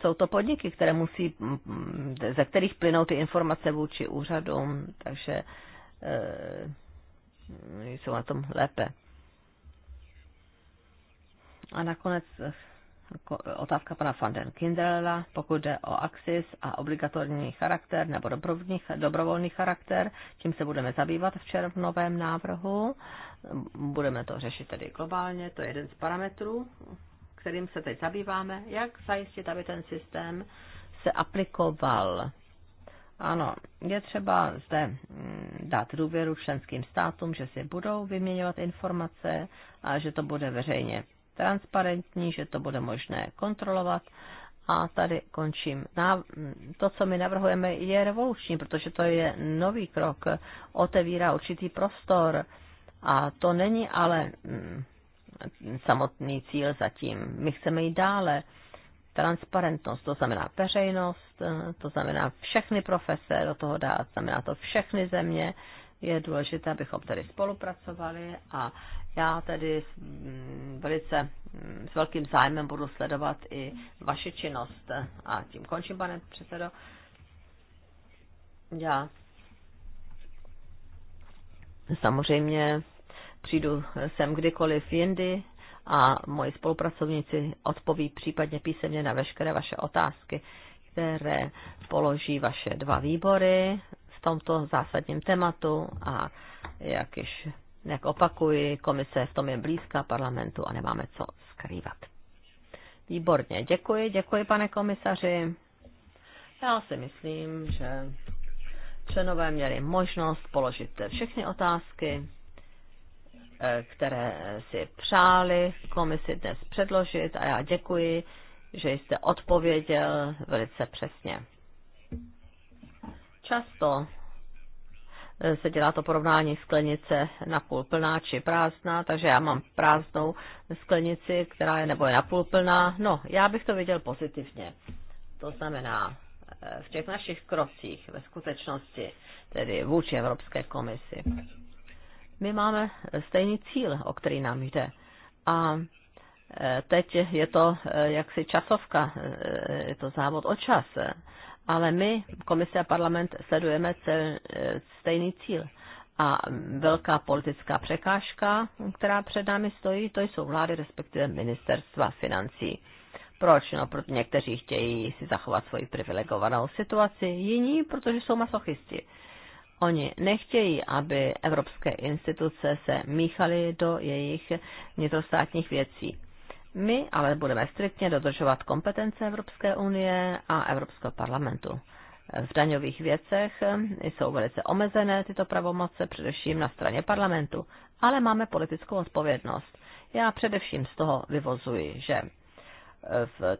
jsou to podniky, které musí, mm, ze kterých plynou ty informace vůči úřadům, takže jsou na tom lépe. A nakonec eh, otázka pana van den pokud jde o axis a obligatorní charakter nebo dobrovolný charakter, čím se budeme zabývat v červnovém návrhu. Budeme to řešit tedy globálně, to je jeden z parametrů, kterým se teď zabýváme, jak zajistit, aby ten systém se aplikoval. Ano, je třeba zde mm, dát důvěru členským státům, že si budou vyměňovat informace a že to bude veřejně transparentní, že to bude možné kontrolovat. A tady končím. To, co my navrhujeme, je revoluční, protože to je nový krok. Otevírá určitý prostor. A to není ale mm, samotný cíl zatím. My chceme jít dále. Transparentnost, to znamená veřejnost, to znamená všechny profese do toho dát, znamená to všechny země. Je důležité, abychom tady spolupracovali a já tedy mm, velice mm, s velkým zájmem budu sledovat i vaši činnost. A tím končím, pane předsedo. Já samozřejmě přijdu sem kdykoliv jindy a moji spolupracovníci odpoví případně písemně na veškeré vaše otázky, které položí vaše dva výbory v tomto zásadním tématu a jak již jak opakuji, komise v tom je blízká parlamentu a nemáme co skrývat. Výborně, děkuji, děkuji pane komisaři. Já si myslím, že členové měli možnost položit všechny otázky, eh, které si přáli komisi dnes předložit a já děkuji, že jste odpověděl velice přesně. Často Eh, se dělá to porovnání sklenice na půl plná či prázdná, takže já mám prázdnou sklenici, která je nebo je na půl plná. No, já bych to viděl pozitivně. To znamená, eh, v těch našich krocích ve skutečnosti, tedy vůči Evropské komisi, my máme stejný cíl, o který nám jde. A eh, teď je to jaksi časovka, je to závod o čase ale my, komise a parlament, sledujeme cel, stejný cíl. A velká politická překážka, která před námi stojí, to jsou vlády, respektive ministerstva financí. Proč? No, proto někteří chtějí si zachovat svoji privilegovanou situaci, jiní, protože jsou masochisti. Oni nechtějí, aby evropské instituce se míchaly do jejich vnitrostátních věcí. My ale budeme striktně dodržovat kompetence Evropské unie a Evropského parlamentu. V daňových věcech jsou velice omezené tyto pravomoce, především na straně parlamentu, ale máme politickou odpovědnost. Já především z toho vyvozuji, že eh, v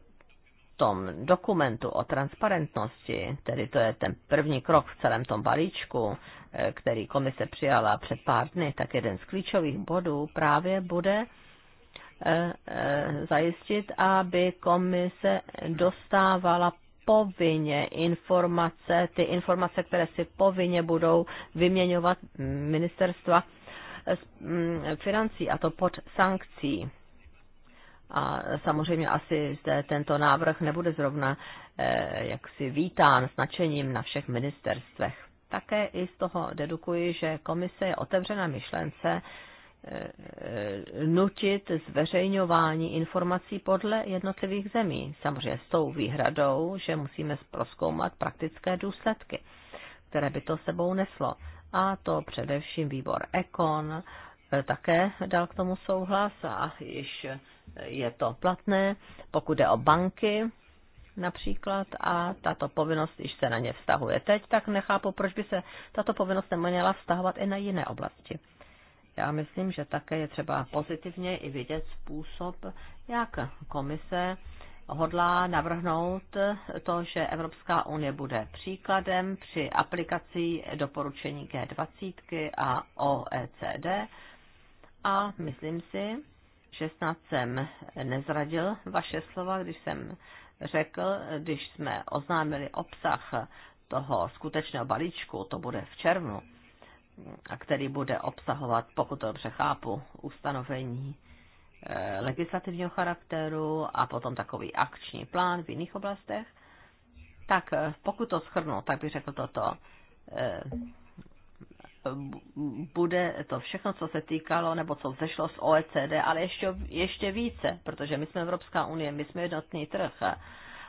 tom dokumentu o transparentnosti, tedy to je ten první krok v celém tom balíčku, eh, který komise přijala před pár dny, tak jeden z klíčových bodů právě bude Eh, eh, zajistit, aby komise dostávala povinně informace, ty informace, které si povinně budou vyměňovat ministerstva mm, financí, a to pod sankcí. A samozřejmě asi zde tento návrh nebude zrovna eh, jaksi vítán s nadšením na všech ministerstvech. Také i z toho dedukuji, že komise je otevřena myšlence, Eh, nutit zveřejňování informací podle jednotlivých zemí. Samozřejmě s tou výhradou, že musíme proskoumat praktické důsledky, které by to sebou neslo. A to především výbor Econ eh, také dal k tomu souhlas a již eh, je to platné, pokud jde o banky, například a tato povinnost, když se na ně vztahuje teď, tak nechápu, proč by se tato povinnost neměla vztahovat i na jiné oblasti. Já myslím, že také je třeba pozitivně i vidět způsob, jak komise hodlá navrhnout to, že Evropská unie bude příkladem při aplikaci doporučení G20 a OECD. A myslím si, že snad jsem nezradil vaše slova, když jsem řekl, když jsme oznámili obsah toho skutečného balíčku, to bude v červnu, a který bude obsahovat, pokud to dobře chápu, ustanovení eh, legislativního charakteru a potom takový akční plán v jiných oblastech. Tak eh, pokud to schrnu, tak bych řekl toto. Eh, bude to všechno, co se týkalo nebo co zešlo z OECD, ale ještě, ještě více, protože my jsme Evropská unie, my jsme jednotný trh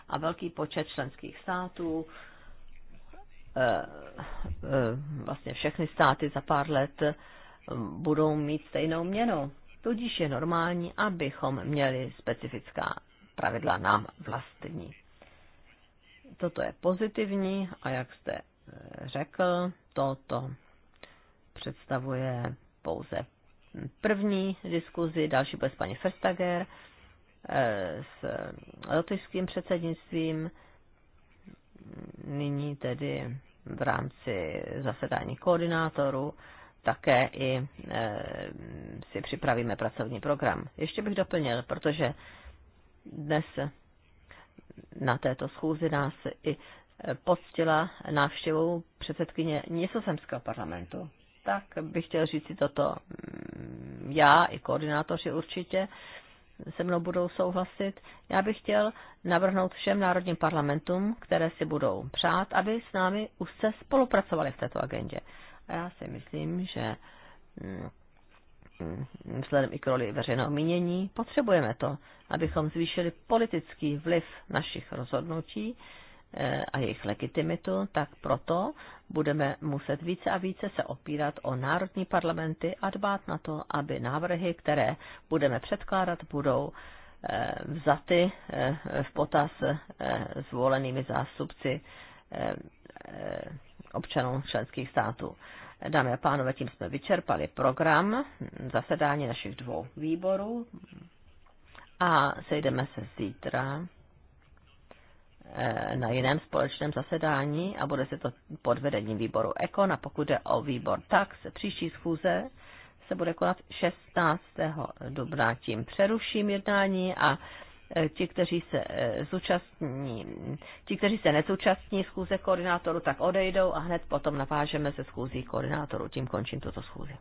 a velký počet členských států Eh, eh, vlastně všechny státy za pár let eh, budou mít stejnou měnu. Tudíž je normální, abychom měli specifická pravidla nám vlastní. Toto je pozitivní a jak jste řekl, toto představuje pouze první diskuzi, další bude s paní Ferstager, s lotyšským předsednictvím. Nyní tedy v rámci zasedání koordinátorů také i e, si připravíme pracovní program. Ještě bych doplnil, protože dnes na této schůzi nás i poctila návštěvou předsedkyně Nizozemského parlamentu. Tak bych chtěl říct si toto mm, já i koordinátoři určitě. E, se mnou budou souhlasit. Já bych chtěl navrhnout všem národním parlamentům, které si budou přát, aby s námi se spolupracovali v této agendě. A já si myslím, že mm, mm, vzhledem i k roli veřejného mínění potřebujeme to, abychom zvýšili politický vliv našich rozhodnutí Eh, a jejich legitimitu, tak proto budeme muset více a více se opírat o národní parlamenty a dbát na to, aby návrhy, které budeme předkládat, budou eh, vzaty eh, v potaz zvolenými zástupci občanů členských států. Dámy a pánové, tím jsme vyčerpali program zasedání našich dvou výborů a sejdeme se zítra Eh, na jiném společném zasedání a bude se to pod vedením výboru EKON a pokud jde o výbor TAX, příští schůze se bude konat 16. dubna. Tím přeruším jednání a eh, ti, kteří se eh, zúčastní, ti, kteří se nezúčastní schůze koordinátoru, tak odejdou a hned potom navážeme se schůzí koordinátoru. Tím končím tuto schůzi.